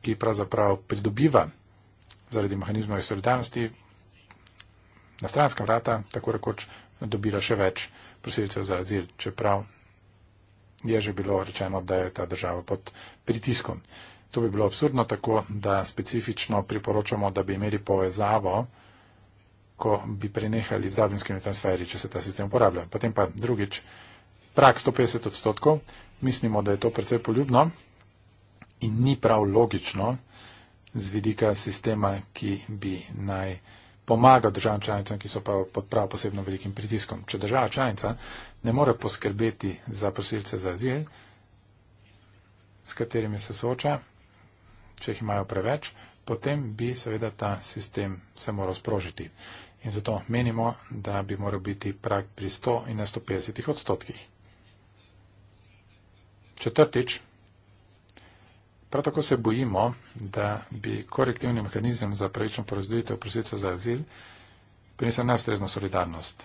ki pravzaprav pridobiva zaradi mehanizma in solidarnosti na stranska vrata, tako rekoč dobila še več prosilcev za azil, čeprav je že bilo rečeno, da je ta država pod pritiskom. To bi bilo absurdno tako, da specifično priporočamo, da bi imeli povezavo, ko bi prenehali z dublinskimi transferi, če se ta sistem uporablja. Potem pa drugič, prak 150 odstotkov, mislimo, da je to predvsej poljubno in ni prav logično z vidika sistema, ki bi naj pomagal državam članicam, ki so pa pod prav posebno velikim pritiskom. Če država članica ne more poskrbeti za prosilce za azil, s katerimi se soočajo, če jih imajo preveč, potem bi seveda ta sistem se moral sprožiti. In zato menimo, da bi moral biti prag pri 100 in 150 odstotkih. Četrtič, prav tako se bojimo, da bi korektivni mehanizem za pravično porazdelitev prosilcev za azil prinesel nestrezno solidarnost.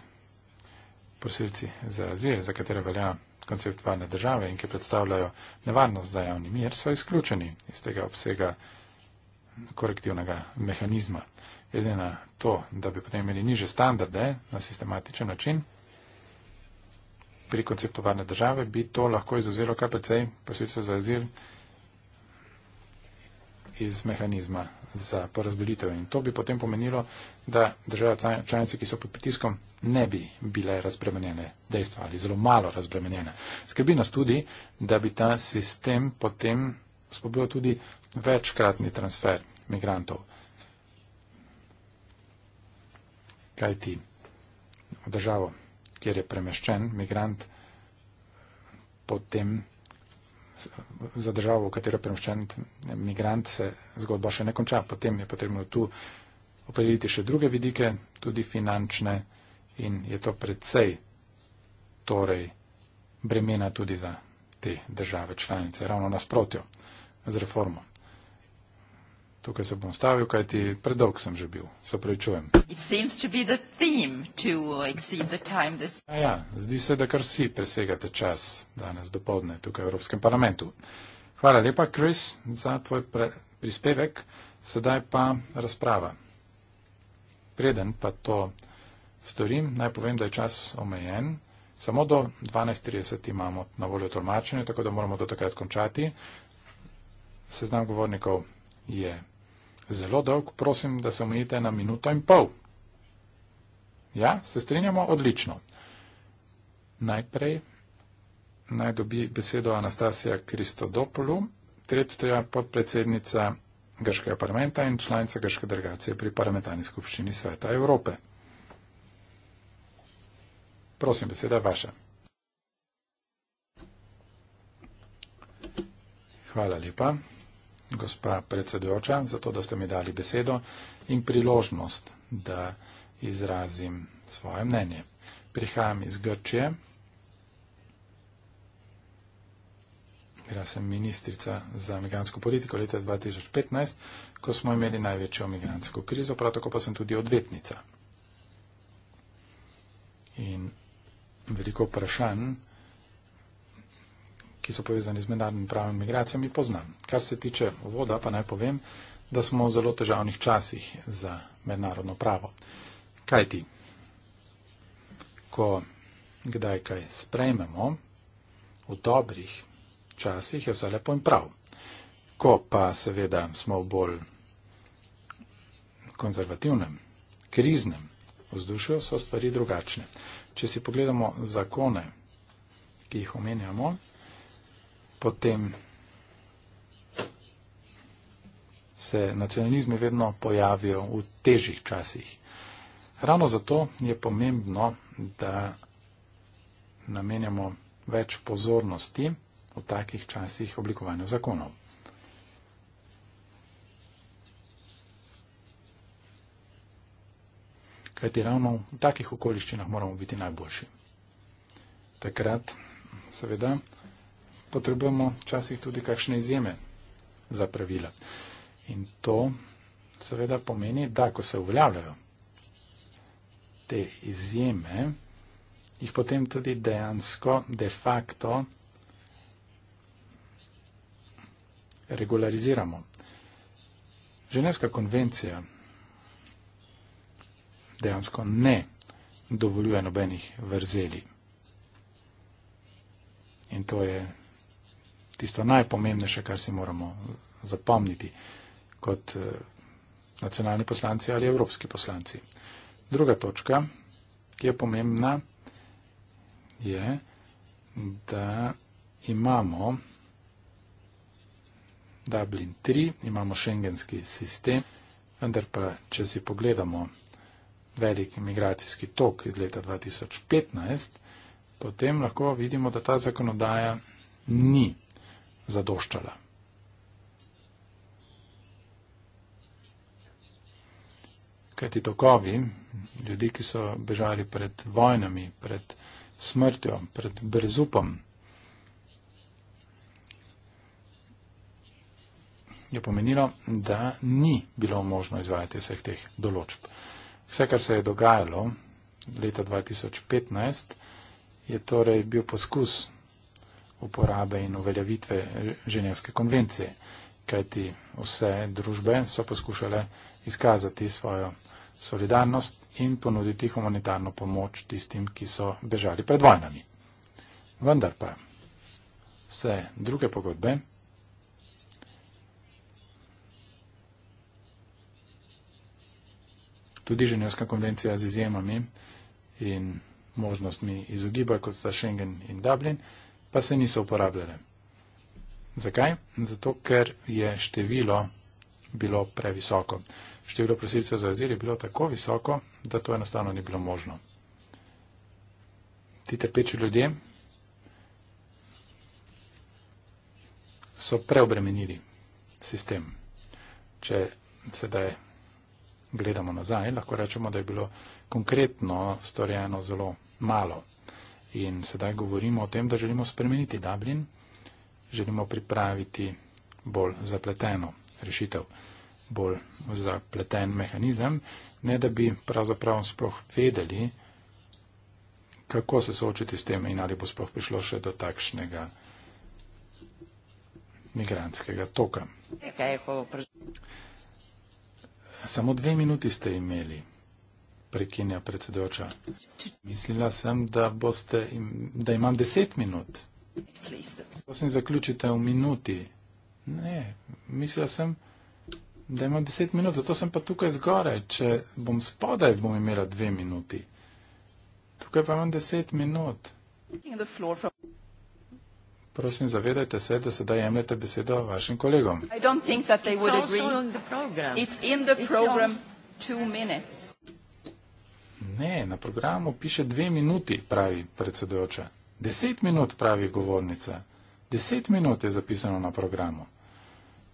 Prosilci za azil, za katere velja konceptualne države in ki predstavljajo nevarnost za javni mir, so izključeni iz tega obsega korektivnega mehanizma. Edina na to, da bi potem imeli niže standarde na sistematičen način, pri konceptovane države bi to lahko izuzelo kar precej posilstvo za azil iz mehanizma za porazdelitev. In to bi potem pomenilo, da države članice, ki so pod pritiskom, ne bi bile razbremenjene dejstva ali zelo malo razbremenjene. Skrbi nas tudi, da bi ta sistem potem spodbujal tudi večkratni transfer migrantov. Kaj ti v državo, kjer je premeščen migrant, potem za državo, v katero premoščen migrant se zgodba še ne konča. Potem je potrebno tu opredeliti še druge vidike, tudi finančne in je to predvsej torej bremena tudi za te države članice, ravno nasprotjo z reformo. Tukaj se bom stavil, kaj ti predolg sem že bil. Se prevečujem. This... Ja, ja, zdi se, da kar vsi presegate čas danes do povdne tukaj v Evropskem parlamentu. Hvala lepa, Chris, za tvoj prispevek. Sedaj pa razprava. Preden pa to storim, naj povem, da je čas omejen. Samo do 12.30 imamo na voljo tolmačenje, tako da moramo do takrat končati. Seznam govornikov je zelo dolg, prosim, da se omejite na minuto in pol. Ja, se strinjamo, odlično. Najprej naj dobi besedo Anastasija Kristodopolu, tretja podpredsednica Grškega parlamenta in članica Grške delegacije pri parlamentarni skupščini Sveta Evrope. Prosim, beseda je vaša. Hvala lepa gospa predsedujoča, za to, da ste mi dali besedo in priložnost, da izrazim svoje mnenje. Prihajam iz Grčije. Bila sem ministrica za migransko politiko leta 2015, ko smo imeli največjo migransko krizo, prav tako pa sem tudi odvetnica. In veliko vprašanj ki so povezani z mednarodnim pravim migracijami, poznam. Kar se tiče voda, pa naj povem, da smo v zelo težavnih časih za mednarodno pravo. Kaj ti? Ko kdaj kaj sprejmemo, v dobrih časih je vse lepo in prav. Ko pa seveda smo v bolj konzervativnem, kriznem vzdušju, so stvari drugačne. Če si pogledamo zakone, ki jih omenjamo, potem se nacionalizmi vedno pojavijo v težjih časih. Ravno zato je pomembno, da namenjamo več pozornosti v takih časih oblikovanju zakonov. Kajti ravno v takih okoliščinah moramo biti najboljši. Takrat, seveda, potrebujemo včasih tudi kakšne izjeme za pravila. In to seveda pomeni, da ko se uveljavljajo te izjeme, jih potem tudi dejansko, de facto regulariziramo. Ženevska konvencija dejansko ne dovoljuje nobenih vrzeli. In to je tisto najpomembnejše, kar si moramo zapomniti kot eh, nacionalni poslanci ali evropski poslanci. Druga točka, ki je pomembna, je, da imamo Dublin 3, imamo šengenski sistem, vendar pa, če si pogledamo velik imigracijski tok iz leta 2015, potem lahko vidimo, da ta zakonodaja ni zadoščala. Kaj ti tokovi, ljudi, ki so bežali pred vojnami, pred smrtjo, pred brezupom, je pomenilo, da ni bilo možno izvajati vseh teh določb. Vse, kar se je dogajalo leta 2015, je torej bil poskus uporabe in uveljavitve eh, ženevske konvencije, kajti vse družbe so poskušale izkazati svojo solidarnost in ponuditi humanitarno pomoč tistim, ki so bežali pred vojnami. Vendar pa se druge pogodbe Tudi ženevska konvencija z izjemami in možnostmi izogiba, kot sta Schengen in Dublin, pa se niso uporabljale. Zakaj? Zato, ker je število bilo previsoko. Število prosilcev za azil je bilo tako visoko, da to enostavno ni bilo možno. Ti trpeči ljudje so preobremenili sistem. Če sedaj gledamo nazaj, lahko rečemo, da je bilo konkretno storjeno zelo malo. In sedaj govorimo o tem, da želimo spremeniti Dublin, želimo pripraviti bolj zapleteno rešitev, bolj zapleten mehanizem, ne da bi pravzaprav sploh vedeli, kako se soočiti s tem in ali bo sploh prišlo še do takšnega migranskega toka. Samo dve minuti ste imeli prekinja predsedujoča. Mislila sem, da, boste, da imam deset minut. Prosim, zaključite v minuti. Ne, mislila sem, da imam deset minut, zato sem pa tukaj zgoraj. Če bom spodaj, bom imela dve minuti. Tukaj pa imam deset minut. Prosim, zavedajte se, da sedaj jemljete besedo vašim kolegom. It's It's Ne, na programu piše dve minuti, pravi predsedujoča. Deset minut, pravi govornica. Deset minut je zapisano na programu.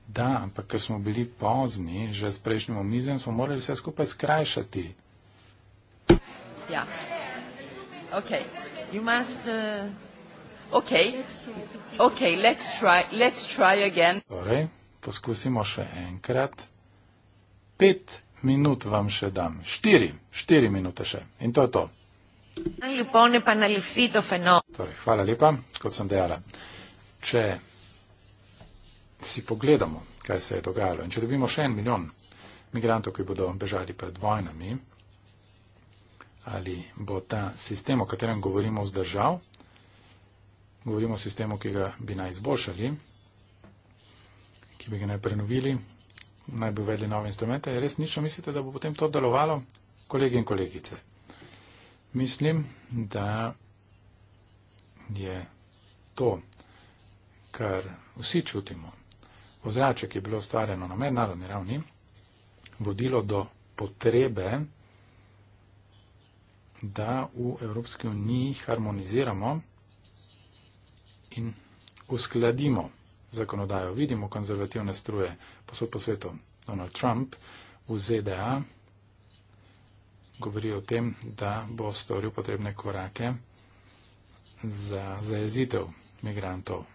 Da, ampak ker smo bili pozni, že s prejšnjim omizjem, smo morali vse skupaj skrajšati. Ja. Ok. You must. Uh, ok. Ok, let's try, let's try again. Torej, poskusimo še enkrat. Pet minut vam še dam. Štiri, štiri minute še. In to je to. Torej, hvala lepa, kot sem dejala. Če si pogledamo, kaj se je dogajalo in če dobimo še en milijon migrantov, ki bodo bežali pred vojnami, ali bo ta sistem, o katerem govorimo, vzdržal, govorimo o sistemu, ki ga bi naj izboljšali, ki bi ga naj prenovili, naj bi uvedli nove instrumente, je res nič, mislite, da bo potem to delovalo, kolegi in kolegice. Mislim, da je to, kar vsi čutimo, ozračje, ki je bilo ustvarjeno na mednarodni ravni, vodilo do potrebe, da v Evropski uniji harmoniziramo in uskladimo zakonodajo. Vidimo konzervativne struje posod po svetu. Donald Trump v ZDA govori o tem, da bo storil potrebne korake za zajezitev migrantov,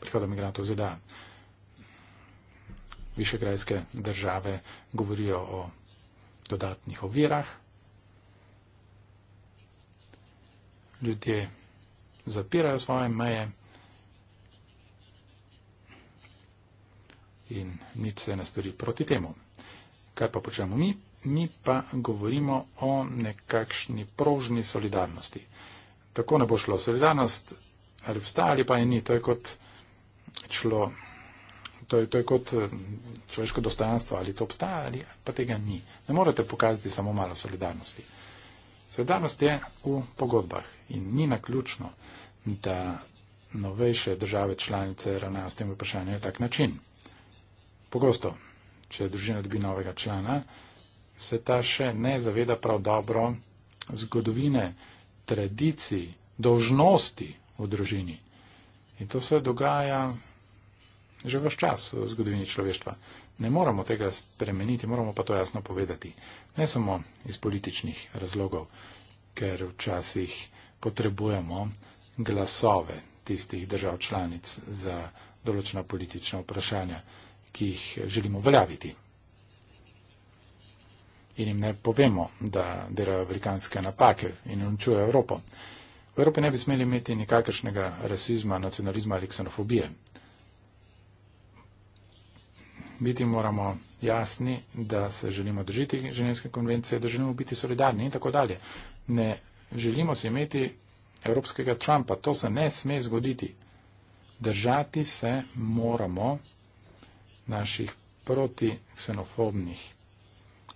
prihoda migrantov v ZDA. Višegrajske države govorijo o dodatnih ovirah. Ljudje zapirajo svoje meje. in nič se ne stori proti temu. Kaj pa počnemo mi? Mi pa govorimo o nekakšni prožni solidarnosti. Tako ne bo šlo. Solidarnost ali obstaja ali pa je ni. To je kot, člo, to je, to je kot eh, človeško dostojanstvo. Ali to obstaja ali pa tega ni. Ne morete pokazati samo malo solidarnosti. Solidarnost je v pogodbah in ni naključno, da novejše države članice ravnajo s tem vprašanjem na tak način. Pogosto, če družina dobi novega člana, se ta še ne zaveda prav dobro zgodovine, tradicij, dožnosti v družini. In to se dogaja že vse čas v zgodovini človeštva. Ne moramo tega spremeniti, moramo pa to jasno povedati. Ne samo iz političnih razlogov, ker včasih potrebujemo glasove tistih držav članic za določena politična vprašanja ki jih želimo uveljaviti. In jim ne povemo, da delajo velikanske napake in uničujejo Evropo. V Evropi ne bi smeli imeti nikakršnega rasizma, nacionalizma ali ksenofobije. Biti moramo jasni, da se želimo držiti ženevske konvencije, da želimo biti solidarni in tako dalje. Ne želimo se imeti evropskega Trumpa, to se ne sme zgoditi. Držati se moramo naših protiksenofobnih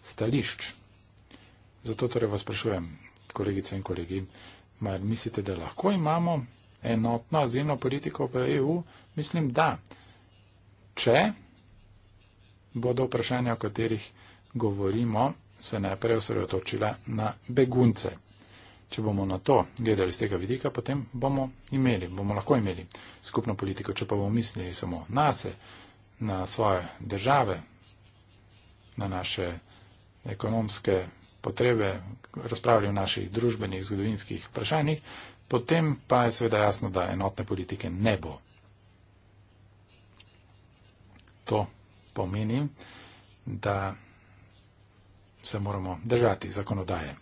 stališč. Zato torej vas sprašujem, kolegice in kolegi, mar mislite, da lahko imamo enotno azilno politiko v EU? Mislim, da. Če bodo vprašanja, o katerih govorimo, se najprej osredotočila na begunce. Če bomo na to gledali z tega vidika, potem bomo imeli, bomo lahko imeli skupno politiko, če pa bomo mislili samo na sebe na svoje države, na naše ekonomske potrebe, razpravljali o naših družbenih, zgodovinskih vprašanjih, potem pa je seveda jasno, da enotne politike ne bo. To pomeni, da se moramo držati zakonodaje.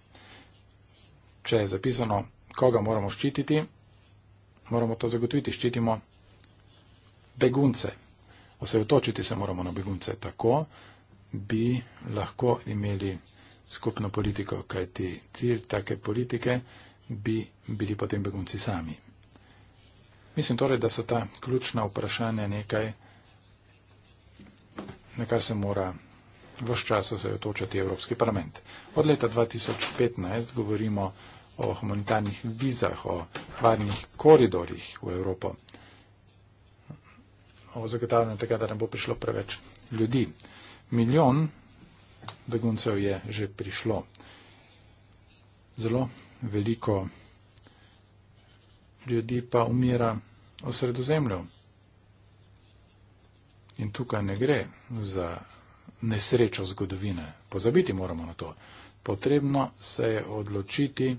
Če je zapisano, koga moramo ščititi, moramo to zagotoviti. Ščitimo begunce, osredotočiti se moramo na begunce tako, bi lahko imeli skupno politiko, kajti cilj take politike bi bili potem begunci sami. Mislim torej, da so ta ključna vprašanja nekaj, na kar se mora vse čas osredotočiti Evropski parlament. Od leta 2015 govorimo o humanitarnih vizah, o varnih koridorjih v Evropo o zagotavljanju tega, da ne bo prišlo preveč ljudi. Milijon beguncev je že prišlo. Zelo veliko ljudi pa umira v sredozemlju. In tukaj ne gre za nesrečo zgodovine. Pozabiti moramo na to. Potrebno se je odločiti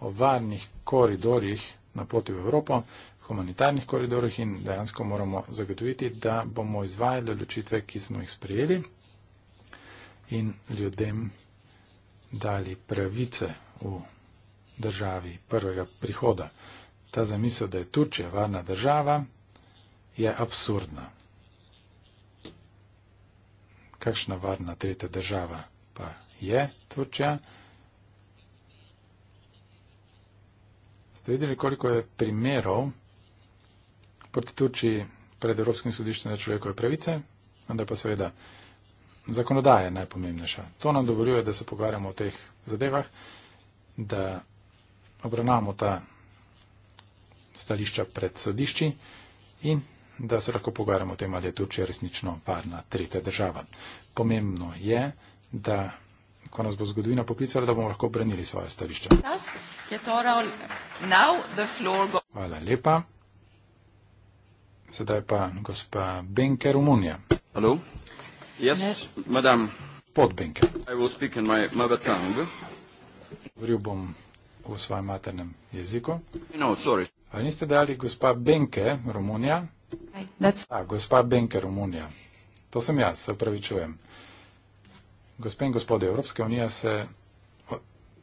o varnih koridorjih na poti v Evropo, humanitarnih koridorih in dejansko moramo zagotoviti, da bomo izvajali odločitve, ki smo jih sprejeli in ljudem dali pravice v državi prvega prihoda. Ta zamisel, da je Turčija varna država, je absurdna. Kakšna varna tretja država pa je Turčija? Ste videli, koliko je primerov, potituči pred Evropskim sodiščem za človekove pravice, vendar pa seveda zakonodaja je najpomembnejša. To nam dovoljuje, da se pogovarjamo o teh zadevah, da obravnavamo ta stališča pred sodišči in da se lahko pogovarjamo o tem, ali je Turčija resnično varna tretja država. Pomembno je, da ko nas bo zgodovina poklicala, da bomo lahko obranili svoje stališče. Hvala lepa. Sedaj pa gospa Benke Rumunija. Hvala. Yes, madam. Pod Benke. Govoril bom v svojem maternem jeziku. No, sorry. A niste dali gospa Benke Rumunija? Ja, gospa Benke Rumunija. To sem jaz, se upravičujem. Gospe in gospode, Evropska unija se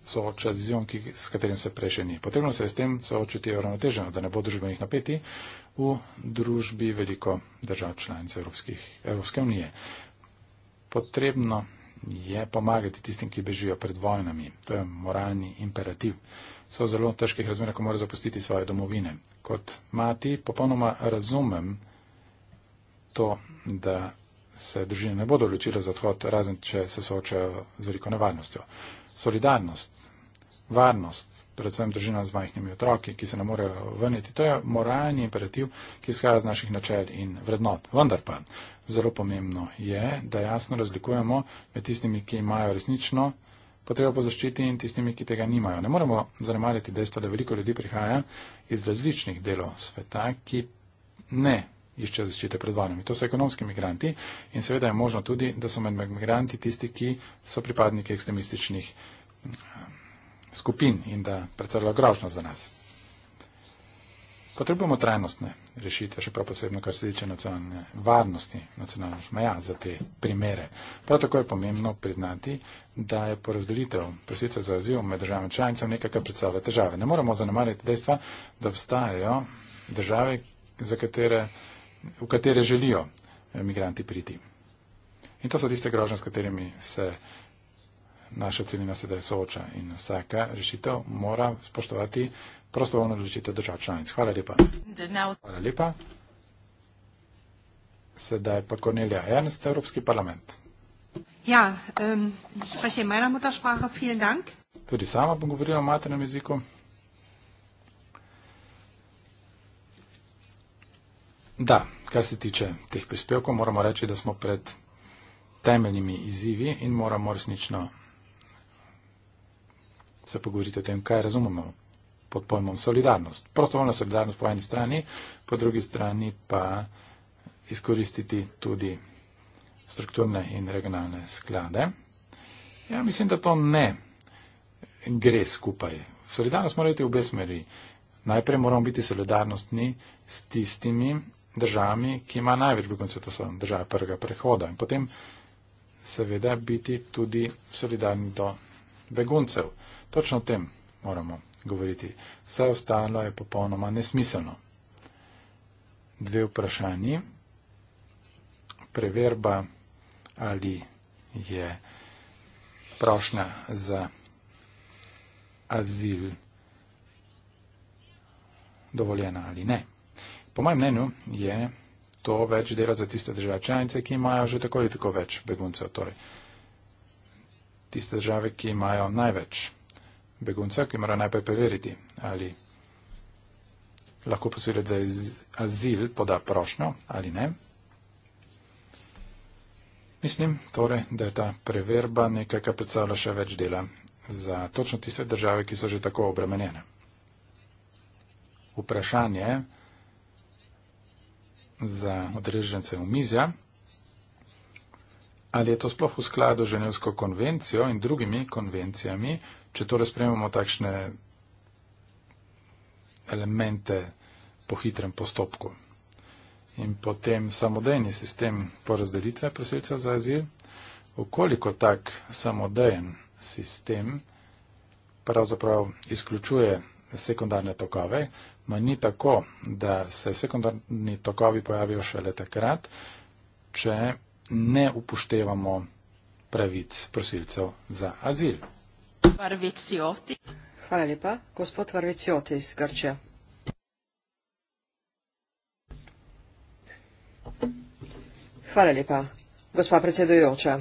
sooča z izjivom, s katerim se prej še ni. Potrebno se je s tem soočiti uravnoteženo, da ne bo družbenih napetij, v družbi veliko držav članic Evropskih, Evropske unije. Potrebno je pomagati tistim, ki bežijo pred vojnami. To je moralni imperativ. So zelo težkih razmerah, ko morajo zapustiti svoje domovine. Kot mati popolnoma razumem to, da se družine ne bodo odločile za odhod, razen če se soočajo z veliko nevarnostjo. Solidarnost, varnost, predvsem družina z majhnimi otroki, ki se ne morejo vrniti. To je moralni imperativ, ki izhaja z naših načel in vrednot. Vendar pa zelo pomembno je, da jasno razlikujemo med tistimi, ki imajo resnično potrebo po zaščiti in tistimi, ki tega nimajo. Ne moremo zanemariti dejstva, da veliko ljudi prihaja iz različnih delov sveta, ki ne iščejo zaščite pred vojnami. To so ekonomski migranti in seveda je možno tudi, da so med migranti tisti, ki so pripadniki ekstremističnih skupin in da predstavljajo grožno za nas. Potrebujemo trajnostne rešitve, še prav posebno, kar se tiče nacionalne varnosti, nacionalnih meja za te primere. Prav tako je pomembno priznati, da je porazdelitev prosilcev za azil med državami članicami nekaj, kar predstavlja težave. Ne moremo zanemariti dejstva, da obstajajo države, katere, v katere želijo migranti priti. In to so tiste grožnje, s katerimi se naša celina sedaj sooča in vsaka rešitev mora spoštovati prostovoljno odločitev držav članic. Hvala lepa. Hvala lepa. Sedaj pa Kornelija Ernst, Evropski parlament. Ja, sprašujem, moja mutašpaha, vielen dank. Tudi sama bom govorila o maternem jeziku. Da, kar se tiče teh prispevkov, moramo reči, da smo pred temeljnimi izzivi in moramo resnično se pogovoriti o tem, kaj razumemo pod pojmom solidarnost. Prostovoljna solidarnost po eni strani, po drugi strani pa izkoristiti tudi strukturne in regionalne sklade. Ja, mislim, da to ne gre skupaj. Solidarnost mora biti v obe smeri. Najprej moramo biti solidarnostni s tistimi državami, ki ima največ begoncev, to so države prvega prehoda. In potem seveda biti tudi solidarni do beguncev. Točno o tem moramo govoriti. Vse ostalo je popolnoma nesmiselno. Dve vprašanji. Preverba, ali je prošnja za azil dovoljena ali ne. Po mojem mnenju je to več dela za tiste države članice, ki imajo že tako ali tako več beguncev, torej tiste države, ki imajo največ beguncev begunca, ki mora najprej preveriti, ali lahko posilec za azil poda prošnjo ali ne. Mislim torej, da je ta preverba nekaj, kar predstavlja še več dela za točno tiste države, ki so že tako obremenjene. Vprašanje za odrežence v mizja, ali je to sploh v skladu ženevsko konvencijo in drugimi konvencijami, če torej sprememo takšne elemente po hitrem postopku. In potem samodejni sistem porazdelitve prosilcev za azil, ukoliko tak samodejen sistem pravzaprav izključuje sekundarne tokove, ma ni tako, da se sekundarni tokovi pojavijo šele takrat, če ne upoštevamo pravic prosilcev za azil. Varvicioti. Hvala lepa. Gospod Varvicioti iz Grčije. Hvala lepa, gospa predsedujoča.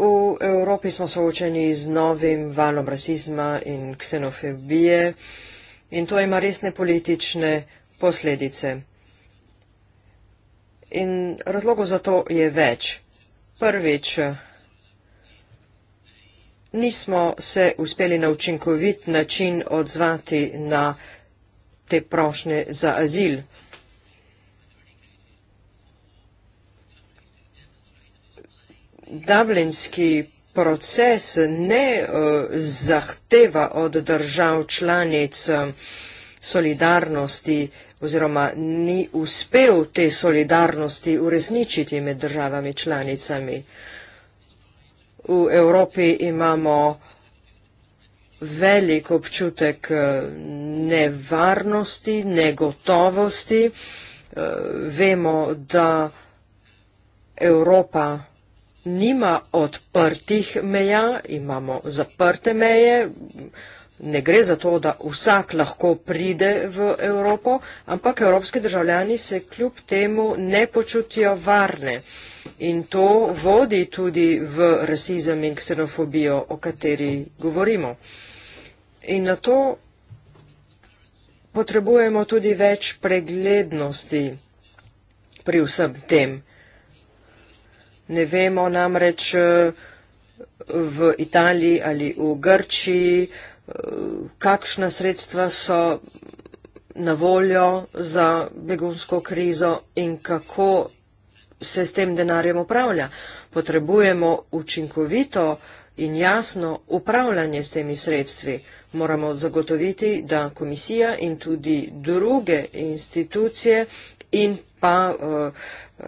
V Evropi smo soočeni z novim valom rasizma in ksenofobije in to ima resne politične posledice. In razlogov za to je več. Prvič, nismo se uspeli na učinkovit način odzvati na te prošnje za azil. Dublinski proces ne eh, zahteva od držav članic eh, solidarnosti, oziroma ni uspel te solidarnosti uresničiti med državami članicami. V Evropi imamo velik občutek eh, nevarnosti, negotovosti. Eh, vemo, da Evropa nima odprtih meja, imamo zaprte meje, ne gre za to, da vsak lahko pride v Evropo, ampak evropski državljani se kljub temu ne počutijo varne. In to vodi tudi v rasizem in ksenofobijo, o kateri govorimo. In na to potrebujemo tudi več preglednosti pri vsem tem. Ne vemo namreč eh, v Italiji ali v Grčiji, uh, kakšna sredstva so na voljo za begunsko krizo in kako se s tem denarjem upravlja. Potrebujemo učinkovito in jasno upravljanje s temi sredstvi. Moramo zagotoviti, da komisija in tudi druge institucije in pa uh, uh,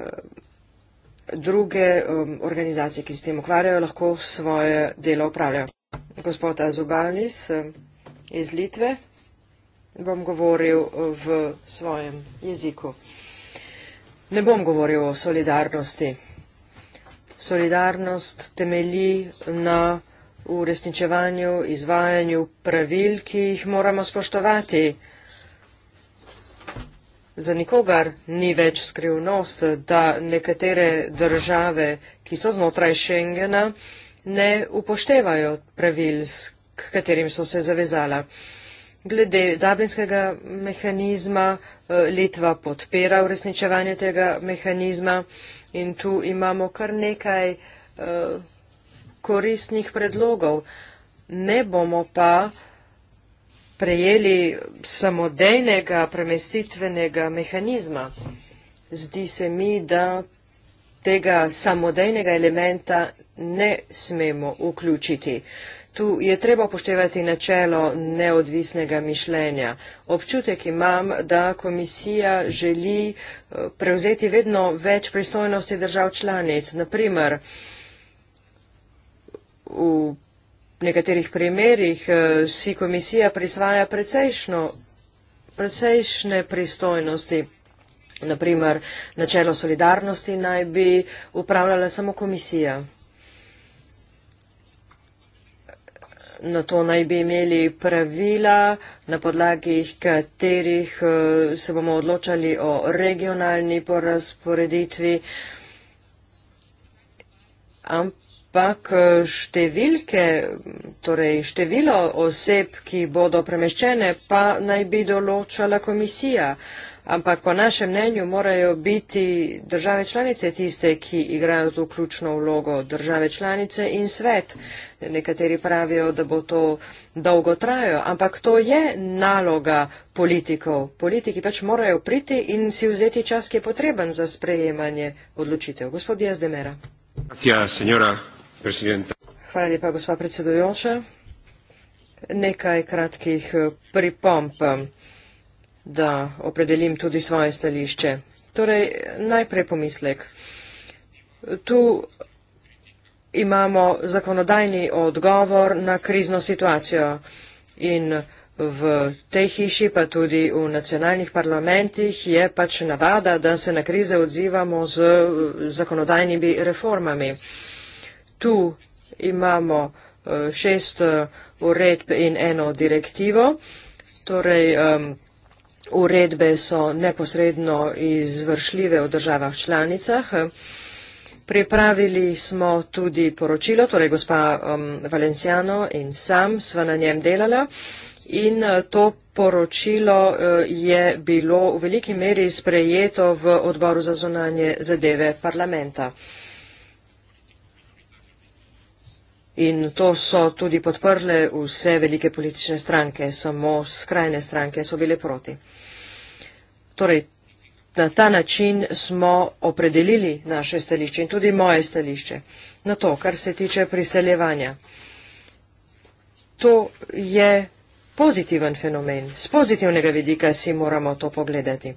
druge um, organizacije, ki se s tem ukvarjajo, lahko svoje delo upravljajo gospod Azubanis eh, iz Litve. Bom govoril eh, v svojem jeziku. Ne bom govoril o solidarnosti. Solidarnost temelji na uresničevanju, izvajanju pravil, ki jih moramo spoštovati. Za nikogar ni več skrivnost, da nekatere države, ki so znotraj Schengena, ne upoštevajo pravil, k katerim so se zavezala. Glede dablinskega mehanizma, eh, Litva podpira uresničevanje tega mehanizma in tu imamo kar nekaj eh, koristnih predlogov. Ne bomo pa prejeli samodejnega premestitvenega mehanizma. Zdi se mi, da tega samodejnega elementa ne smemo vključiti. Tu je treba upoštevati načelo neodvisnega mišljenja. Občutek imam, da komisija želi eh, prevzeti vedno več pristojnosti držav članic. Naprimer, v nekaterih primerih eh, si komisija prisvaja precejšno, precejšne pristojnosti. Naprimer, načelo solidarnosti naj bi upravljala samo komisija. na to naj bi imeli pravila, na podlagi katerih eh, se bomo odločali o regionalni porazporeditvi, ampak eh, številke, torej število oseb, ki bodo premeščene, pa naj bi določala komisija ampak po našem mnenju morajo biti države članice tiste, ki igrajo to ključno vlogo, države članice in svet. Nekateri pravijo, da bo to dolgo trajalo, ampak to je naloga politikov. Politiki pač morajo priti in si vzeti čas, ki je potreben za sprejemanje odločitev. Gospod Diaz de Mera. Hvala lepa, gospod predsedujoča. Nekaj kratkih pripomp da opredelim tudi svoje stališče. Torej, najprej pomislek. Tu imamo zakonodajni odgovor na krizno situacijo in v tej hiši, pa tudi v nacionalnih parlamentih, je pač navada, da se na krize odzivamo z zakonodajnimi reformami. Tu imamo eh, šest eh, uredb in eno direktivo. Torej, um, uredbe so neposredno izvršljive v državah članicah. Pripravili smo tudi poročilo, torej gospa um, Valenciano in sam sva na njem delala in uh, to poročilo uh, je bilo v veliki meri sprejeto v odboru za zonanje zadeve parlamenta. In to so tudi podprle vse velike politične stranke, samo skrajne stranke so bile proti. Torej, na ta način smo opredelili naše stališče in tudi moje stališče. Na to, kar se tiče priseljevanja. To je pozitiven fenomen. Z pozitivnega vidika si moramo to pogledati.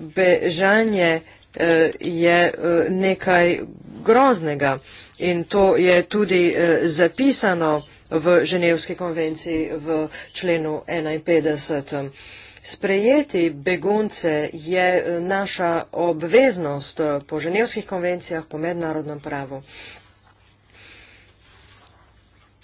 Bežanje eh, je eh, nekaj groznega in to je tudi eh, zapisano v Ženevski konvenciji v členu 51. Sprejeti begunce je eh, naša obveznost eh, po ženevskih konvencijah, po mednarodnem pravu.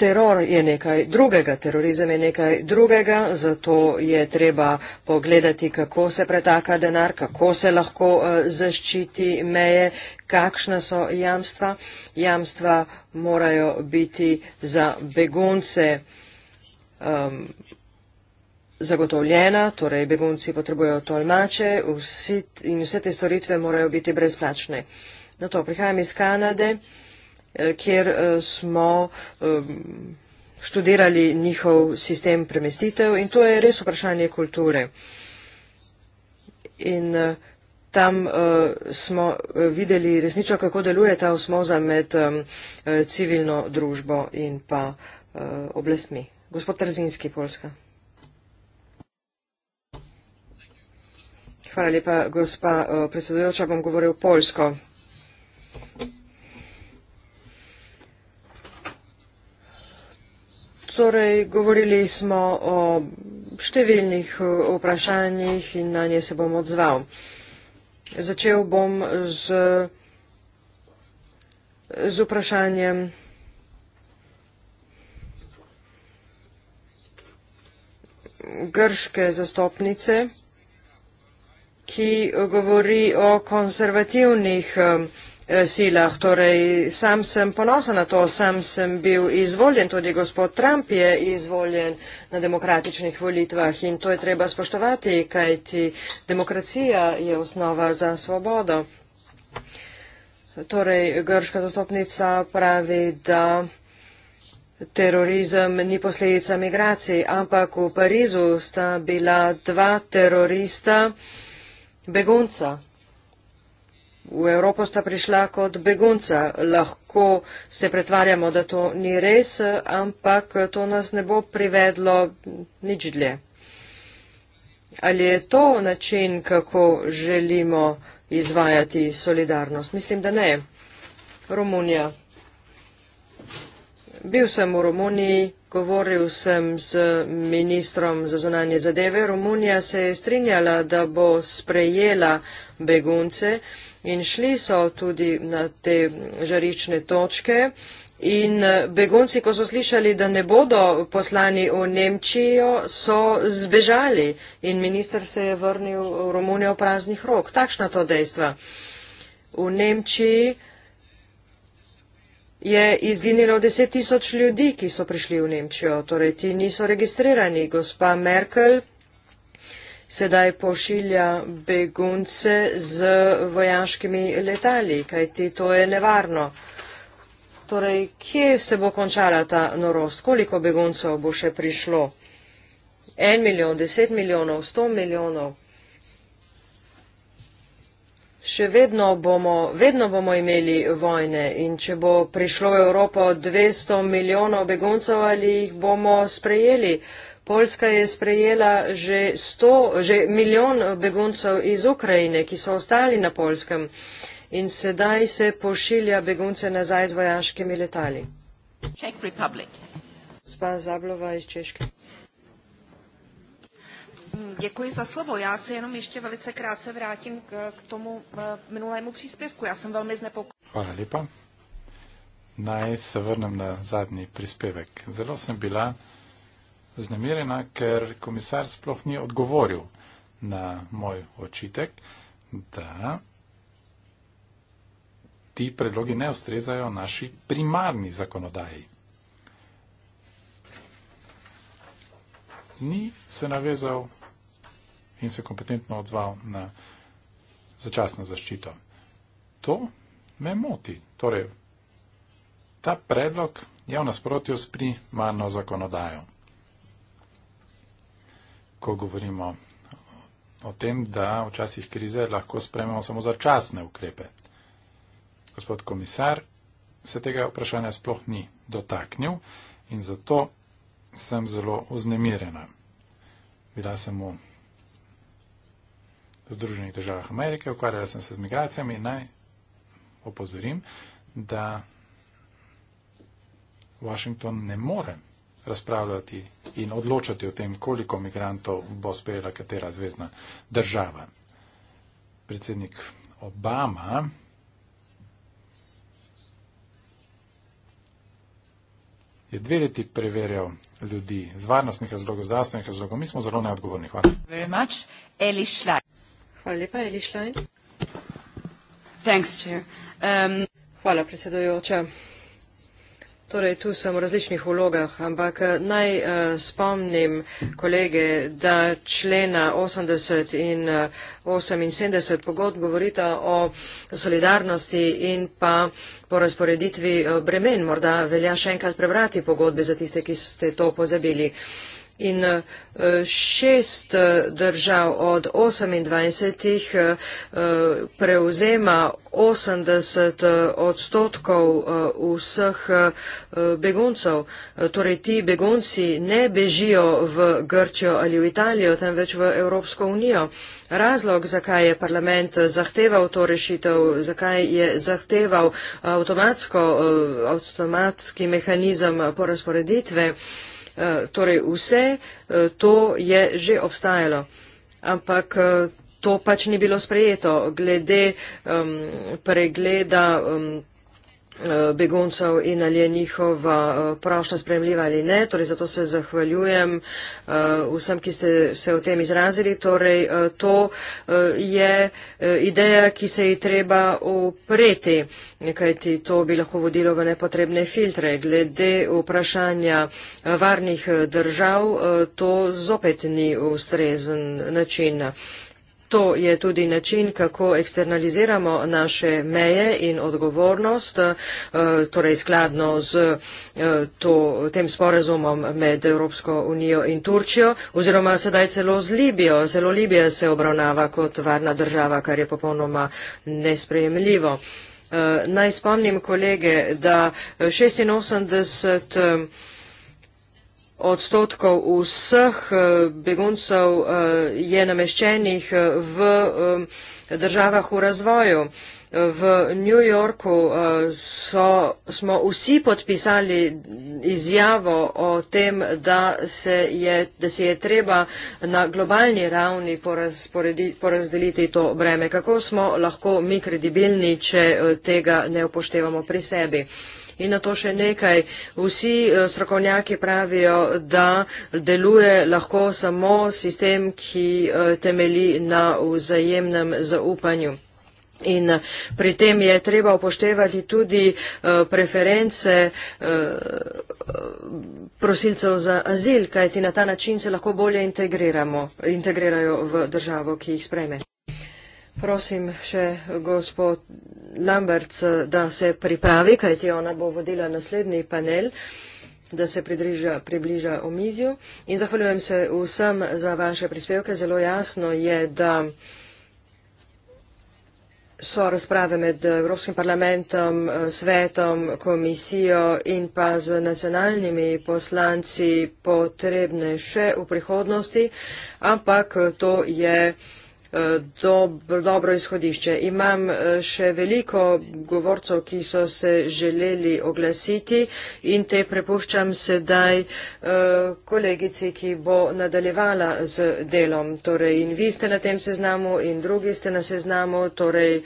Teror je nekaj drugega, terorizem je nekaj drugega, zato je treba pogledati, kako se pretaka denar, kako se lahko eh, zaščiti meje, kakšne so jamstva. Jamstva morajo biti za begunce. Um, zagotovljena, torej begunci potrebujejo tolmače vsi, in vse te storitve morajo biti brezplačne. Na to prihajam iz Kanade, eh, kjer eh, smo eh, študirali njihov sistem premestitev in to je res vprašanje kulture. In tam smo videli resnično, kako deluje ta osmoza med civilno družbo in pa oblastmi. Gospod Trzinski, Polska. Hvala lepa, gospa predsedujoča, bom govoril polsko. Torej, govorili smo o številnih vprašanjih in na nje se bom odzval. Začel bom z, z vprašanjem grške zastopnice ki govori o konzervativnih eh, silah. Torej, sam sem ponosen na to, sam sem bil izvoljen, tudi gospod Trump je izvoljen na demokratičnih volitvah in to je treba spoštovati, kajti demokracija je osnova za svobodo. Torej, grška zastopnica pravi, da terorizem ni posledica migracij, ampak v Parizu sta bila dva terorista, begunca. V Evropo sta prišla kot begunca. Lahko se pretvarjamo, da to ni res, ampak to nas ne bo privedlo nič dlje. Ali je to način, kako želimo izvajati solidarnost? Mislim, da ne. Romunija. Bil sem v Romuniji, govoril sem z ministrom za zunanje zadeve. Romunija se je strinjala, da bo sprejela begunce in šli so tudi na te žarične točke. In eh, begunci, ko so slišali, da ne bodo poslani v Nemčijo, so zbežali in minister se je vrnil v Romunijo praznih rok. Takšna to dejstva. V Nemčiji je izginilo deset tisoč ljudi, ki so prišli v Nemčijo, torej ti niso registrirani. Gospa Merkel sedaj pošilja begunce z vojaškimi letali, kajti to je nevarno. Torej, kje se bo končala ta norost? Koliko beguncev bo še prišlo? En milijon, deset milijonov, sto milijonov. Še vedno bomo, vedno bomo imeli vojne in če bo prišlo v Evropo 200 milijonov beguncev ali jih bomo sprejeli. Poljska je sprejela že, 100, že milijon beguncev iz Ukrajine, ki so ostali na Poljskem in sedaj se pošilja begunce nazaj z vojaškimi letali. Spa Zablova iz Češke. Mm, děkuji za slovo. Já se jenom ještě velice krátce vrátím k, k tomu eh, minulému příspěvku. Já jsem velmi znepokojen. Hvala lepa. Naj se vrnem na zadnji příspěvek. Zelo jsem byla znemirjena, ker komisar sploh ni odgovoril na moj očitek, da ti predlogi ne ustrezajo naši primarni zakonodaji. Ni se navezal in se kompetentno odzval na začasno zaščito. To me moti. Torej, ta predlog je v nasprotju s primarno zakonodajo. Ko govorimo o tem, da včasih krize lahko sprememo samo začasne ukrepe. Gospod komisar se tega vprašanja sploh ni dotaknil in zato sem zelo oznemirjena. Bila sem mu Združenih državah Amerike, ukvarjala sem se z migracijami in naj opozorim, da Washington ne more razpravljati in odločati o tem, koliko migrantov bo sprejela katera zvezdna država. Predsednik Obama je dve leti preverjal ljudi z varnostnih razlogov, zdravstvenih razlogov. Mi smo zelo neodgovorni. Hvala. Hvala lepa, Eli Schlein. Thanks, um... Hvala, predsedujoča. Torej, tu sem v različnih vlogah, ampak eh, naj uh, spomnim kolege, da člena 80 in uh, 78 pogod govorita o solidarnosti in pa po razporeditvi uh, eh, bremen. Morda velja še enkrat prebrati pogodbe za tiste, ki ste to pozabili. Uh, in eh, šest eh, držav od 28 eh, prevzema 80 odstotkov vseh beguncev. Torej ti begunci ne bežijo v Grčjo ali v Italijo, temveč v Evropsko unijo. Razlog, zakaj je parlament zahteval to rešitev, zakaj je zahteval avtomatski mehanizem porazporeditve, Eh, torej vse eh, to je že obstajalo, ampak eh, to pač ni bilo sprejeto. Glede um, pregleda um, Eh, beguncev in ali je njihova eh, prošnja spremljiva ali ne. Torej, zato se zahvaljujem eh, vsem, ki ste se o tem izrazili. Torej, to je ideja, ki se ji treba upreti, kajti to bi lahko vodilo v nepotrebne filtre. Glede vprašanja varnih držav, to zopet ni ustrezen način. To je tudi način, kako eksternaliziramo naše meje in odgovornost, eh, torej skladno z eh, to, tem sporazumom med Evropsko unijo in Turčijo, oziroma sedaj celo z Libijo. Celo Libija se obravnava kot varna država, kar je popolnoma nesprejemljivo. Eh, naj spomnim kolege, da 86 odstotkov vseh eh, beguncev eh, je nameščenih eh, v državah v razvoju. V New Yorku so, smo vsi podpisali izjavo o tem, da se je, da se je treba na globalni ravni porazdeliti to breme. Kako smo lahko mi kredibilni, če tega ne upoštevamo pri sebi? In na to še nekaj. Vsi eh, strokovnjaki pravijo, da deluje lahko samo sistem, ki eh, temeli na vzajemnem zaupanju. In eh, pri tem je treba upoštevati tudi preference prosilcev za azil, kajti na ta način se lahko bolje integriramo, integrirajo v državo, ki jih sprejme. Prosim še gospod Lambert, da se pripravi, kajti ona bo vodila naslednji panel, da se pridriža, približa omizju. In zahvaljujem se vsem za vaše prispevke. Zelo jasno je, da so razprave med Evropskim parlamentom, svetom, komisijo in pa z nacionalnimi poslanci potrebne še v prihodnosti, ampak to je. Eh, dobro, dobro izhodišče. Imam eh, še veliko govorcov, ki so se želeli oglasiti in te prepuščam sedaj eh, kolegici, ki bo nadaljevala z delom. Torej in vi ste na tem seznamu in drugi ste na seznamu, torej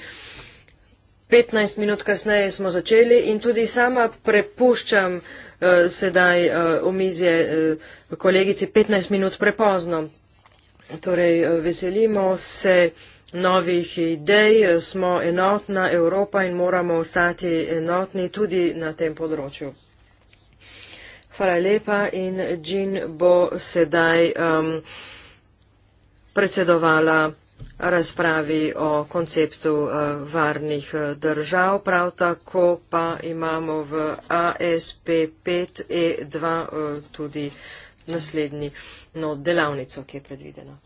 15 minut kasneje smo začeli in tudi sama prepuščam sedaj omizje kolegici 15 minut prepozno. Torej, eh, veselimo se novih idej, eh, smo enotna Evropa in moramo ostati enotni tudi na tem področju. Hvala lepa in Jean bo sedaj um, predsedovala razpravi o konceptu uh, varnih držav. Prav tako pa imamo v ASP5E2 uh, e tudi naslednji no, delavnico, ki je predvidena.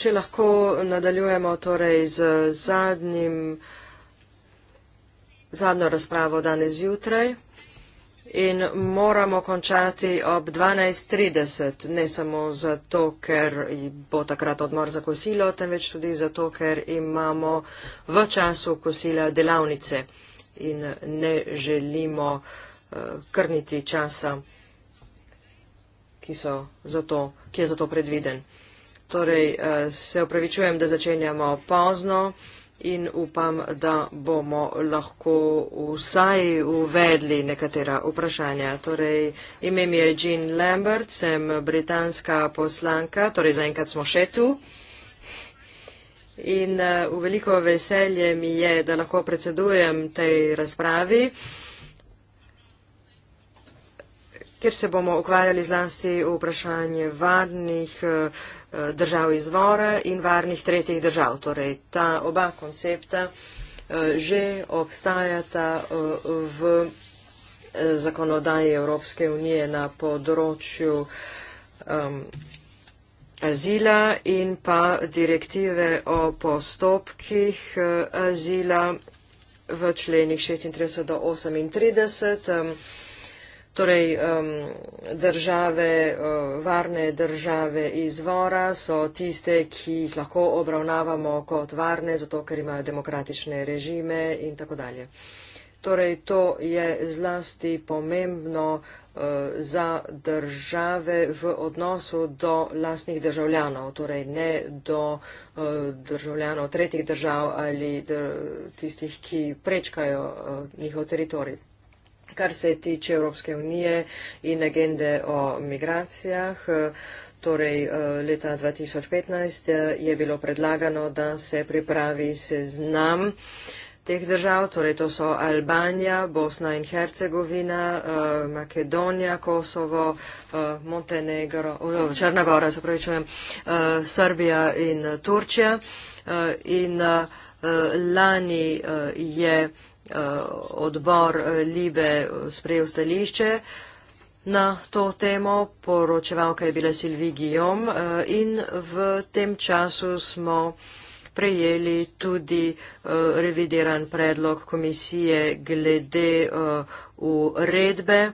Če lahko nadaljujemo torej z zadnjim, zadnjo razpravo danes jutraj in moramo končati ob 12.30, ne samo zato, ker bo takrat odmor za kosilo, temveč tudi zato, ker imamo v času kosila delavnice in ne želimo eh, krniti časa ki, so za to, ki je za to predviden. Torej, eh, se upravičujem, da začenjamo pozno in upam, da bomo lahko vsaj uvedli nekatera vprašanja. Torej, ime mi je Jean Lambert, sem britanska poslanka, torej zaenkrat smo še tu. In eh, v veliko veselje mi je, da lahko predsedujem tej razpravi kjer se bomo ukvarjali zlasti v vprašanje varnih eh, eh, držav izvora in varnih tretjih držav. Torej, ta oba koncepta eh, že obstajata v zakonodaji Evropske unije na področju um, azila in pa direktive o postopkih azila v členih 36 do 38. Um, Torej, um, države, uh, varne države izvora so tiste, ki jih lahko obravnavamo kot varne, zato ker imajo demokratične režime in tako dalje. Torej, to je zlasti pomembno uh, za države v odnosu do lastnih državljanov, torej ne do uh, državljanov tretjih držav ali dr tistih, ki prečkajo uh, njihov teritorij kar se tiče Evropske unije in agende o migracijah. Torej, eh, leta 2015 eh, je bilo predlagano, da se pripravi seznam teh držav, torej to so Albanija, Bosna in Hercegovina, eh, Makedonija, Kosovo, Montenegro, Črnagora, zapravičujem, Srbija in Turčija. In lani je Eh, odbor eh, Libe eh, sprejel stališče na to temo, poročevalka je bila Silvi Gijom in v tem času smo prejeli tudi revidiran predlog komisije glede uredbe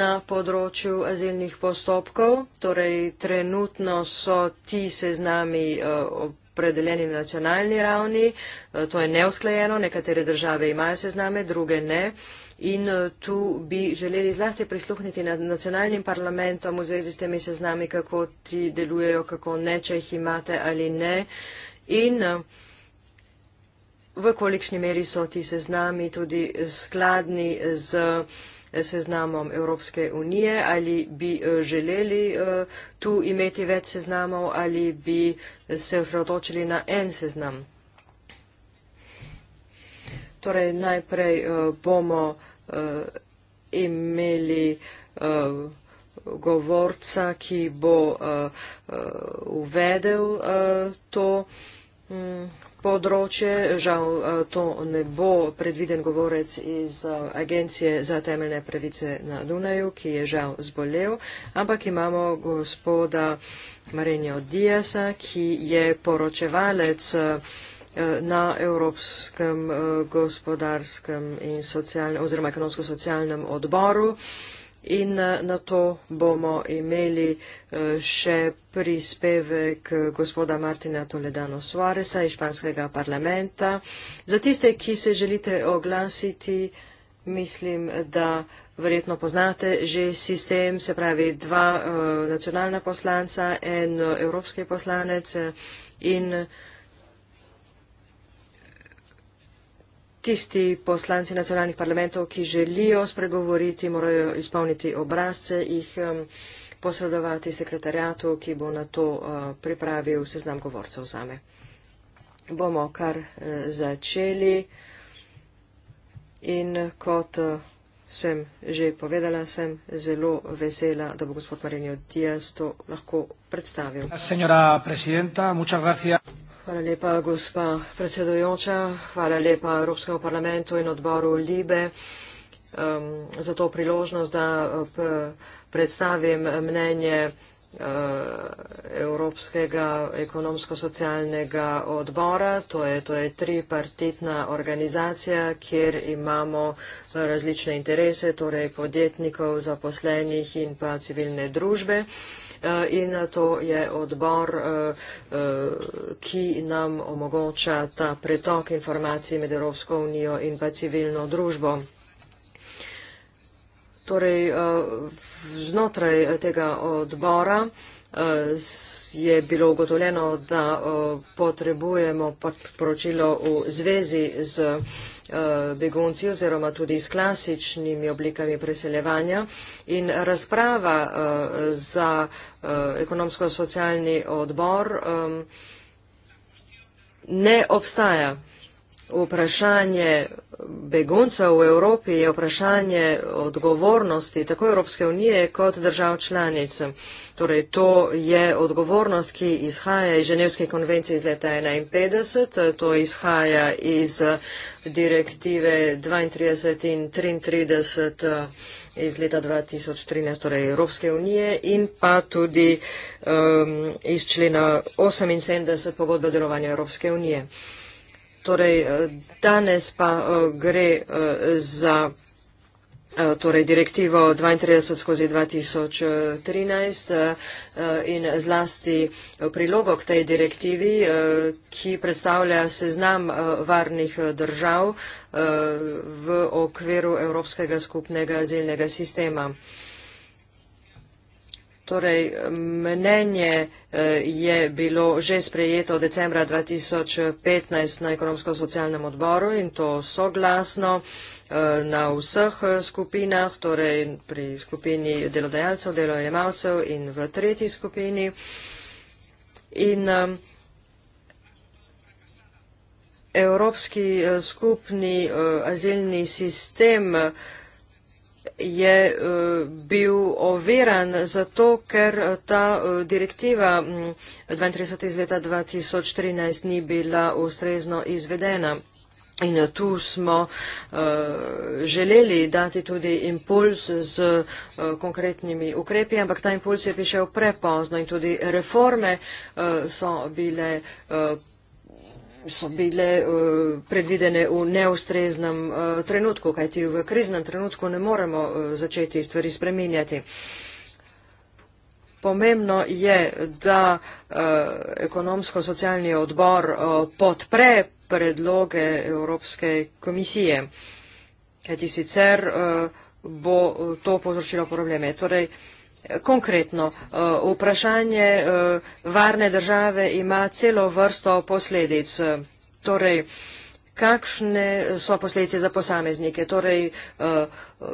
na področju azilnih postopkov, torej trenutno so ti seznami predeljeni na nacionalni ravni, eh, to je neusklajeno, nekatere države imajo sezname, druge ne. In eh, tu bi želeli zlasti prisluhniti nad nacionalnim parlamentom v zvezi s temi seznami, kako ti delujejo, kako ne, če jih imate ali ne. In eh, v kolikšni meri so ti seznami tudi skladni z seznamom Evropske unije, ali bi eh, želeli eh, tu imeti več seznamov ali bi eh, se osredotočili na en seznam. Torej, najprej bomo imeli govorca, ki bo uvedel to mm, področje. Žal eh, to ne bo predviden govorec iz eh, Agencije za temeljne pravice na Dunaju, ki je žal zbolel, ampak imamo gospoda Marenjo Diasa, ki je poročevalec eh, na Evropskem gospodarskem in socialnem oziroma ekonomsko-socialnem odboru. In eh, na to bomo imeli eh, še prispevek gospoda Martina Toledano Suareza iz španskega parlamenta. Za tiste, ki se želite oglasiti, mislim, da verjetno poznate že sistem, se pravi dva eh, nacionalna poslanca, en evropski poslanec in. Tisti poslanci nacionalnih parlamentov, ki želijo spregovoriti, morajo izpolniti obrazce, jih um, posredovati sekretarjatu, ki bo na to uh, pripravil seznam govorcev zame. Bomo kar uh, začeli in kot uh, sem že povedala, sem zelo vesela, da bo gospod Marinjo Dijas to lahko predstavil. Senjora predsednica, muchas gracias. Hvala lepa, gospa predsedujoča. Hvala lepa Evropskemu parlamentu in odboru Libe um, za to priložnost, da uh, predstavim mnenje uh, Evropskega ekonomsko-socialnega odbora. To je, to je tripartitna organizacija, kjer imamo različne interese, torej podjetnikov, zaposlenih in pa civilne družbe. Um, Eh, in to je odbor, eh, eh, ki nam omogoča ta pretok informacij med Evropsko unijo in pa civilno družbo. Torej, znotraj tega odbora je bilo ugotovljeno, da potrebujemo poročilo v zvezi z Eh, begunci oziroma tudi s klasičnimi oblikami preseljevanja in razprava eh, za eh, ekonomsko-socialni odbor ne obstaja vprašanje begunca v Evropi je vprašanje odgovornosti tako Evropske unije kot držav članic. Torej, to je odgovornost, ki izhaja iz Ženevske konvencije iz leta 1951, to izhaja iz direktive 32 in 33 iz leta 2013, torej Evropske unije in pa tudi um, iz člena 78 pogodbe o delovanju Evropske unije. Uh, torej eh, danes pa eh, gre eh, za torej direktivo 32 skozi 2013 in zlasti prilogo k tej direktivi, ki predstavlja seznam varnih držav v okviru Evropskega skupnega azilnega sistema. Torej, mnenje eh, je bilo že sprejeto decembra 2015 na ekonomsko-socialnem odboru in to soglasno eh, na vseh eh, skupinah, torej pri skupini delodajalcev, delojemalcev in v tretji skupini. In Evropski skupni azilni sistem je eh, bil overan zato, ker eh, ta eh, direktiva 32 mm, iz leta 2013 ni bila ustrezno izvedena. In tu smo uh, želeli dati tudi impuls z uh, konkretnimi ukrepi, ampak ta impuls je prišel prepozno in tudi reforme uh, so bile uh, so bile eh, predvidene v neustreznem eh, trenutku, kajti v kriznem trenutku ne moremo eh, začeti stvari spreminjati. Pomembno je, da ekonomsko-socialni odbor podpre predloge Evropske komisije, kajti sicer bo to povzročilo probleme. Torej, Konkretno, eh, vprašanje eh, varne države ima celo vrsto posledic. Torej, kakšne so posledice za posameznike? Torej, eh,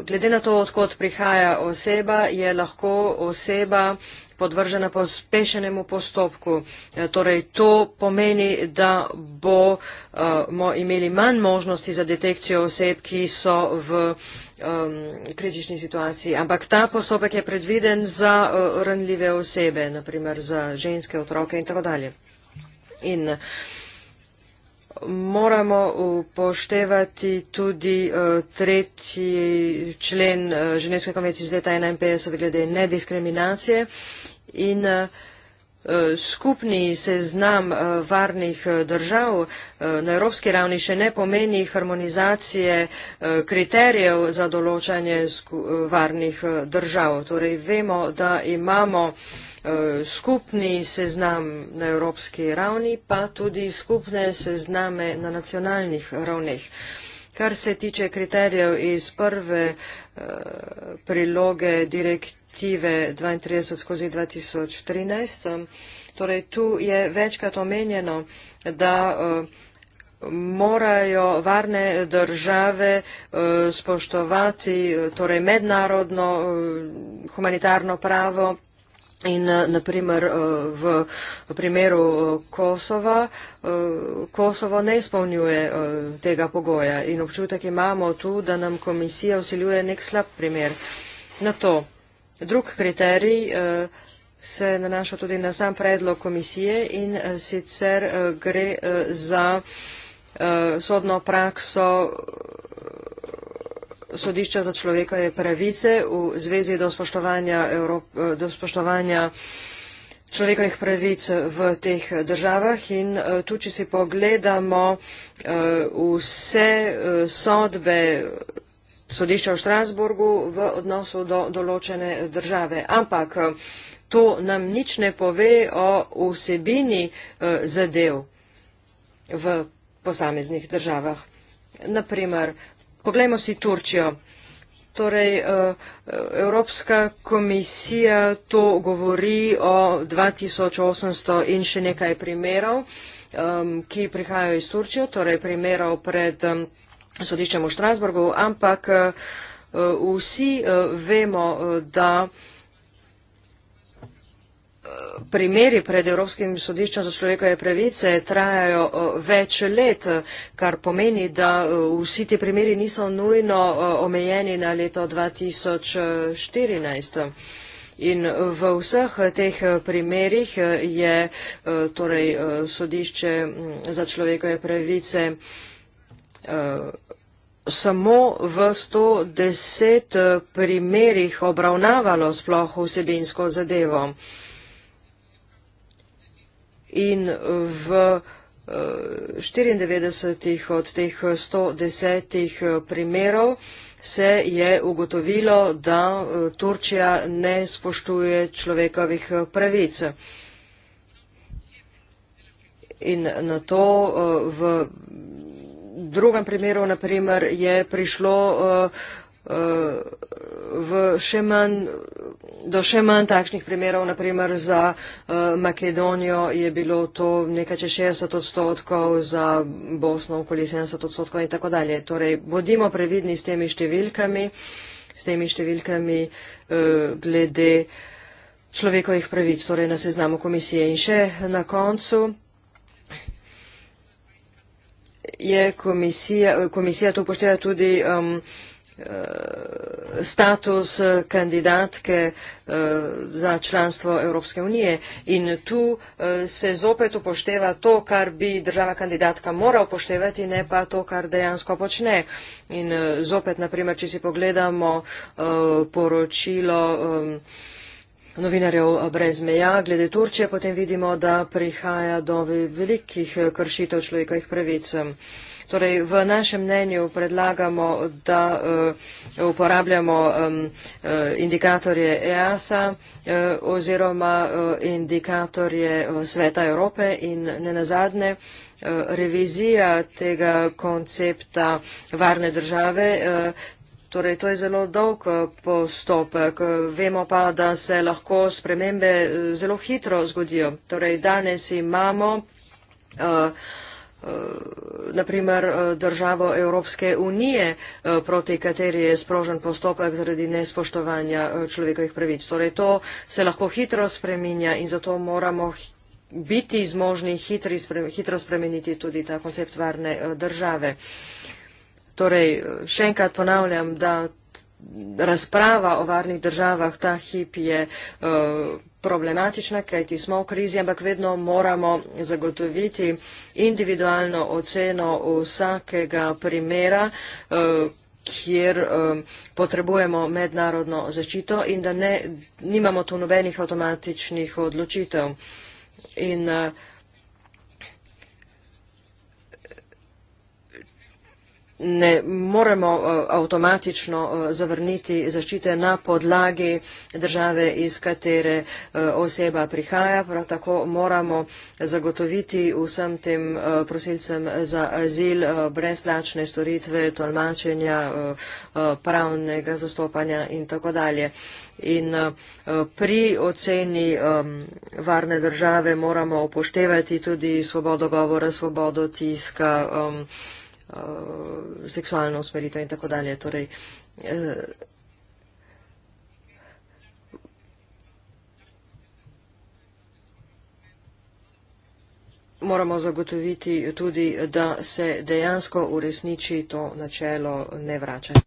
glede na to, odkot prihaja oseba, je lahko oseba podvržena pospešenemu postopku. Torej, to pomeni, da bomo imeli manj možnosti za detekcijo oseb, ki so v uh, um, kritični situaciji. Ampak ta postopek je predviden za uh, ranljive osebe, naprimer za ženske, otroke in tako dalje. In moramo upoštevati tudi uh, tretji člen uh, Ženevske konvencije iz leta 1951 glede nediskriminacije in uh, Eh, skupni seznam eh, varnih eh, držav na evropski ravni še ne pomeni harmonizacije kriterijev za določanje varnih držav. Torej vemo, da imamo skupni seznam na evropski ravni, pa tudi skupne sezname na nacionalnih ravneh. Kar se tiče kriterijev iz prve priloge direktive, direktive 32 skozi 2013. Um, torej, tu je večkrat omenjeno, da uh, morajo varne države uh, spoštovati uh, torej, mednarodno humanitarno pravo. In naprimer v primeru Kosova, Kosovo ne izpolnjuje tega pogoja in občutek imamo tu, da nam komisija usiljuje nek slab primer. Na to Drug kriterij eh, se nanaša tudi na sam predlog komisije in eh, sicer eh, gre za sodno prakso sodišča za človekove pravice v zvezi do spoštovanja, Evrop, do spoštovanja človekovih pravic v teh državah in tu, če si pogledamo vse sodbe sodišča v Štrasburgu v odnosu do določene države. Ampak eh, to nam nič ne pove o vsebini eh, zadev v posameznih državah. Naprimer, poglejmo si Turčijo. Torej, eh, Evropska komisija to govori o 2800 in še nekaj primerov, ki prihajajo iz Turčije, torej primerov pred sodiščem v Štrasburgu, ampak eh, vsi eh, vemo, eh, da primeri pred Evropskim sodiščem za človekove pravice trajajo več let, kar pomeni, da vsi ti primeri niso nujno omejeni na leto 2014. In v vseh teh primerih je torej, sodišče mm, za človekove pravice samo v 110 eh, primerih obravnavalo sploh vsebinsko zadevo. In v 94 eh, od teh 110 eh, primerov se je ugotovilo, da Turčija ne spoštuje človekovih pravic. In na to v drugem primeru naprimer je prišlo uh, uh, manj, do še manj takšnih primerov, naprimer za uh, Makedonijo je bilo to nekaj čez 60 odstotkov, za Bosno okoli 70 odstotkov in tako dalje. Torej, bodimo previdni s temi številkami, s temi številkami uh, glede človekovih pravic, torej na seznamu komisije in še na koncu je komisija, komisija to upošteva tudi um, eh, status kandidatke eh, za članstvo Evropske unije. In tu eh, se zopet upošteva to, kar bi država kandidatka mora upoštevati, ne pa to, kar dejansko počne. In zopet, naprimer, če si pogledamo poročilo novinarjev eh, brez meja. Glede Turčije potem vidimo, da prihaja do velikih eh, kršitev človekovih pravic. Torej, v našem mnenju predlagamo, da uh, uporabljamo um, uh, indikatorje EASA uh, oziroma uh, indikatorje Sveta Evrope in ne nazadnje uh, revizija tega koncepta varne države uh, Torej, to je zelo dolg eh, postopek. Vemo pa, da se lahko spremembe eh, zelo hitro zgodijo. Torej, danes imamo. Uh, eh, naprimer državo Evropske unije, proti kateri je sprožen postopek zaradi nespoštovanja človekovih pravic. Torej to se lahko hitro spreminja in zato moramo biti zmožni hitri, hitro spremeniti tudi ta koncept varne države. Torej, še enkrat ponavljam, da razprava o varnih državah ta hip je uh, problematična, kajti smo v krizi, ampak vedno moramo zagotoviti individualno oceno vsakega primera. Uh, kjer um, potrebujemo mednarodno zaščito in da ne, nimamo tu nobenih avtomatičnih odločitev. In, uh, ne moremo eh, avtomatično eh, zavrniti zaščite na podlagi države, iz katere eh, oseba prihaja. Prav tako moramo zagotoviti vsem tem prosilcem za azil brezplačne storitve, tolmačenja, pravnega zastopanja in tako dalje. In pri oceni varne države moramo upoštevati tudi svobodo govora, svobodo tiska, uh, seksualno usmeritev in tako dalje. Torej, uh, moramo zagotoviti tudi, da se dejansko uresniči to načelo ne vračanja.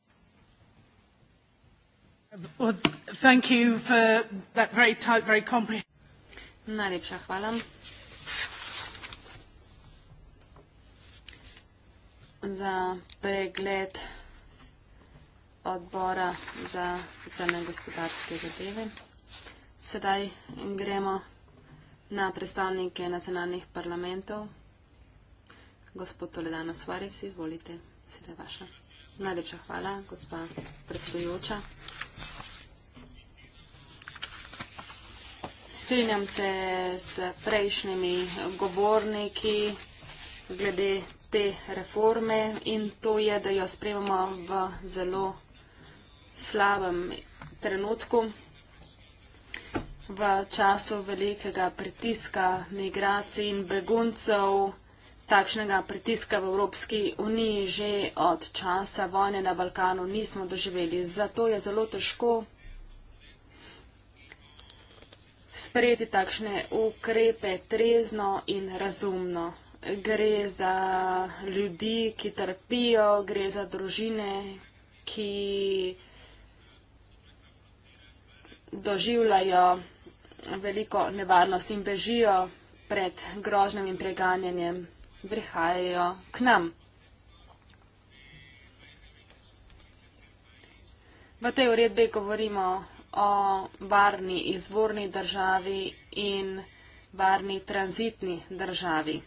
Well, thank you for that very tight, very comprehensive. Najlepša hvala. za pregled odbora za socialne in gospodarske zadeve. Sedaj gremo na predstavnike nacionalnih parlamentov. Gospod Toledano Suarez, izvolite, sedaj vaša. Najlepša hvala, gospa predsedujoča. Strinjam se s prejšnjimi govorniki glede te reforme in to je, da jo sprejemamo v zelo slabem trenutku, v času velikega pritiska migracij in beguncev, takšnega pritiska v Evropski uniji že od časa vojne na Balkanu nismo doživeli. Zato je zelo težko sprejeti takšne ukrepe trezno in razumno gre za ljudi, ki trpijo, gre za družine, ki doživljajo veliko nevarnost in bežijo pred grožnjem in preganjanjem, prihajajo k nam. V tej uredbi govorimo o varni izvorni državi in varni tranzitni državi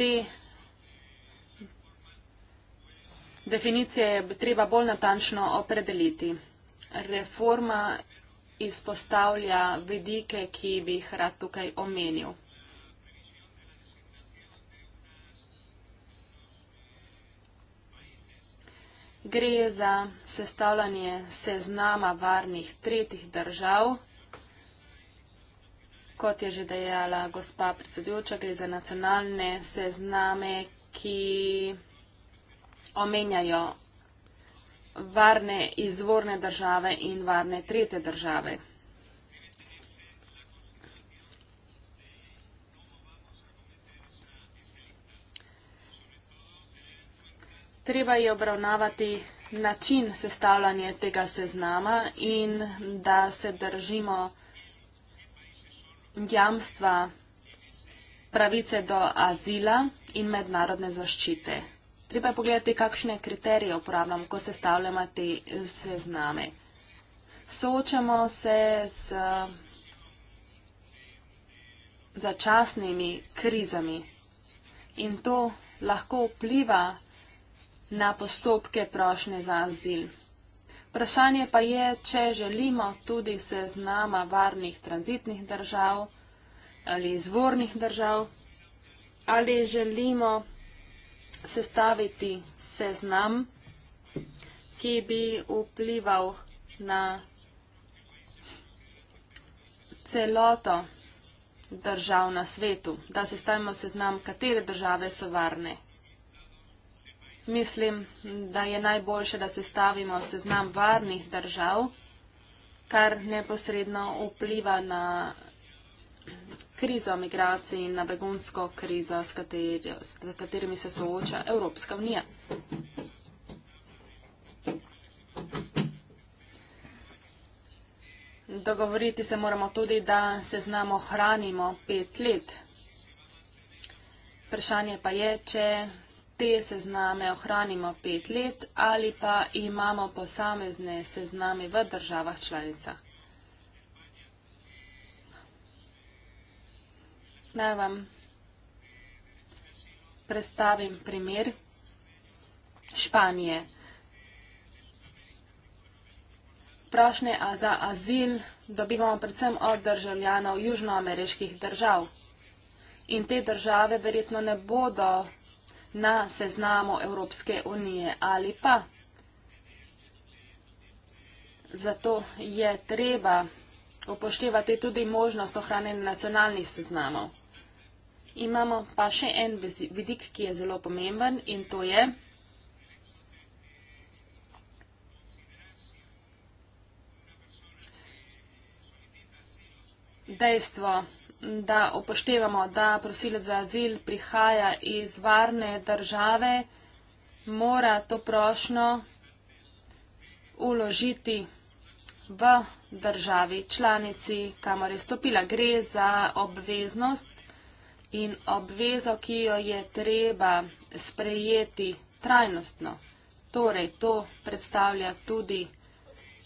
te definicije je treba bolj natančno opredeliti. Reforma izpostavlja vedike, ki bi jih rad tukaj omenil. Gre za sestavljanje seznama varnih tretjih držav, Kot je že dejala gospa predsedujoča, gre za nacionalne sezname, ki omenjajo varne izvorne države in varne trete države. Treba je obravnavati način sestavljanja tega seznama in da se držimo vsega, jamstva pravice do azila in mednarodne zaščite. Treba je pogledati, kakšne kriterije uporabljamo, ko sestavljamo te sezname. Soočamo se z začasnimi krizami in to lahko vpliva na postopke prošnje za azil. Vprašanje pa je, če želimo tudi seznama varnih tranzitnih držav ali izvornih držav, ali želimo sestaviti seznam, ki bi vplival na celoto držav na svetu, da sestavimo seznam, katere države so varne Mislim, da je najboljše, da se stavimo seznam varnih držav, kar neposredno vpliva na krizo migracij in na begunsko krizo, s, kateri, s katerimi se sooča Evropska unija. Dogovoriti se moramo tudi, da se znamo hranimo pet let. Vprašanje pa je, če te sezname ohranimo pet let ali pa imamo posamezne sezname v državah članica. Naj vam predstavim primer Španije. Prošnje za azil dobivamo predvsem od državljanov južnoameriških držav. In te države verjetno ne bodo na seznamo Evropske unije ali pa. Zato je treba upoštevati tudi možnost ohranjenja nacionalnih seznamov. Imamo pa še en vidik, ki je zelo pomemben in to je. Dejstvo, da upoštevamo, da prosilec za azil prihaja iz varne države, mora to prošno uložiti v državi članici, kamor je stopila. Gre za obveznost in obvezo, ki jo je treba sprejeti trajnostno. Torej, to predstavlja tudi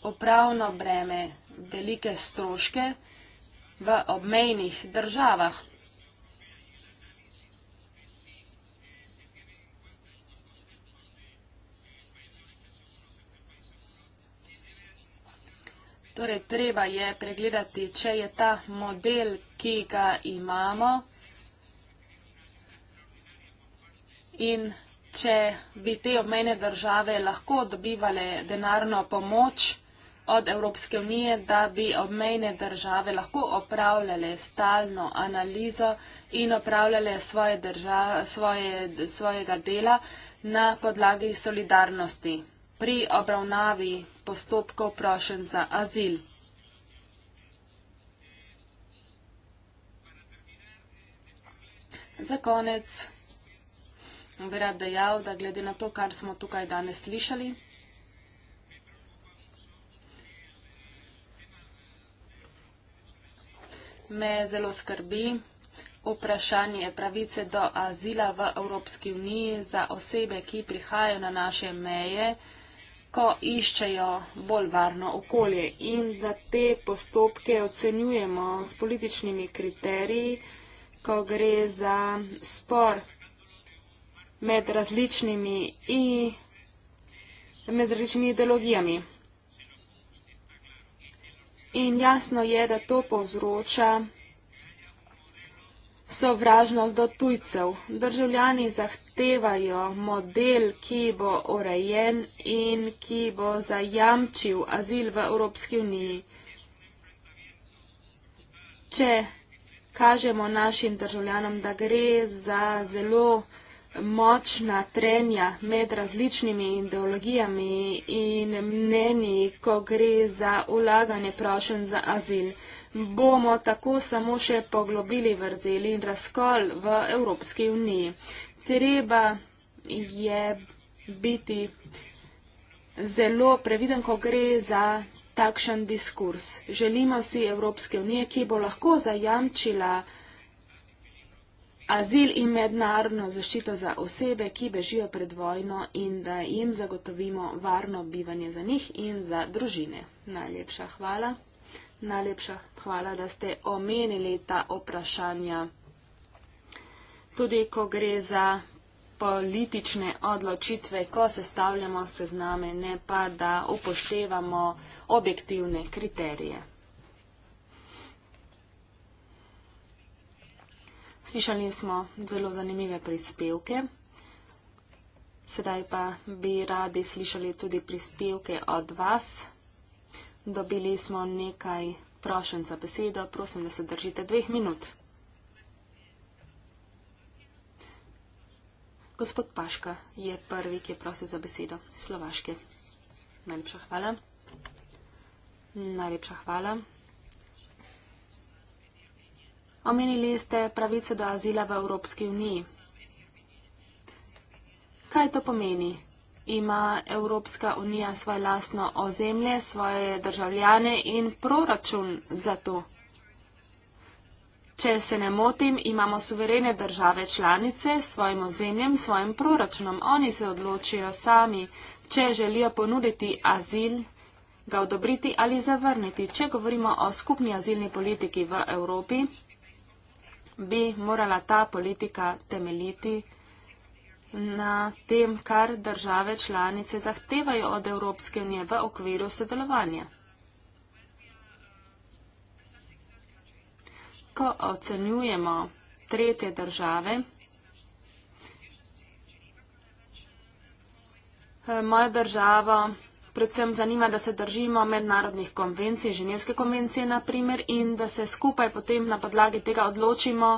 upravno breme, velike stroške v obmejnih državah. Torej, treba je pregledati, če je ta model, ki ga imamo in če bi te obmejne države lahko dobivale denarno pomoč, od Evropske unije, da bi obmejne države lahko opravljale stalno analizo in opravljale svoje drža, svoje, svojega dela na podlagi solidarnosti pri obravnavi postopkov prošen za azil. Za konec bi rad dejal, da glede na to, kar smo tukaj danes slišali, me zelo skrbi vprašanje pravice do azila v Evropski uniji za osebe, ki prihajajo na naše meje, ko iščejo bolj varno okolje in da te postopke ocenjujemo s političnimi kriteriji, ko gre za spor med različnimi, i, med različnimi ideologijami. In jasno je, da to povzroča sovražnost do tujcev. Državljani zahtevajo model, ki bo urejen in ki bo zajamčil azil v Evropski uniji. Če kažemo našim državljanom, da gre za zelo vsega, močna trenja med različnimi ideologijami in mneni, ko gre za ulaganje prošen za azil. Bomo tako samo še poglobili vrzeli in razkol v Evropski uniji. Treba je biti zelo previden, ko gre za takšen diskurs. Želimo si Evropske unije, ki bo lahko zajamčila azil in mednarodno zaščito za osebe, ki bežijo pred vojno in da jim zagotovimo varno bivanje za njih in za družine. Najlepša hvala. Najlepša hvala, da ste omenili ta vprašanja. Tudi ko gre za politične odločitve, ko sestavljamo sezname, ne pa da upoštevamo objektivne kriterije. Slišali smo zelo zanimive prispevke. Sedaj pa bi radi slišali tudi prispevke od vas. Dobili smo nekaj prošen za besedo. Prosim, da se držite dveh minut. Gospod Paška je prvi, ki je prosil za besedo. Slovaške. Najlepša hvala. Najlepša hvala. Omenili ste pravico do azila v Evropski uniji. Kaj to pomeni? Ima Evropska unija svoje lastno ozemlje, svoje državljane in proračun za to? Če se ne motim, imamo suverene države članice s svojim ozemljem, s svojim proračunom. Oni se odločijo sami, če želijo ponuditi azil, ga odobriti ali zavrniti. Če govorimo o skupni azilni politiki v Evropi, bi morala ta politika temeljiti na tem, kar države članice zahtevajo od Evropske unije v okviru sodelovanja. Ko ocenjujemo tretje države, eh, mojo državo predvsem zanima, da se držimo mednarodnih konvencij, ženevske konvencije naprimer, in da se skupaj potem na podlagi tega odločimo,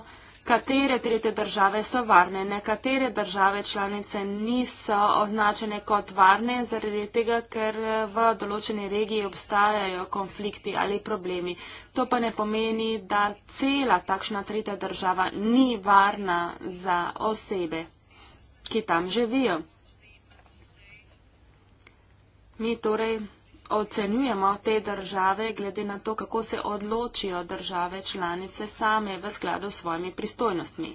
katere trete države so varne, nekatere države članice niso označene kot varne zaradi tega, ker v določeni regiji obstajajo konflikti ali problemi. To pa ne pomeni, da cela takšna treta država ni varna za osebe, ki tam živijo. Mi torej ocenjujemo te države glede na to, kako se odločijo države članice same v skladu s svojimi pristojnostmi.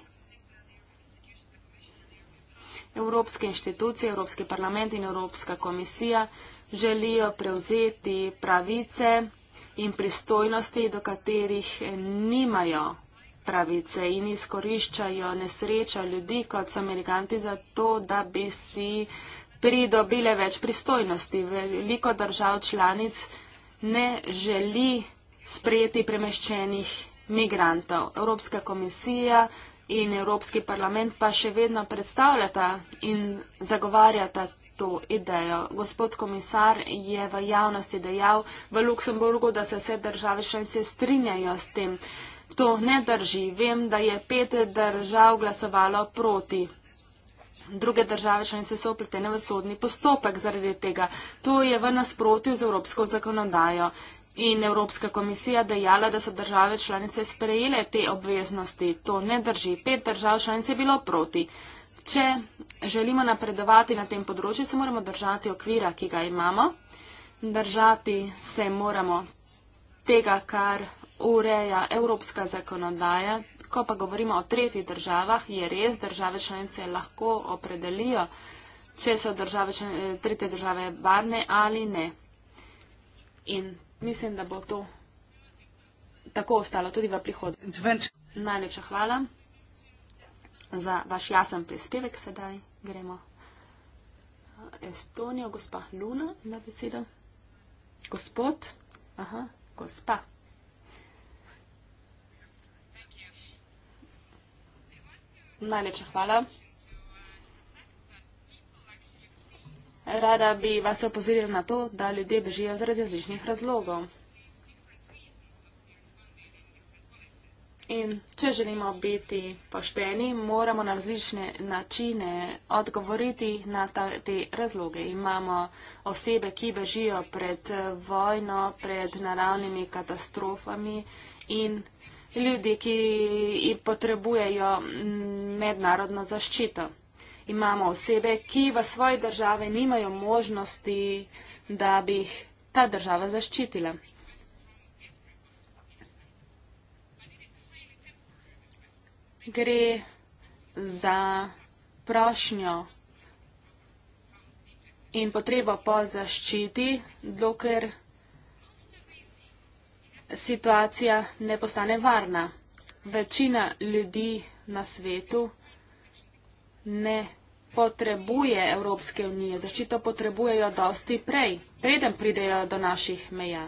Evropske inštitucije, Evropski parlament in Evropska komisija želijo prevzeti pravice in pristojnosti, do katerih nimajo pravice in izkoriščajo nesreča ljudi, kot so amerikanti, zato, da bi si pridobile več pristojnosti. Veliko držav članic ne želi sprejeti premeščenih migrantov. Evropska komisija in Evropski parlament pa še vedno predstavljata in zagovarjata to idejo. Gospod komisar je v javnosti dejal v Luksemburgu, da se vse države članice strinjajo s tem. To ne drži. Vem, da je pet držav glasovalo proti druge države članice so upletene v sodni postopek zaradi tega. To je v nasprotju z evropsko zakonodajo. In Evropska komisija dejala, da so države članice sprejele te obveznosti. To ne drži. Pet držav članic je bilo proti. Če želimo napredovati na tem področju, se moramo držati okvira, ki ga imamo. Držati se moramo tega, kar ureja evropska zakonodaja, Ko pa govorimo o tretjih državah, je res, države članice lahko opredelijo, če so države članice, eh, tretje države varne ali ne. In mislim, da bo to tako ostalo tudi v prihodnosti. Najlepša hvala za vaš jasen prispevek. Sedaj gremo. Estonijo, gospa Luna, ima besedo. Gospod, aha, gospa. Najlepša hvala. Rada bi vas opozorila na to, da ljudje bežijo zaradi različnih razlogov. In če želimo biti pošteni, moramo na različne načine odgovoriti na ta, te razloge. Imamo osebe, ki bežijo pred vojno, pred naravnimi katastrofami in ljudi, ki potrebujejo mednarodno zaščito. Imamo osebe, ki v svoji državi nimajo možnosti, da bi jih ta država zaščitila. Gre za prošnjo in potrebo po zaščiti, dokler situacija ne postane varna. Večina ljudi na svetu ne potrebuje Evropske unije. Zaščito potrebujejo dosti prej, preden pridejo do naših meja.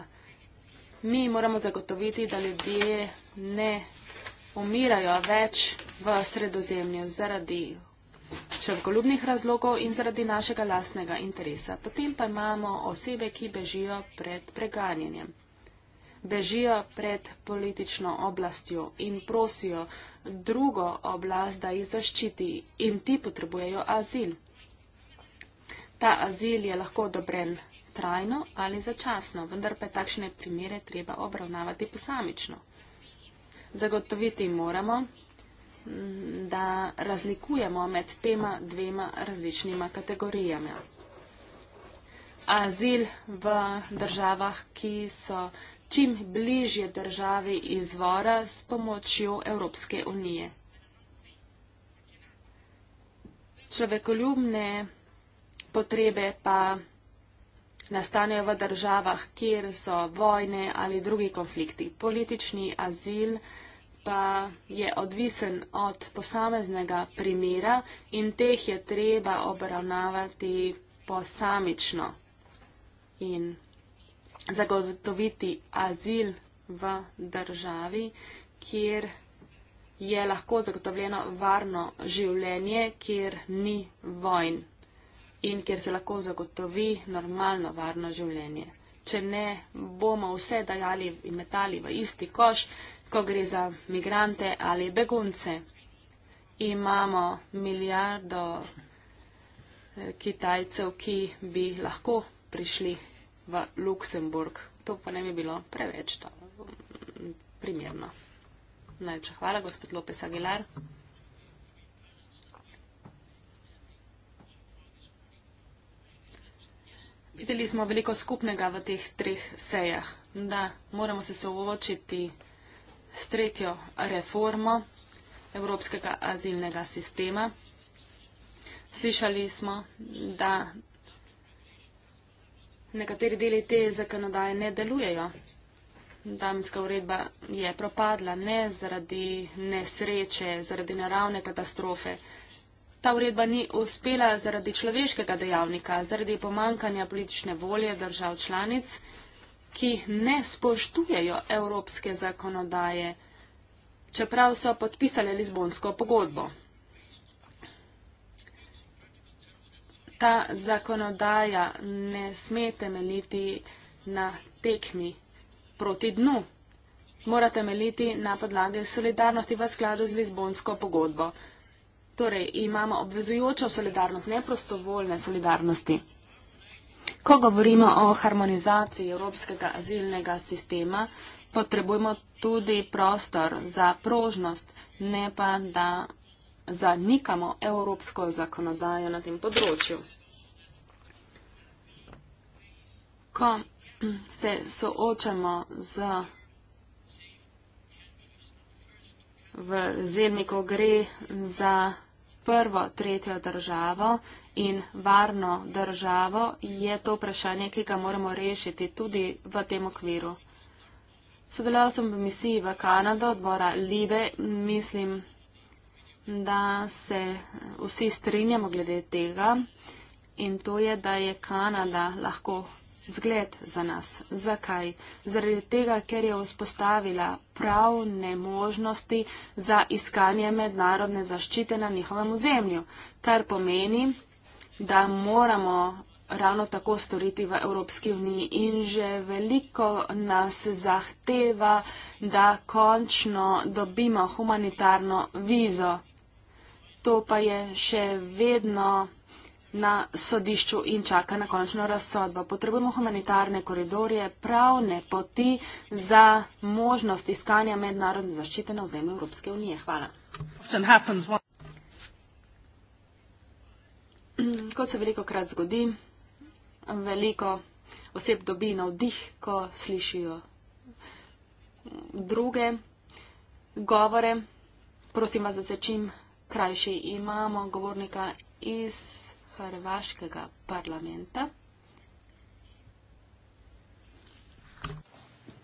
Mi moramo zagotoviti, da ljudje ne umirajo več v sredozemlju zaradi črkoljubnih razlogov in zaradi našega lastnega interesa. Potem pa imamo osebe, ki bežijo pred preganjenjem bežijo pred politično oblastjo in prosijo drugo oblast, da jih zaščiti in ti potrebujejo azil. Ta azil je lahko odobren trajno ali začasno, vendar pa takšne primere treba obravnavati posamično. Zagotoviti moramo, da razlikujemo med tema dvema različnima kategorijama. Azil v državah, ki so čim bližje državi izvora s pomočjo Evropske unije. Človekoljubne potrebe pa nastanejo v državah, kjer so vojne ali drugi konflikti. Politični azil pa je odvisen od posameznega primera in teh je treba obravnavati posamično. In zagotoviti azil v državi, kjer je lahko zagotovljeno varno življenje, kjer ni vojn in kjer se lahko zagotovi normalno varno življenje. Če ne bomo vse dajali in metali v isti koš, ko gre za migrante ali begunce, imamo milijardo eh, Kitajcev, ki bi lahko prišli v Luksemburg. To pa ne bi bilo preveč primerno. Najlepša hvala, gospod Lopes Aguilar. Videli smo veliko skupnega v teh treh sejah. Da, moramo se soočiti s tretjo reformo evropskega azilnega sistema. Slišali smo, da nekateri deli te zakonodaje ne delujejo. Damska uredba je propadla ne zaradi nesreče, zaradi naravne katastrofe. Ta uredba ni uspela zaradi človeškega dejavnika, zaradi pomankanja politične volje držav članic, ki ne spoštujejo evropske zakonodaje, čeprav so podpisali Lizbonsko pogodbo. ta zakonodaja ne sme temeljiti na tekmi proti dnu. Mora temeljiti na podlage solidarnosti v skladu z Lizbonsko pogodbo. Torej, imamo obvezujočo solidarnost, ne prostovoljne solidarnosti. Ko govorimo o harmonizaciji evropskega azilnega sistema, potrebujemo tudi prostor za prožnost, ne pa da zanikamo evropsko zakonodajo na tem področju. Ko se soočamo z v zemljiku gre za prvo, tretjo državo in varno državo, je to vprašanje, ki ga moramo rešiti tudi v tem okviru. Sodeloval sem v misiji v Kanado, odbora Libe, mislim, da se eh, vsi strinjamo glede tega in to je, da je Kanada lahko zgled za nas. Zakaj? Zaradi tega, ker je vzpostavila pravne možnosti za iskanje mednarodne zaščite na njihovem zemlju, kar pomeni, da moramo ravno tako storiti v Evropski uniji in že veliko nas zahteva, da končno dobimo humanitarno vizo to pa je še vedno na sodišču in čaka na končno razsodbo. Potrebujemo humanitarne koridorje, pravne poti za možnost iskanja mednarodne zaščite na ozemlju Evropske unije. Hvala. Kot se veliko krat zgodi, veliko oseb dobi navdih, ko slišijo druge govore. Prosim vas, da se čim krajši imamo govornika iz hrvaškega parlamenta.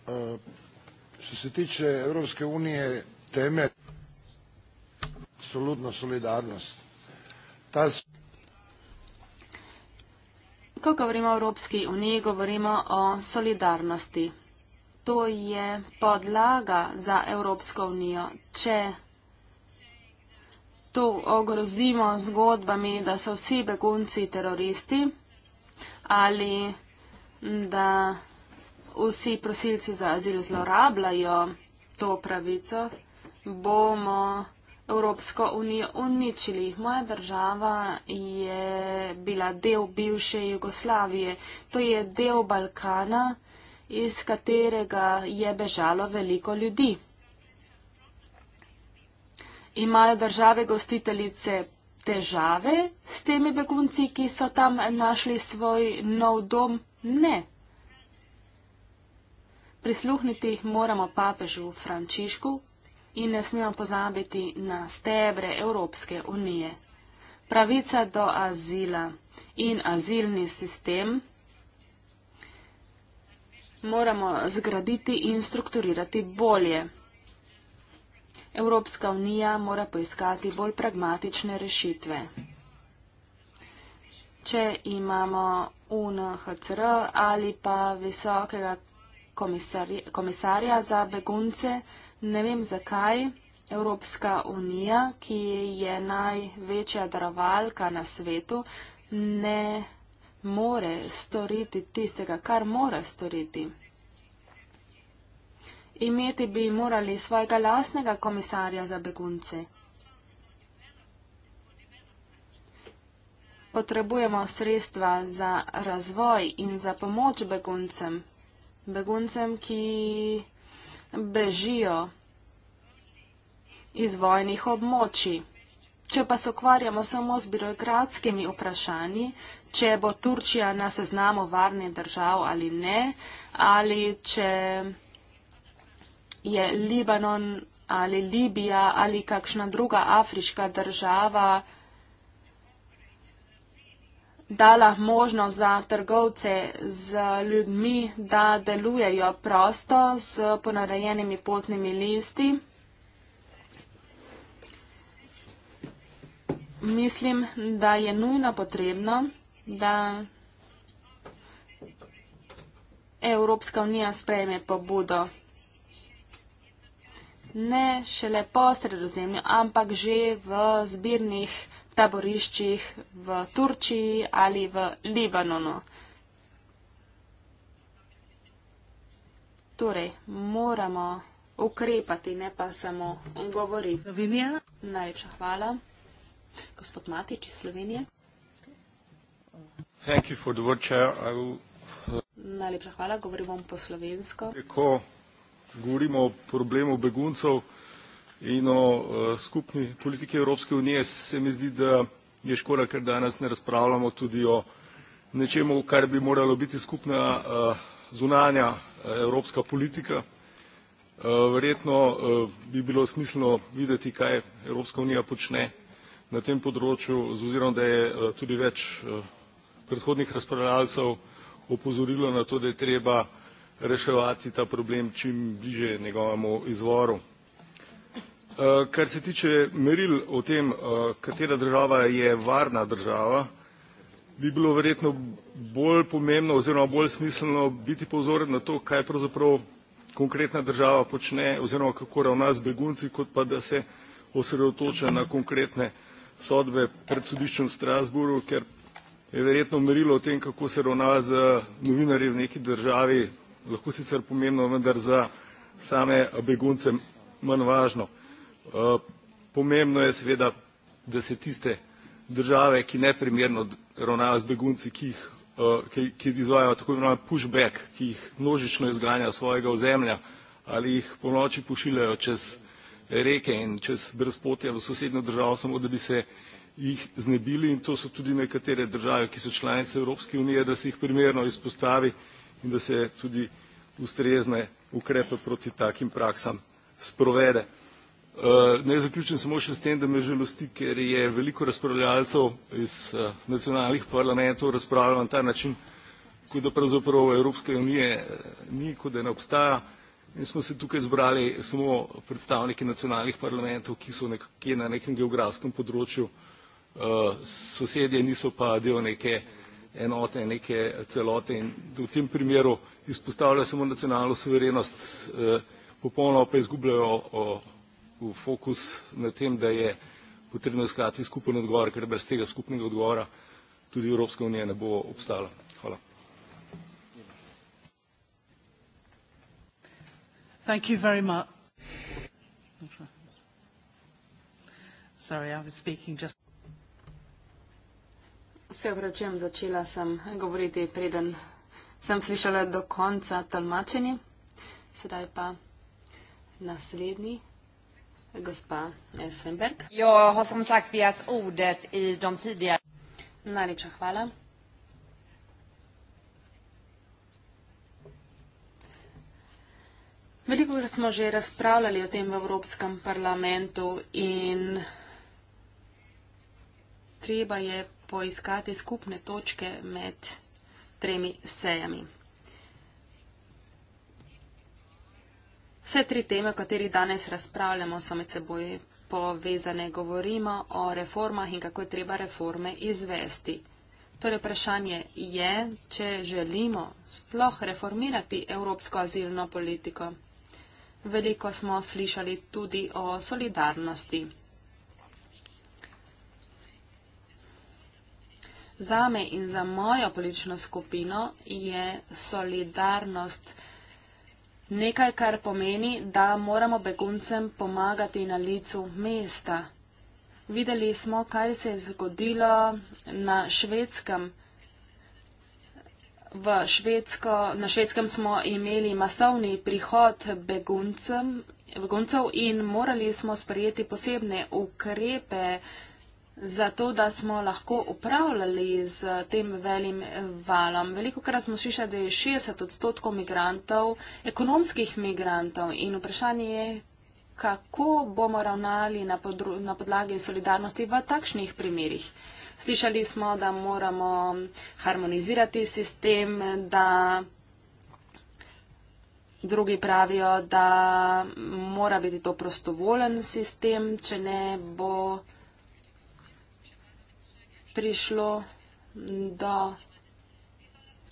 E, što se tiče Europske unije, teme apsolutno solidarnost. Ta... Ko govorimo o Evropski uniji, govorimo o solidarnosti. To je podlaga za Evropsko unijo. Če tu ogrozimo zgodbami, da so vsi begunci teroristi ali da vsi prosilci za azil zlorabljajo to pravico, bomo Evropsko unijo uničili. Moja država je bila del bivše Jugoslavije, to je del Balkana, iz katerega je bežalo veliko ljudi imajo države gostiteljice težave s temi begunci, ki so tam našli svoj nov dom? Ne. Prisluhniti moramo papežu Frančišku in ne smemo pozabiti na stebre Evropske unije. Pravica do azila in azilni sistem moramo zgraditi in strukturirati bolje. Evropska unija mora poiskati bolj pragmatične rešitve. Če imamo UNHCR ali pa visokega komisarja za begunce, ne vem zakaj Evropska unija, ki je največja darovalka na svetu, ne more storiti tistega, kar mora storiti. Imeti bi morali svojega lasnega komisarja za begunce. Potrebujemo sredstva za razvoj in za pomoč beguncem, beguncem, ki bežijo iz vojnih območij. Če pa se ukvarjamo samo z birokratskimi vprašanji, če bo Turčija na seznamu varnih držav ali ne, ali če je Libanon ali Libija ali kakšna druga afriška država dala možnost za trgovce z ljudmi, da delujejo prosto z ponarejenimi potnimi listi. Mislim, da je nujno potrebno, da Evropska unija sprejme pobudo ne šele po sredozemlju, ampak že v zbirnih taboriščih v Turčiji ali v Libanonu. Torej, moramo ukrepati, ne pa samo govoriti. Slovenija. Najlepša hvala. Gospod Matič iz Slovenije. Uh, Najlepša hvala, govorim vam po slovensko. Eko govorimo o problemu beguncev in o uh, skupni politiki Evropske unije, se mi zdi, da je škoda, ker danes ne razpravljamo tudi o nečemu, kar bi moralo biti skupna uh, zunanja uh, evropska politika. Uh, verjetno uh, bi bilo smiselno videti, kaj Evropska unija počne na tem področju, z ozirom, da je uh, tudi več uh, predhodnih razpravljalcev opozorilo na to, da je treba uh, reševati ta problem čim bliže njegovemu izvoru. Eh, kar se tiče meril o tem, eh, katera država je varna država, bi bilo verjetno bolj pomembno oziroma bolj smiselno biti pozoren na to, kaj pravzaprav konkretna država počne oziroma kako ravna z begunci, kot pa da se osredotoča na konkretne sodbe pred sodiščem v Strasburu, ker je verjetno merilo o tem, kako se ravna z novinarji v neki državi, lahko sicer pomembno, vendar za same begunce manj važno. Eh, pomembno je seveda, da se tiste države, ki neprimerno ravnajo z begunci, ki jih eh, ki izvajajo tako imenovan pushback, ki jih množično izganja svojega ozemlja ali jih po noči pošiljajo čez reke in čez brezpotja v sosednjo državo, samo da bi se jih znebili in to so tudi nekatere države, ki so članice Evropske unije, da se jih primerno izpostavi in da se tudi ustrezne ukrepe proti takim praksam sprovede. Eh, naj zaključim samo še s tem, da me žalosti, ker je veliko razpravljalcev iz eh, nacionalnih parlamentov razpravljalo na ta način, kot da pravzaprav Evropske unije eh, ni, kot da ne obstaja. In smo se tukaj zbrali samo predstavniki nacionalnih parlamentov, ki so nekje na nekem geografskem področju, sosedje niso pa del neke enote, neke celote in v tem primeru izpostavlja samo nacionalno suverenost, eh, popolnoma pa izgubljajo v fokus na tem, da je potrebno iskati skupen odgovor, ker brez tega skupnega odgovora tudi Evropska unija ne bo obstala. Hvala. Thank you very much. Sorry, I was speaking just... Se vračam, začela sem govoriti, preden sem slišala do konca tolmačenje. Sedaj pa naslednji, gospa Svenberg. Jo, ho sem sagt, vi at ordet i dom tidija. Najlepša hvala. Veliko smo že razpravljali o tem v Evropskem parlamentu in treba je poiskati skupne točke med tremi sejami. Vse tri teme, o kateri danes razpravljamo, so med seboj povezane. Govorimo o reformah in kako je treba reforme izvesti. Torej vprašanje je, če želimo sploh reformirati evropsko azilno politiko. Veliko smo slišali tudi o solidarnosti. Za me in za mojo politično skupino je solidarnost nekaj, kar pomeni, da moramo beguncem pomagati na licu mesta. Videli smo, kaj se je zgodilo na švedskem. V švedsko, na švedskem smo imeli masovni prihod beguncem, beguncev in morali smo sprejeti posebne ukrepe, zato da smo lahko upravljali z tem velim valom. Veliko krat smo slišali, da je 60 odstotkov migrantov, ekonomskih migrantov in vprašanje je, kako bomo ravnali na, podru, na podlagi solidarnosti v takšnih primerih. Slišali smo, da moramo harmonizirati sistem, da. Drugi pravijo, da mora biti to prostovolen sistem, če ne bo prišlo do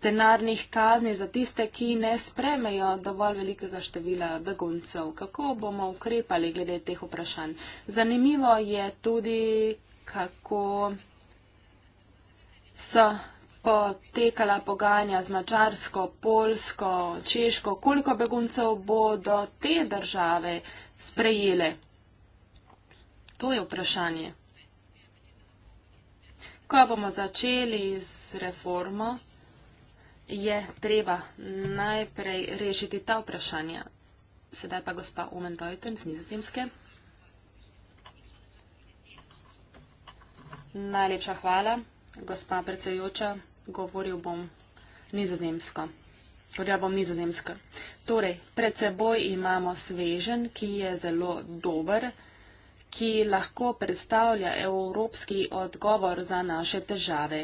denarnih kazni za tiste, ki ne spremejo dovolj velikega števila beguncev. Kako bomo ukrepali glede teh vprašanj? Zanimivo je tudi, kako so potekala pogajanja z Mačarsko, Polsko, Češko, koliko beguncev bodo te države sprejele. To je vprašanje ko bomo začeli z reformo, je treba najprej rešiti ta vprašanja. Sedaj pa gospa Omen Reuten z nizozemske. Najlepša hvala, gospa predsedujoča, govoril bom nizozemsko. Torej, bom nizozemska. Torej, pred seboj imamo svežen, ki je zelo dober ki lahko predstavlja evropski odgovor za naše težave.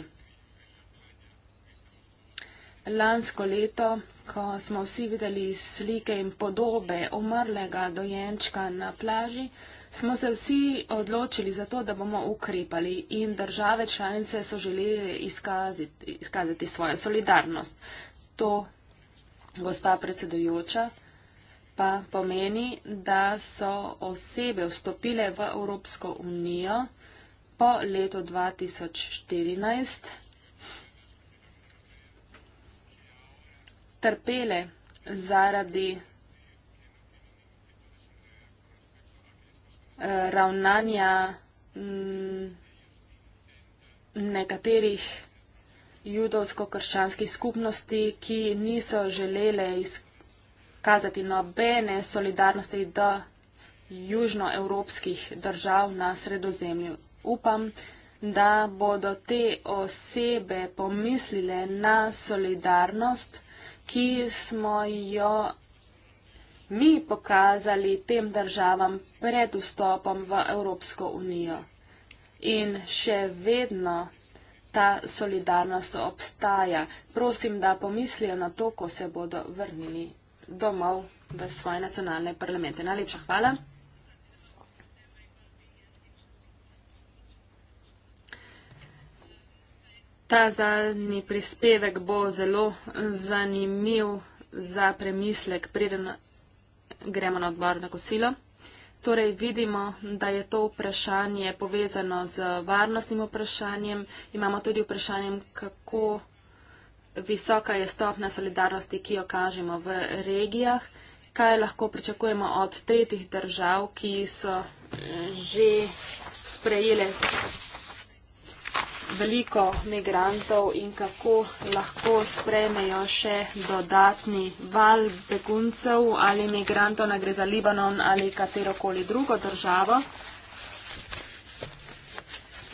Lansko leto, ko smo vsi videli slike in podobe umrlega dojenčka na plaži, smo se vsi odločili za to, da bomo ukrepali in države članice so želeli izkazati, izkazati svojo solidarnost. To, gospa predsedujoča, pa pomeni, da so osebe vstopile v Evropsko unijo po letu 2014 trpele zaradi eh, ravnanja mm, nekaterih judovsko-krščanskih skupnosti, ki niso želele izkoristiti pokazati nobene solidarnosti do južnoevropskih držav na sredozemlju. Upam, da bodo te osebe pomislile na solidarnost, ki smo jo mi pokazali tem državam pred vstopom v Evropsko unijo. In še vedno ta solidarnost obstaja. Prosim, da pomislijo na to, ko se bodo vrnili domov v svoje nacionalne parlamente. Najlepša hvala. Ta zadnji prispevek bo zelo zanimiv za premislek, preden gremo na odbor na kosilo. Torej vidimo, da je to vprašanje povezano z varnostnim vprašanjem. Imamo tudi vprašanje, kako visoka je stopna solidarnosti, ki jo kažemo v regijah, kaj lahko pričakujemo od tretjih držav, ki so eh, že sprejele veliko migrantov in kako lahko sprejmejo še dodatni val beguncev ali migrantov, na gre za Libanon ali katerokoli drugo državo.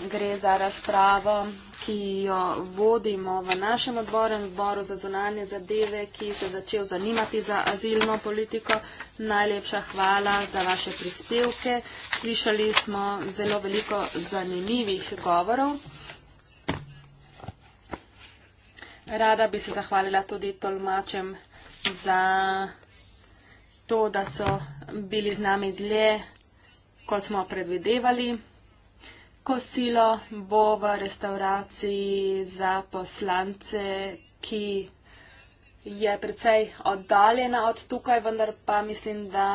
Gre za razpravo ki jo vodimo v našem odboru, odboru za zunanje zadeve, ki se začel zanimati za azilno politiko. Najlepša hvala za vaše prispevke. Slišali smo zelo veliko zanimivih govorov. Rada bi se zahvalila tudi tolmačem za to, da so bili z nami dlje, kot smo predvidevali. Kosilo bo v restauraciji za poslance, ki je precej oddaljena od tukaj, vendar pa mislim, da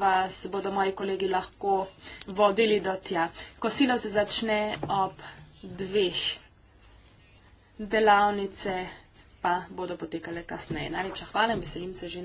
vas bodo moji kolegi lahko vodili do tja. Kosilo se začne ob dveh. Delavnice pa bodo potekale kasneje. Najlepša hvala in veselim se že na.